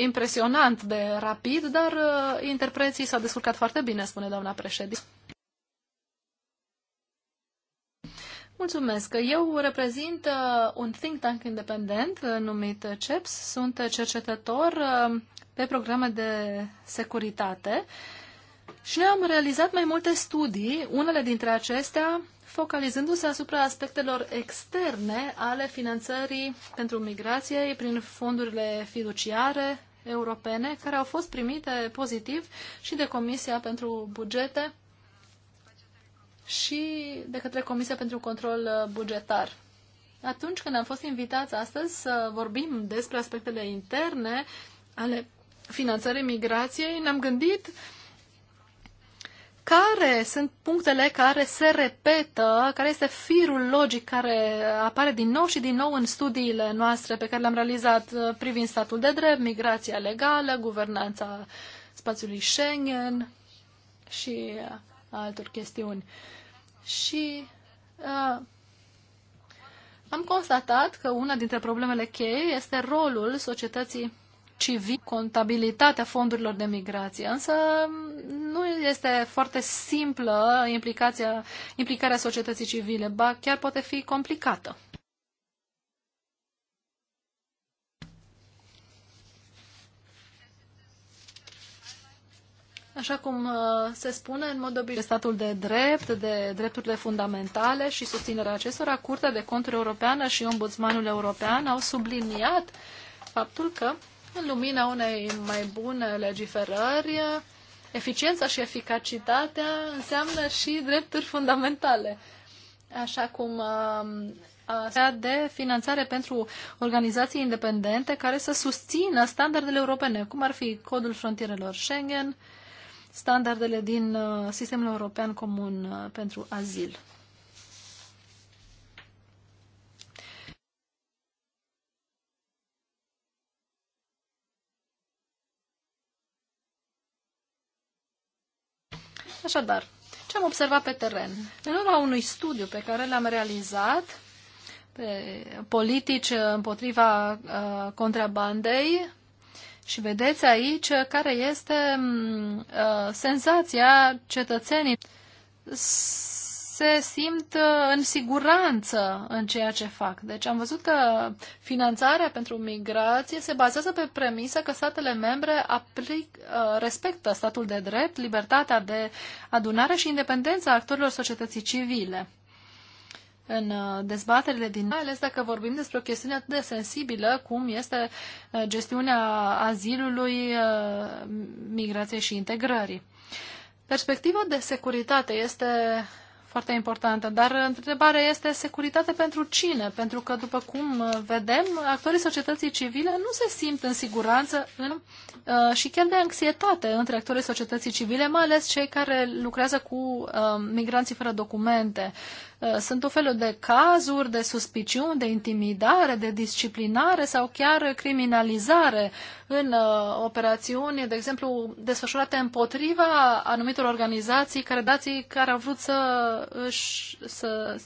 impresionant de rapid, dar interpreții s-au descurcat foarte bine, spune doamna președinte. Mulțumesc. Eu reprezint uh, un think tank independent uh, numit CEPS. Sunt cercetător uh, pe programe de securitate și noi am realizat mai multe studii, unele dintre acestea focalizându-se asupra aspectelor externe ale finanțării pentru migrație prin fondurile fiduciare europene, care au fost primite pozitiv și de Comisia pentru Bugete și de către Comisia pentru Control uh, Bugetar. Atunci când am fost invitați astăzi să vorbim despre aspectele interne ale finanțării migrației, ne-am gândit care sunt punctele care se repetă, care este firul logic care apare din nou și din nou în studiile noastre pe care le-am realizat uh, privind statul de drept, migrația legală, guvernanța spațiului Schengen și uh, altor chestiuni și uh, am constatat că una dintre problemele cheie este rolul societății civile, contabilitatea fondurilor de migrație, însă nu este foarte simplă implicația, implicarea societății civile, ba chiar poate fi complicată. Așa cum uh, se spune în mod obișnuit, statul de drept, de drepturile fundamentale și susținerea acestora, Curtea de Conturi Europeană și Ombudsmanul European au subliniat faptul că, în lumina unei mai bune legiferări, eficiența și eficacitatea înseamnă și drepturi fundamentale. Așa cum um, de finanțare pentru organizații independente care să susțină standardele europene, cum ar fi codul frontierelor Schengen, standardele din uh, sistemul european comun uh, pentru azil. Așadar, ce am observat pe teren? În urma unui studiu pe care l-am realizat, pe politici împotriva uh, contrabandei, și vedeți aici care este mm, uh, senzația cetățenii. Se simt uh, în siguranță în ceea ce fac. Deci am văzut că finanțarea pentru migrație se bazează pe premisa că statele membre aplic, uh, respectă statul de drept, libertatea de adunare și independența actorilor societății civile în uh, dezbaterile din mai ales dacă vorbim despre o chestiune atât de sensibilă cum este uh, gestiunea azilului, uh, migrației și integrării. Perspectiva de securitate este foarte importantă, dar întrebarea este securitate pentru cine? Pentru că, după cum vedem, actorii societății civile nu se simt în siguranță în, uh, și chiar de anxietate între actorii societății civile, mai ales cei care lucrează cu uh, migranții fără documente, Uh, sunt o felul de cazuri, de suspiciuni, de intimidare, de disciplinare sau chiar criminalizare în uh, operațiuni, de exemplu, desfășurate împotriva anumitor organizații, cărădații care au vrut să își, să,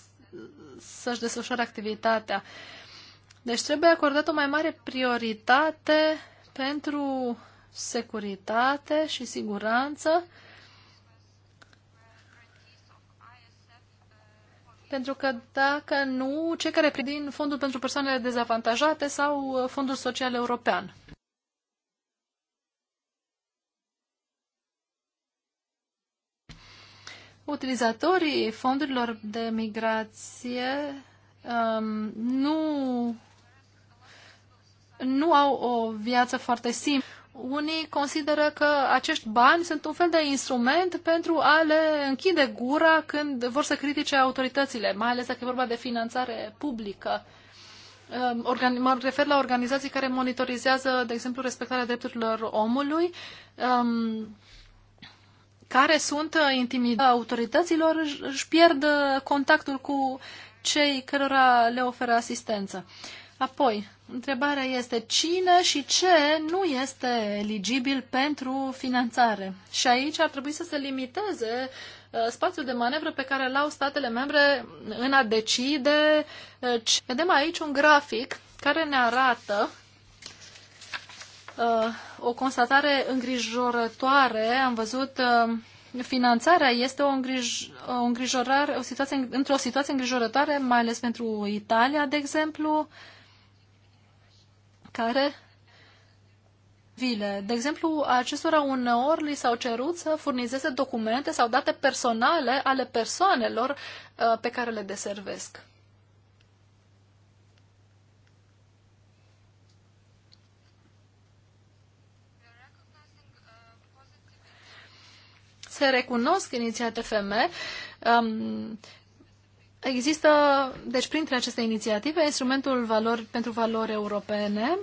să-și desfășoare activitatea. Deci trebuie acordată o mai mare prioritate pentru securitate și siguranță Pentru că dacă nu, cei care prind Fondul pentru persoanele dezavantajate sau uh, Fondul Social European. Utilizatorii fondurilor de migrație um, nu, nu au o viață foarte simplă unii consideră că acești bani sunt un fel de instrument pentru a le închide gura când vor să critique autoritățile, mai ales dacă e vorba de finanțare publică. Ehm, mă refer la organizații care monitorizează, de exemplu, respectarea drepturilor omului, ehm, care sunt uh, intimidate Autorităților își pierd uh, contactul cu cei cărora le oferă asistență. Apoi, Întrebarea este cine și ce nu este eligibil pentru finanțare. Și aici ar trebui să se limiteze uh, spațiul de manevră pe care l-au statele membre în a decide. Uh, Vedem aici un grafic care ne arată uh, o constatare îngrijorătoare. Am văzut finanțarea este o, îngrij, o îngrijorare, o situație, într-o situație îngrijorătoare, mai ales pentru Italia, de exemplu care vile. De exemplu, acestora uneori li s-au cerut să furnizeze documente sau date personale ale persoanelor uh, pe care le deservesc. se recunosc inițiate femei um, Există, deci, printre aceste inițiative, instrumentul valori, pentru valori europene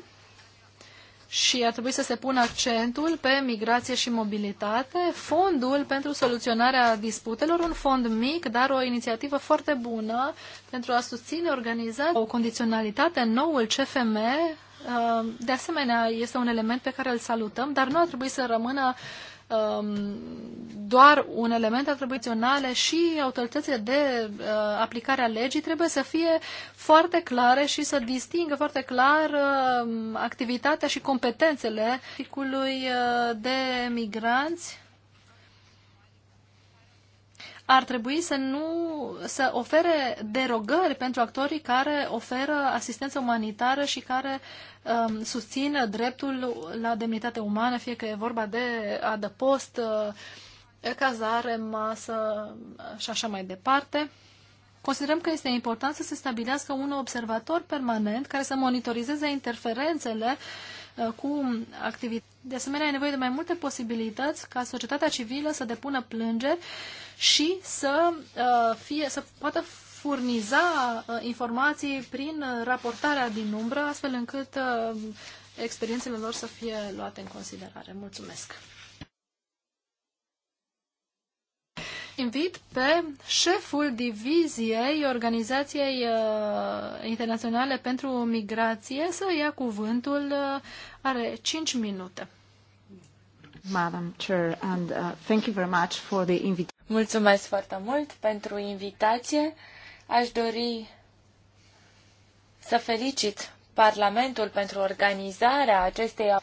și ar trebui să se pună accentul pe migrație și mobilitate, fondul pentru soluționarea disputelor, un fond mic, dar o inițiativă foarte bună pentru a susține organizația, o condiționalitate în noul CFM. Uh, de asemenea, este un element pe care îl salutăm, dar nu ar trebui să rămână um, doar un element al tradiționale și autoritățile de uh, aplicare a legii trebuie să fie foarte clare și să distingă foarte clar uh, activitatea și competențele ficului uh, de migranți ar trebui să nu să ofere derogări pentru actorii care oferă asistență umanitară și care um, susțin dreptul la demnitate umană, fie că e vorba de adăpost, uh, cazare, masă și așa mai departe. Considerăm că este important să se stabilească un observator permanent care să monitorizeze interferențele uh, cu activități. De asemenea, e nevoie de mai multe posibilități ca societatea civilă să depună plângeri și să, uh, fie, să poată furniza uh, informații prin uh, raportarea din umbră, astfel încât experiențele lor să fie luate în considerare. Mulțumesc! invit pe șeful diviziei Organizației uh, Internaționale pentru Migrație să ia cuvântul. Uh, are 5 minute. Madam Chair, and uh, thank you very much for the invitation. Mulțumesc foarte mult pentru invitație. Aș dori să felicit Parlamentul pentru organizarea acestei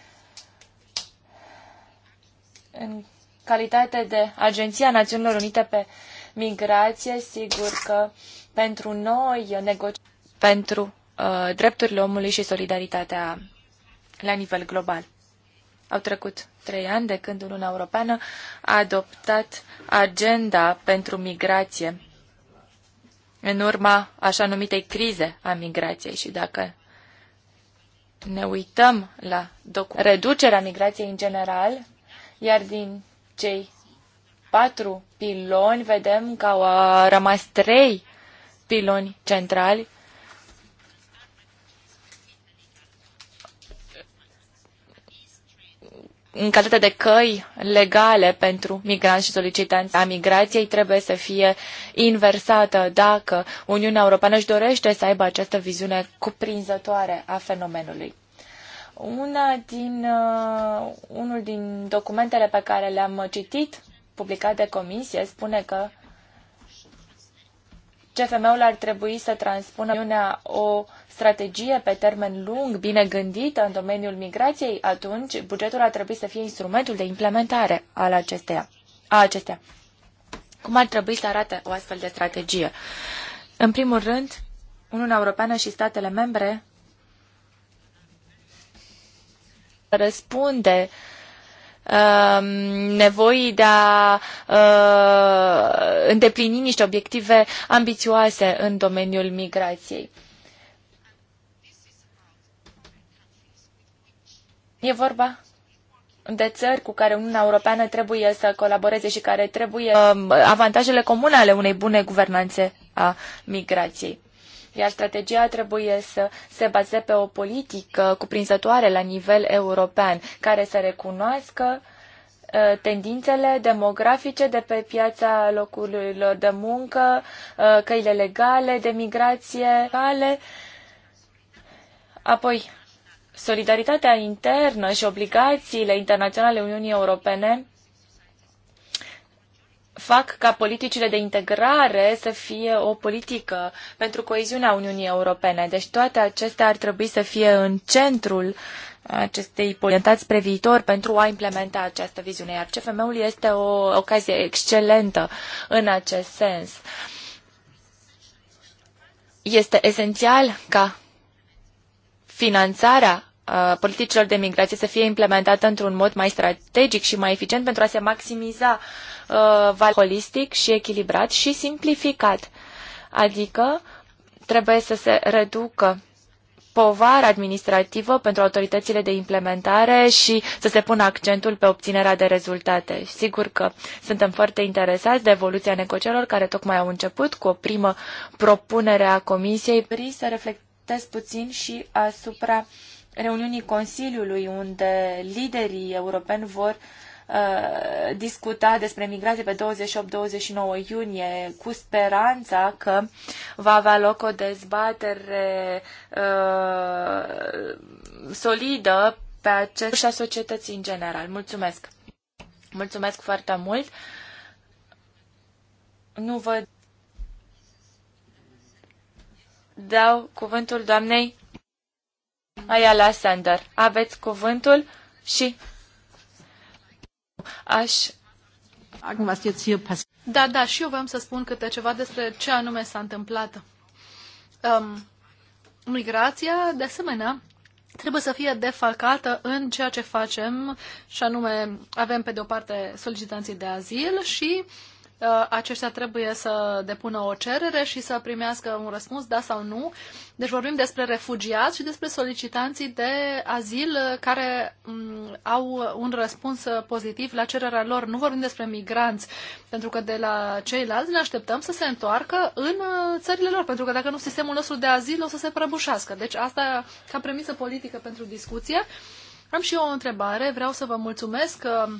în calitate de Agenția Națiunilor Unite pe Migrație, sigur că pentru noi, negoci- pentru uh, drepturile omului și solidaritatea la nivel global. Au trecut trei ani de când Uniunea Europeană a adoptat agenda pentru migrație în urma așa numitei crize a migrației și dacă ne uităm la reducerea migrației în general, iar din cei patru piloni vedem că au rămas trei piloni centrali în calitate de căi legale pentru migranți și solicitanți a migrației trebuie să fie inversată dacă Uniunea Europeană își dorește să aibă această viziune cuprinzătoare a fenomenului. Una din, uh, unul din documentele pe care le-am citit, publicat de comisie, spune că CFM-ul ar trebui să transpună Uniunea o strategie pe termen lung, bine gândită în domeniul migrației, atunci bugetul ar trebui să fie instrumentul de implementare al acesteia, a acesteia. Cum ar trebui să arate o astfel de strategie? În primul rând, Uniunea Europeană și statele membre răspunde uh, Um, nevoii de a uh, îndeplini niște obiective ambițioase în domeniul migrației. E vorba de țări cu care Uniunea Europeană trebuie să colaboreze și care trebuie um, avantajele comune ale unei bune guvernanțe a migrației iar strategia trebuie să se bazeze pe o politică cuprinzătoare la nivel european, care să recunoască ă, tendințele demografice de pe piața locurilor de muncă, ă, căile legale de migrație, cale. Apoi, solidaritatea internă și obligațiile internaționale Uniunii Europene fac ca politicile de integrare să fie o politică pentru coeziunea Uniunii Europene. Deci toate acestea ar trebui să fie în centrul acestei orientați spre viitor pentru a implementa această viziune. Iar CFM-ul este o ocazie excelentă în acest sens. Este esențial ca finanțarea Uh, politicilor de migrație să fie implementată într-un mod mai strategic și mai eficient pentru a se maximiza uh, holistic și echilibrat și simplificat. Adică trebuie să se reducă povară administrativă pentru autoritățile de implementare și să se pună accentul pe obținerea de rezultate. Sigur că suntem foarte interesați de evoluția negocierilor care tocmai au început cu o primă propunere a Comisiei. Vrei să reflectez puțin și asupra uh, reuniunii Consiliului, unde liderii europeni vor uh, discuta despre migrație pe 28-29 iunie cu speranța că va avea loc o dezbatere uh, solidă pe acest și a societății în general. Mulțumesc! Mulțumesc foarte mult! Nu vă Dau cuvântul doamnei la Sander. Aveți cuvântul și aș... Da, da, și eu vreau să spun câte ceva despre ce anume s-a întâmplat. Um, migrația, de asemenea, trebuie să fie defalcată în ceea ce facem, și anume avem pe de o parte solicitanții de azil și uh, Uh, aceștia trebuie să depună o cerere și să primească un răspuns, da sau nu. Deci vorbim despre refugiați și despre solicitanții de azil care mm, au un răspuns pozitiv la cererea lor. Nu vorbim despre migranți, pentru că de la ceilalți ne așteptăm să se întoarcă în uh, țările lor, pentru că dacă nu, sistemul nostru de azil o să se prăbușească. Deci asta ca premisă politică pentru discuție. Am și eu o întrebare. Vreau să vă mulțumesc că uh,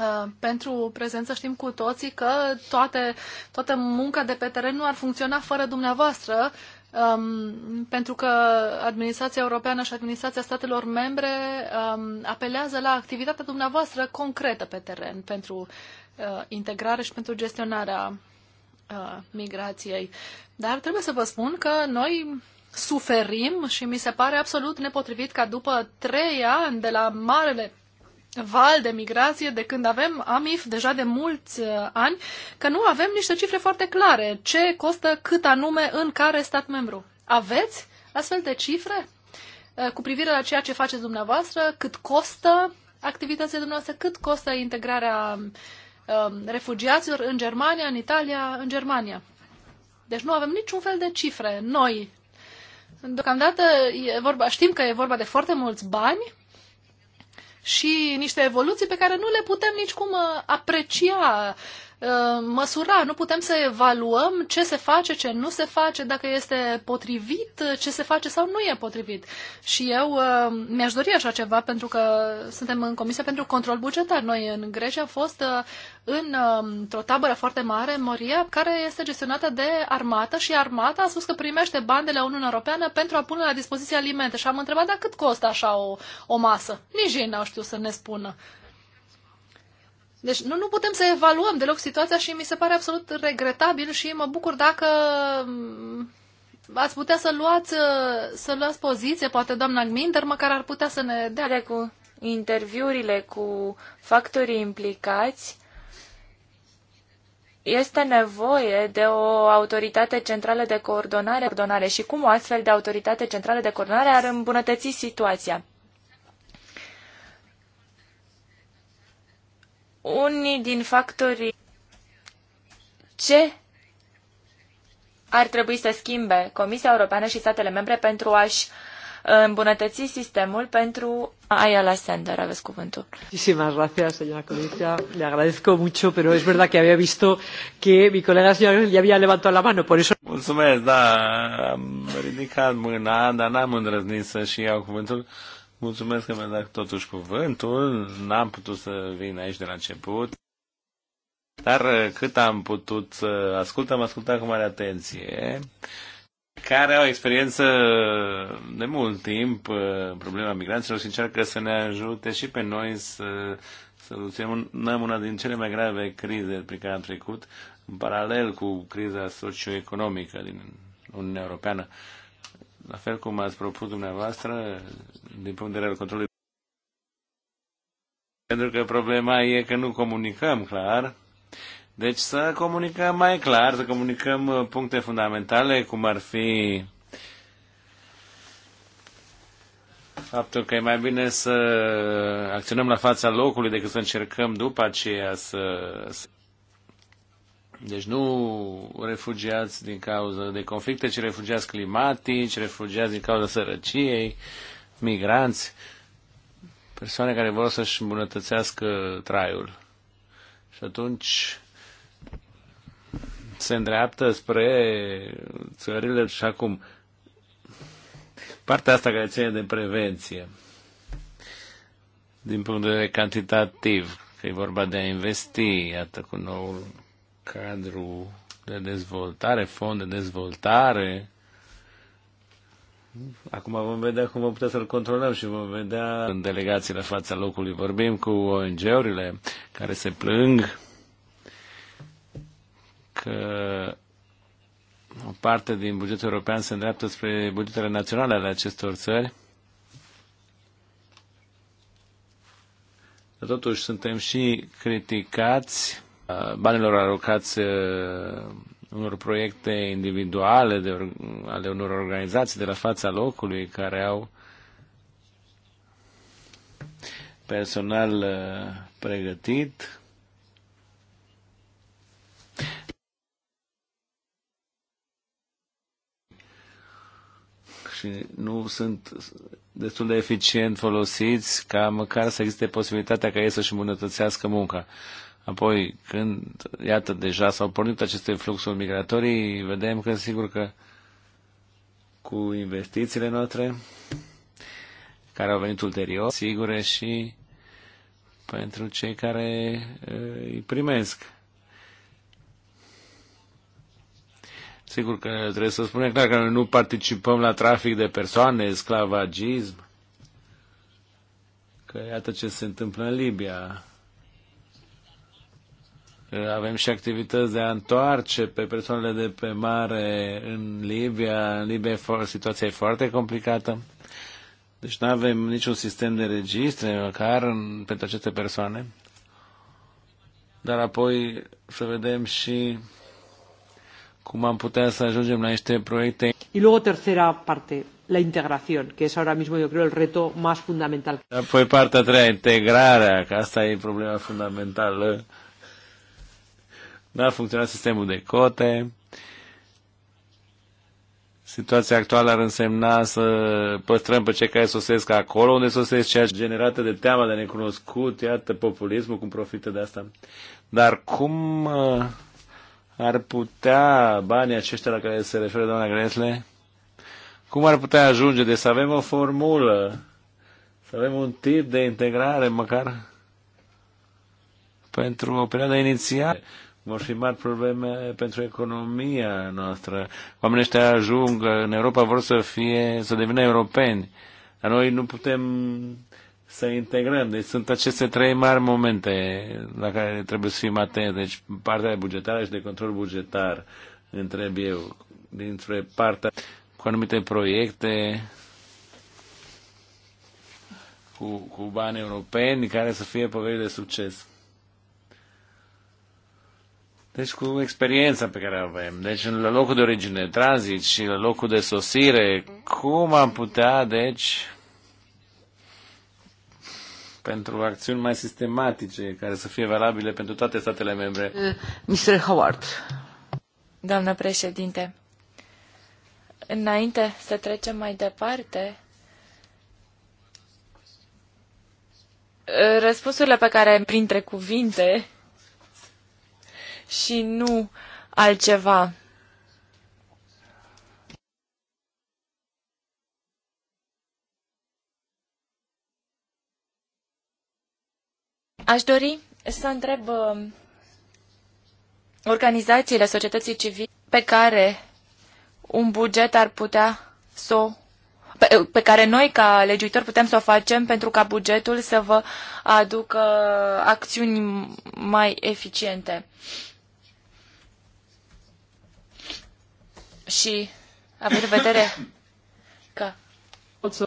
Uh, pentru prezență. Știm cu toții că toate, toată munca de pe teren nu ar funcționa fără dumneavoastră, um, pentru că administrația europeană și administrația statelor membre um, apelează la activitatea dumneavoastră concretă pe teren pentru uh, integrare și pentru gestionarea uh, migrației. Dar trebuie să vă spun că noi suferim și mi se pare absolut nepotrivit ca după trei ani de la marele val de migrație de când avem AMIF deja de mulți uh, ani, că nu avem niște cifre foarte clare. Ce costă cât anume în care stat membru? Aveți astfel de cifre uh, cu privire la ceea ce faceți dumneavoastră, cât costă activitățile dumneavoastră, cât costă integrarea um, refugiaților în Germania, în Italia, în Germania. Deci nu avem niciun fel de cifre noi. Deocamdată e vorba, știm că e vorba de foarte mulți bani, și niște evoluții pe care nu le putem nici cum uh, aprecia Uh, măsura, nu putem să evaluăm ce se face, ce nu se face, dacă este potrivit, uh, ce se face sau nu e potrivit. Și eu uh, mi-aș dori așa ceva pentru că suntem în Comisia pentru Control Bugetar. Noi în Grecia am fost în, um, într-o tabără foarte mare, Moria, care este gestionată de armată și armata a spus că primește bani de la Uniunea Europeană pentru a pune la dispoziție alimente. Și am întrebat, dar cât costă așa o, o masă? Nici ei n-au știut să ne spună. Deci nu, nu putem să evaluăm deloc situația și mi se pare absolut regretabil și mă bucur dacă mm, ați putea să luați, să luați poziție, poate doamna Gminder măcar ar putea să ne dea. De cu interviurile cu factorii implicați, este nevoie de o autoritate centrală de coordonare, coordonare și cum o astfel de autoritate centrală de coordonare ar îmbunătăți situația. unii din factorii ce ar trebui să schimbe Comisia Europeană și statele membre pentru a-și uh, îmbunătăți sistemul pentru aia la Sender. Aveți cuvântul. Muchísimas gracias, señora Comisaria. Le agradezco mucho, pero es verdad que había visto que mi colega señor ya había levantado la mano, por eso... Mulțumesc, da, am ridicat mâna, dar n-am îndrăznit să și iau cuvântul. Mulțumesc că mi-a dat totuși cuvântul. N-am putut să vin aici de la început. Dar uh, cât am putut să ascult, am ascultat cu mare atenție. Care au experiență de mult timp în uh, problema migranților și încearcă să ne ajute și pe noi să soluționăm una din cele mai grave crize prin care am trecut, în paralel cu criza socioeconomică din Uniunea Europeană la fel cum ați propus dumneavoastră, din punct de vedere al controlului. Pentru că problema e că nu comunicăm clar. Deci să comunicăm mai clar, să comunicăm uh, puncte fundamentale, cum ar fi faptul că e mai bine să acționăm la fața locului decât să încercăm după aceea să, să deci nu refugiați din cauza de conflicte, ci refugiați climatici, refugiați din cauza sărăciei, migranți, persoane care vor să-și îmbunătățească traiul. Și atunci se îndreaptă spre țările și acum partea asta care ține de prevenție din punct de vedere cantitativ, că e vorba de a investi, iată, cu noul cadru de dezvoltare, fond de dezvoltare. Acum vom vedea cum vom putea să-l controlăm și vom vedea în delegații la fața locului. Vorbim cu ONG-urile care se plâng că o parte din bugetul european se îndreaptă spre bugetele naționale ale acestor țări. totuși suntem și criticați Uh, banilor alocați uh, unor proiecte individuale de, ale unor organizații de la fața locului care au personal uh, pregătit. Și nu sunt destul de eficient folosiți ca măcar să existe posibilitatea ca ei să-și îmbunătățească munca. Apoi, când, iată, deja s-au pornit aceste fluxuri migratorii, vedem că, sigur că, cu investițiile noastre, care au venit ulterior, sigure și pentru cei care îi primesc. Sigur că trebuie să spunem clar că noi nu participăm la trafic de persoane, sclavagism, că iată ce se întâmplă în Libia avem și activități de a întoarce pe persoanele de pe mare în Libia. În Libia situația e foarte complicată. Deci nu avem niciun sistem de registre, măcar în, pentru aceste persoane. Dar apoi să vedem și cum am putea să ajungem la niște proiecte. Și luego tercera parte, la integración, que es ahora mismo yo creo el reto más fundamental. Apoi partea a treia, integrarea, că asta e problema fundamentală n-a funcționat sistemul de cote, situația actuală ar însemna să păstrăm pe cei care sosesc acolo unde sosesc ceea ce generată de teama de necunoscut, iată populismul cum profită de asta. Dar cum uh, ar putea banii aceștia la care se referă doamna Gresle, cum ar putea ajunge de deci să avem o formulă, să avem un tip de integrare măcar pentru o perioadă inițială? vor fi mari probleme pentru economia noastră. Oamenii ăștia ajung în Europa, vor să fie, să devină europeni. Dar noi nu putem să integrăm. Deci sunt aceste trei mari momente la care trebuie să fim atenți. Deci partea bugetară și de control bugetar, întreb eu, dintre partea cu anumite proiecte, cu, cu bani europeni care să fie poveri de succes. Deci cu experiența pe care o avem, deci în locul de origine, tranzit și în locul de sosire, cum am putea, deci, pentru acțiuni mai sistematice care să fie valabile pentru toate statele membre. Uh, Mr. Howard. Doamnă președinte, înainte să trecem mai departe, uh, răspunsurile pe care, printre cuvinte, și nu altceva. Aș dori să întreb um, organizațiile societății civile pe care un buget ar putea să o pe, pe care noi ca legiuitori putem să o facem pentru ca bugetul să vă aducă acțiuni mai eficiente. și având în vedere că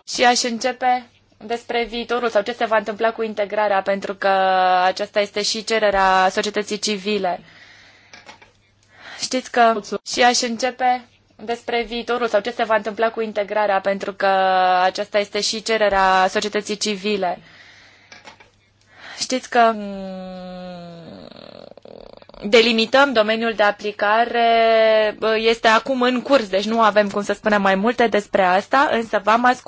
și aș începe despre viitorul sau ce se va întâmpla cu integrarea, pentru că aceasta este și cererea societății civile. Știți că și aș începe despre viitorul sau ce se va întâmpla cu integrarea, pentru că aceasta este și cererea societății civile. Știți că mm, delimităm domeniul de aplicare este acum în curs, deci nu avem cum să spunem mai multe despre asta, însă v-am ascultat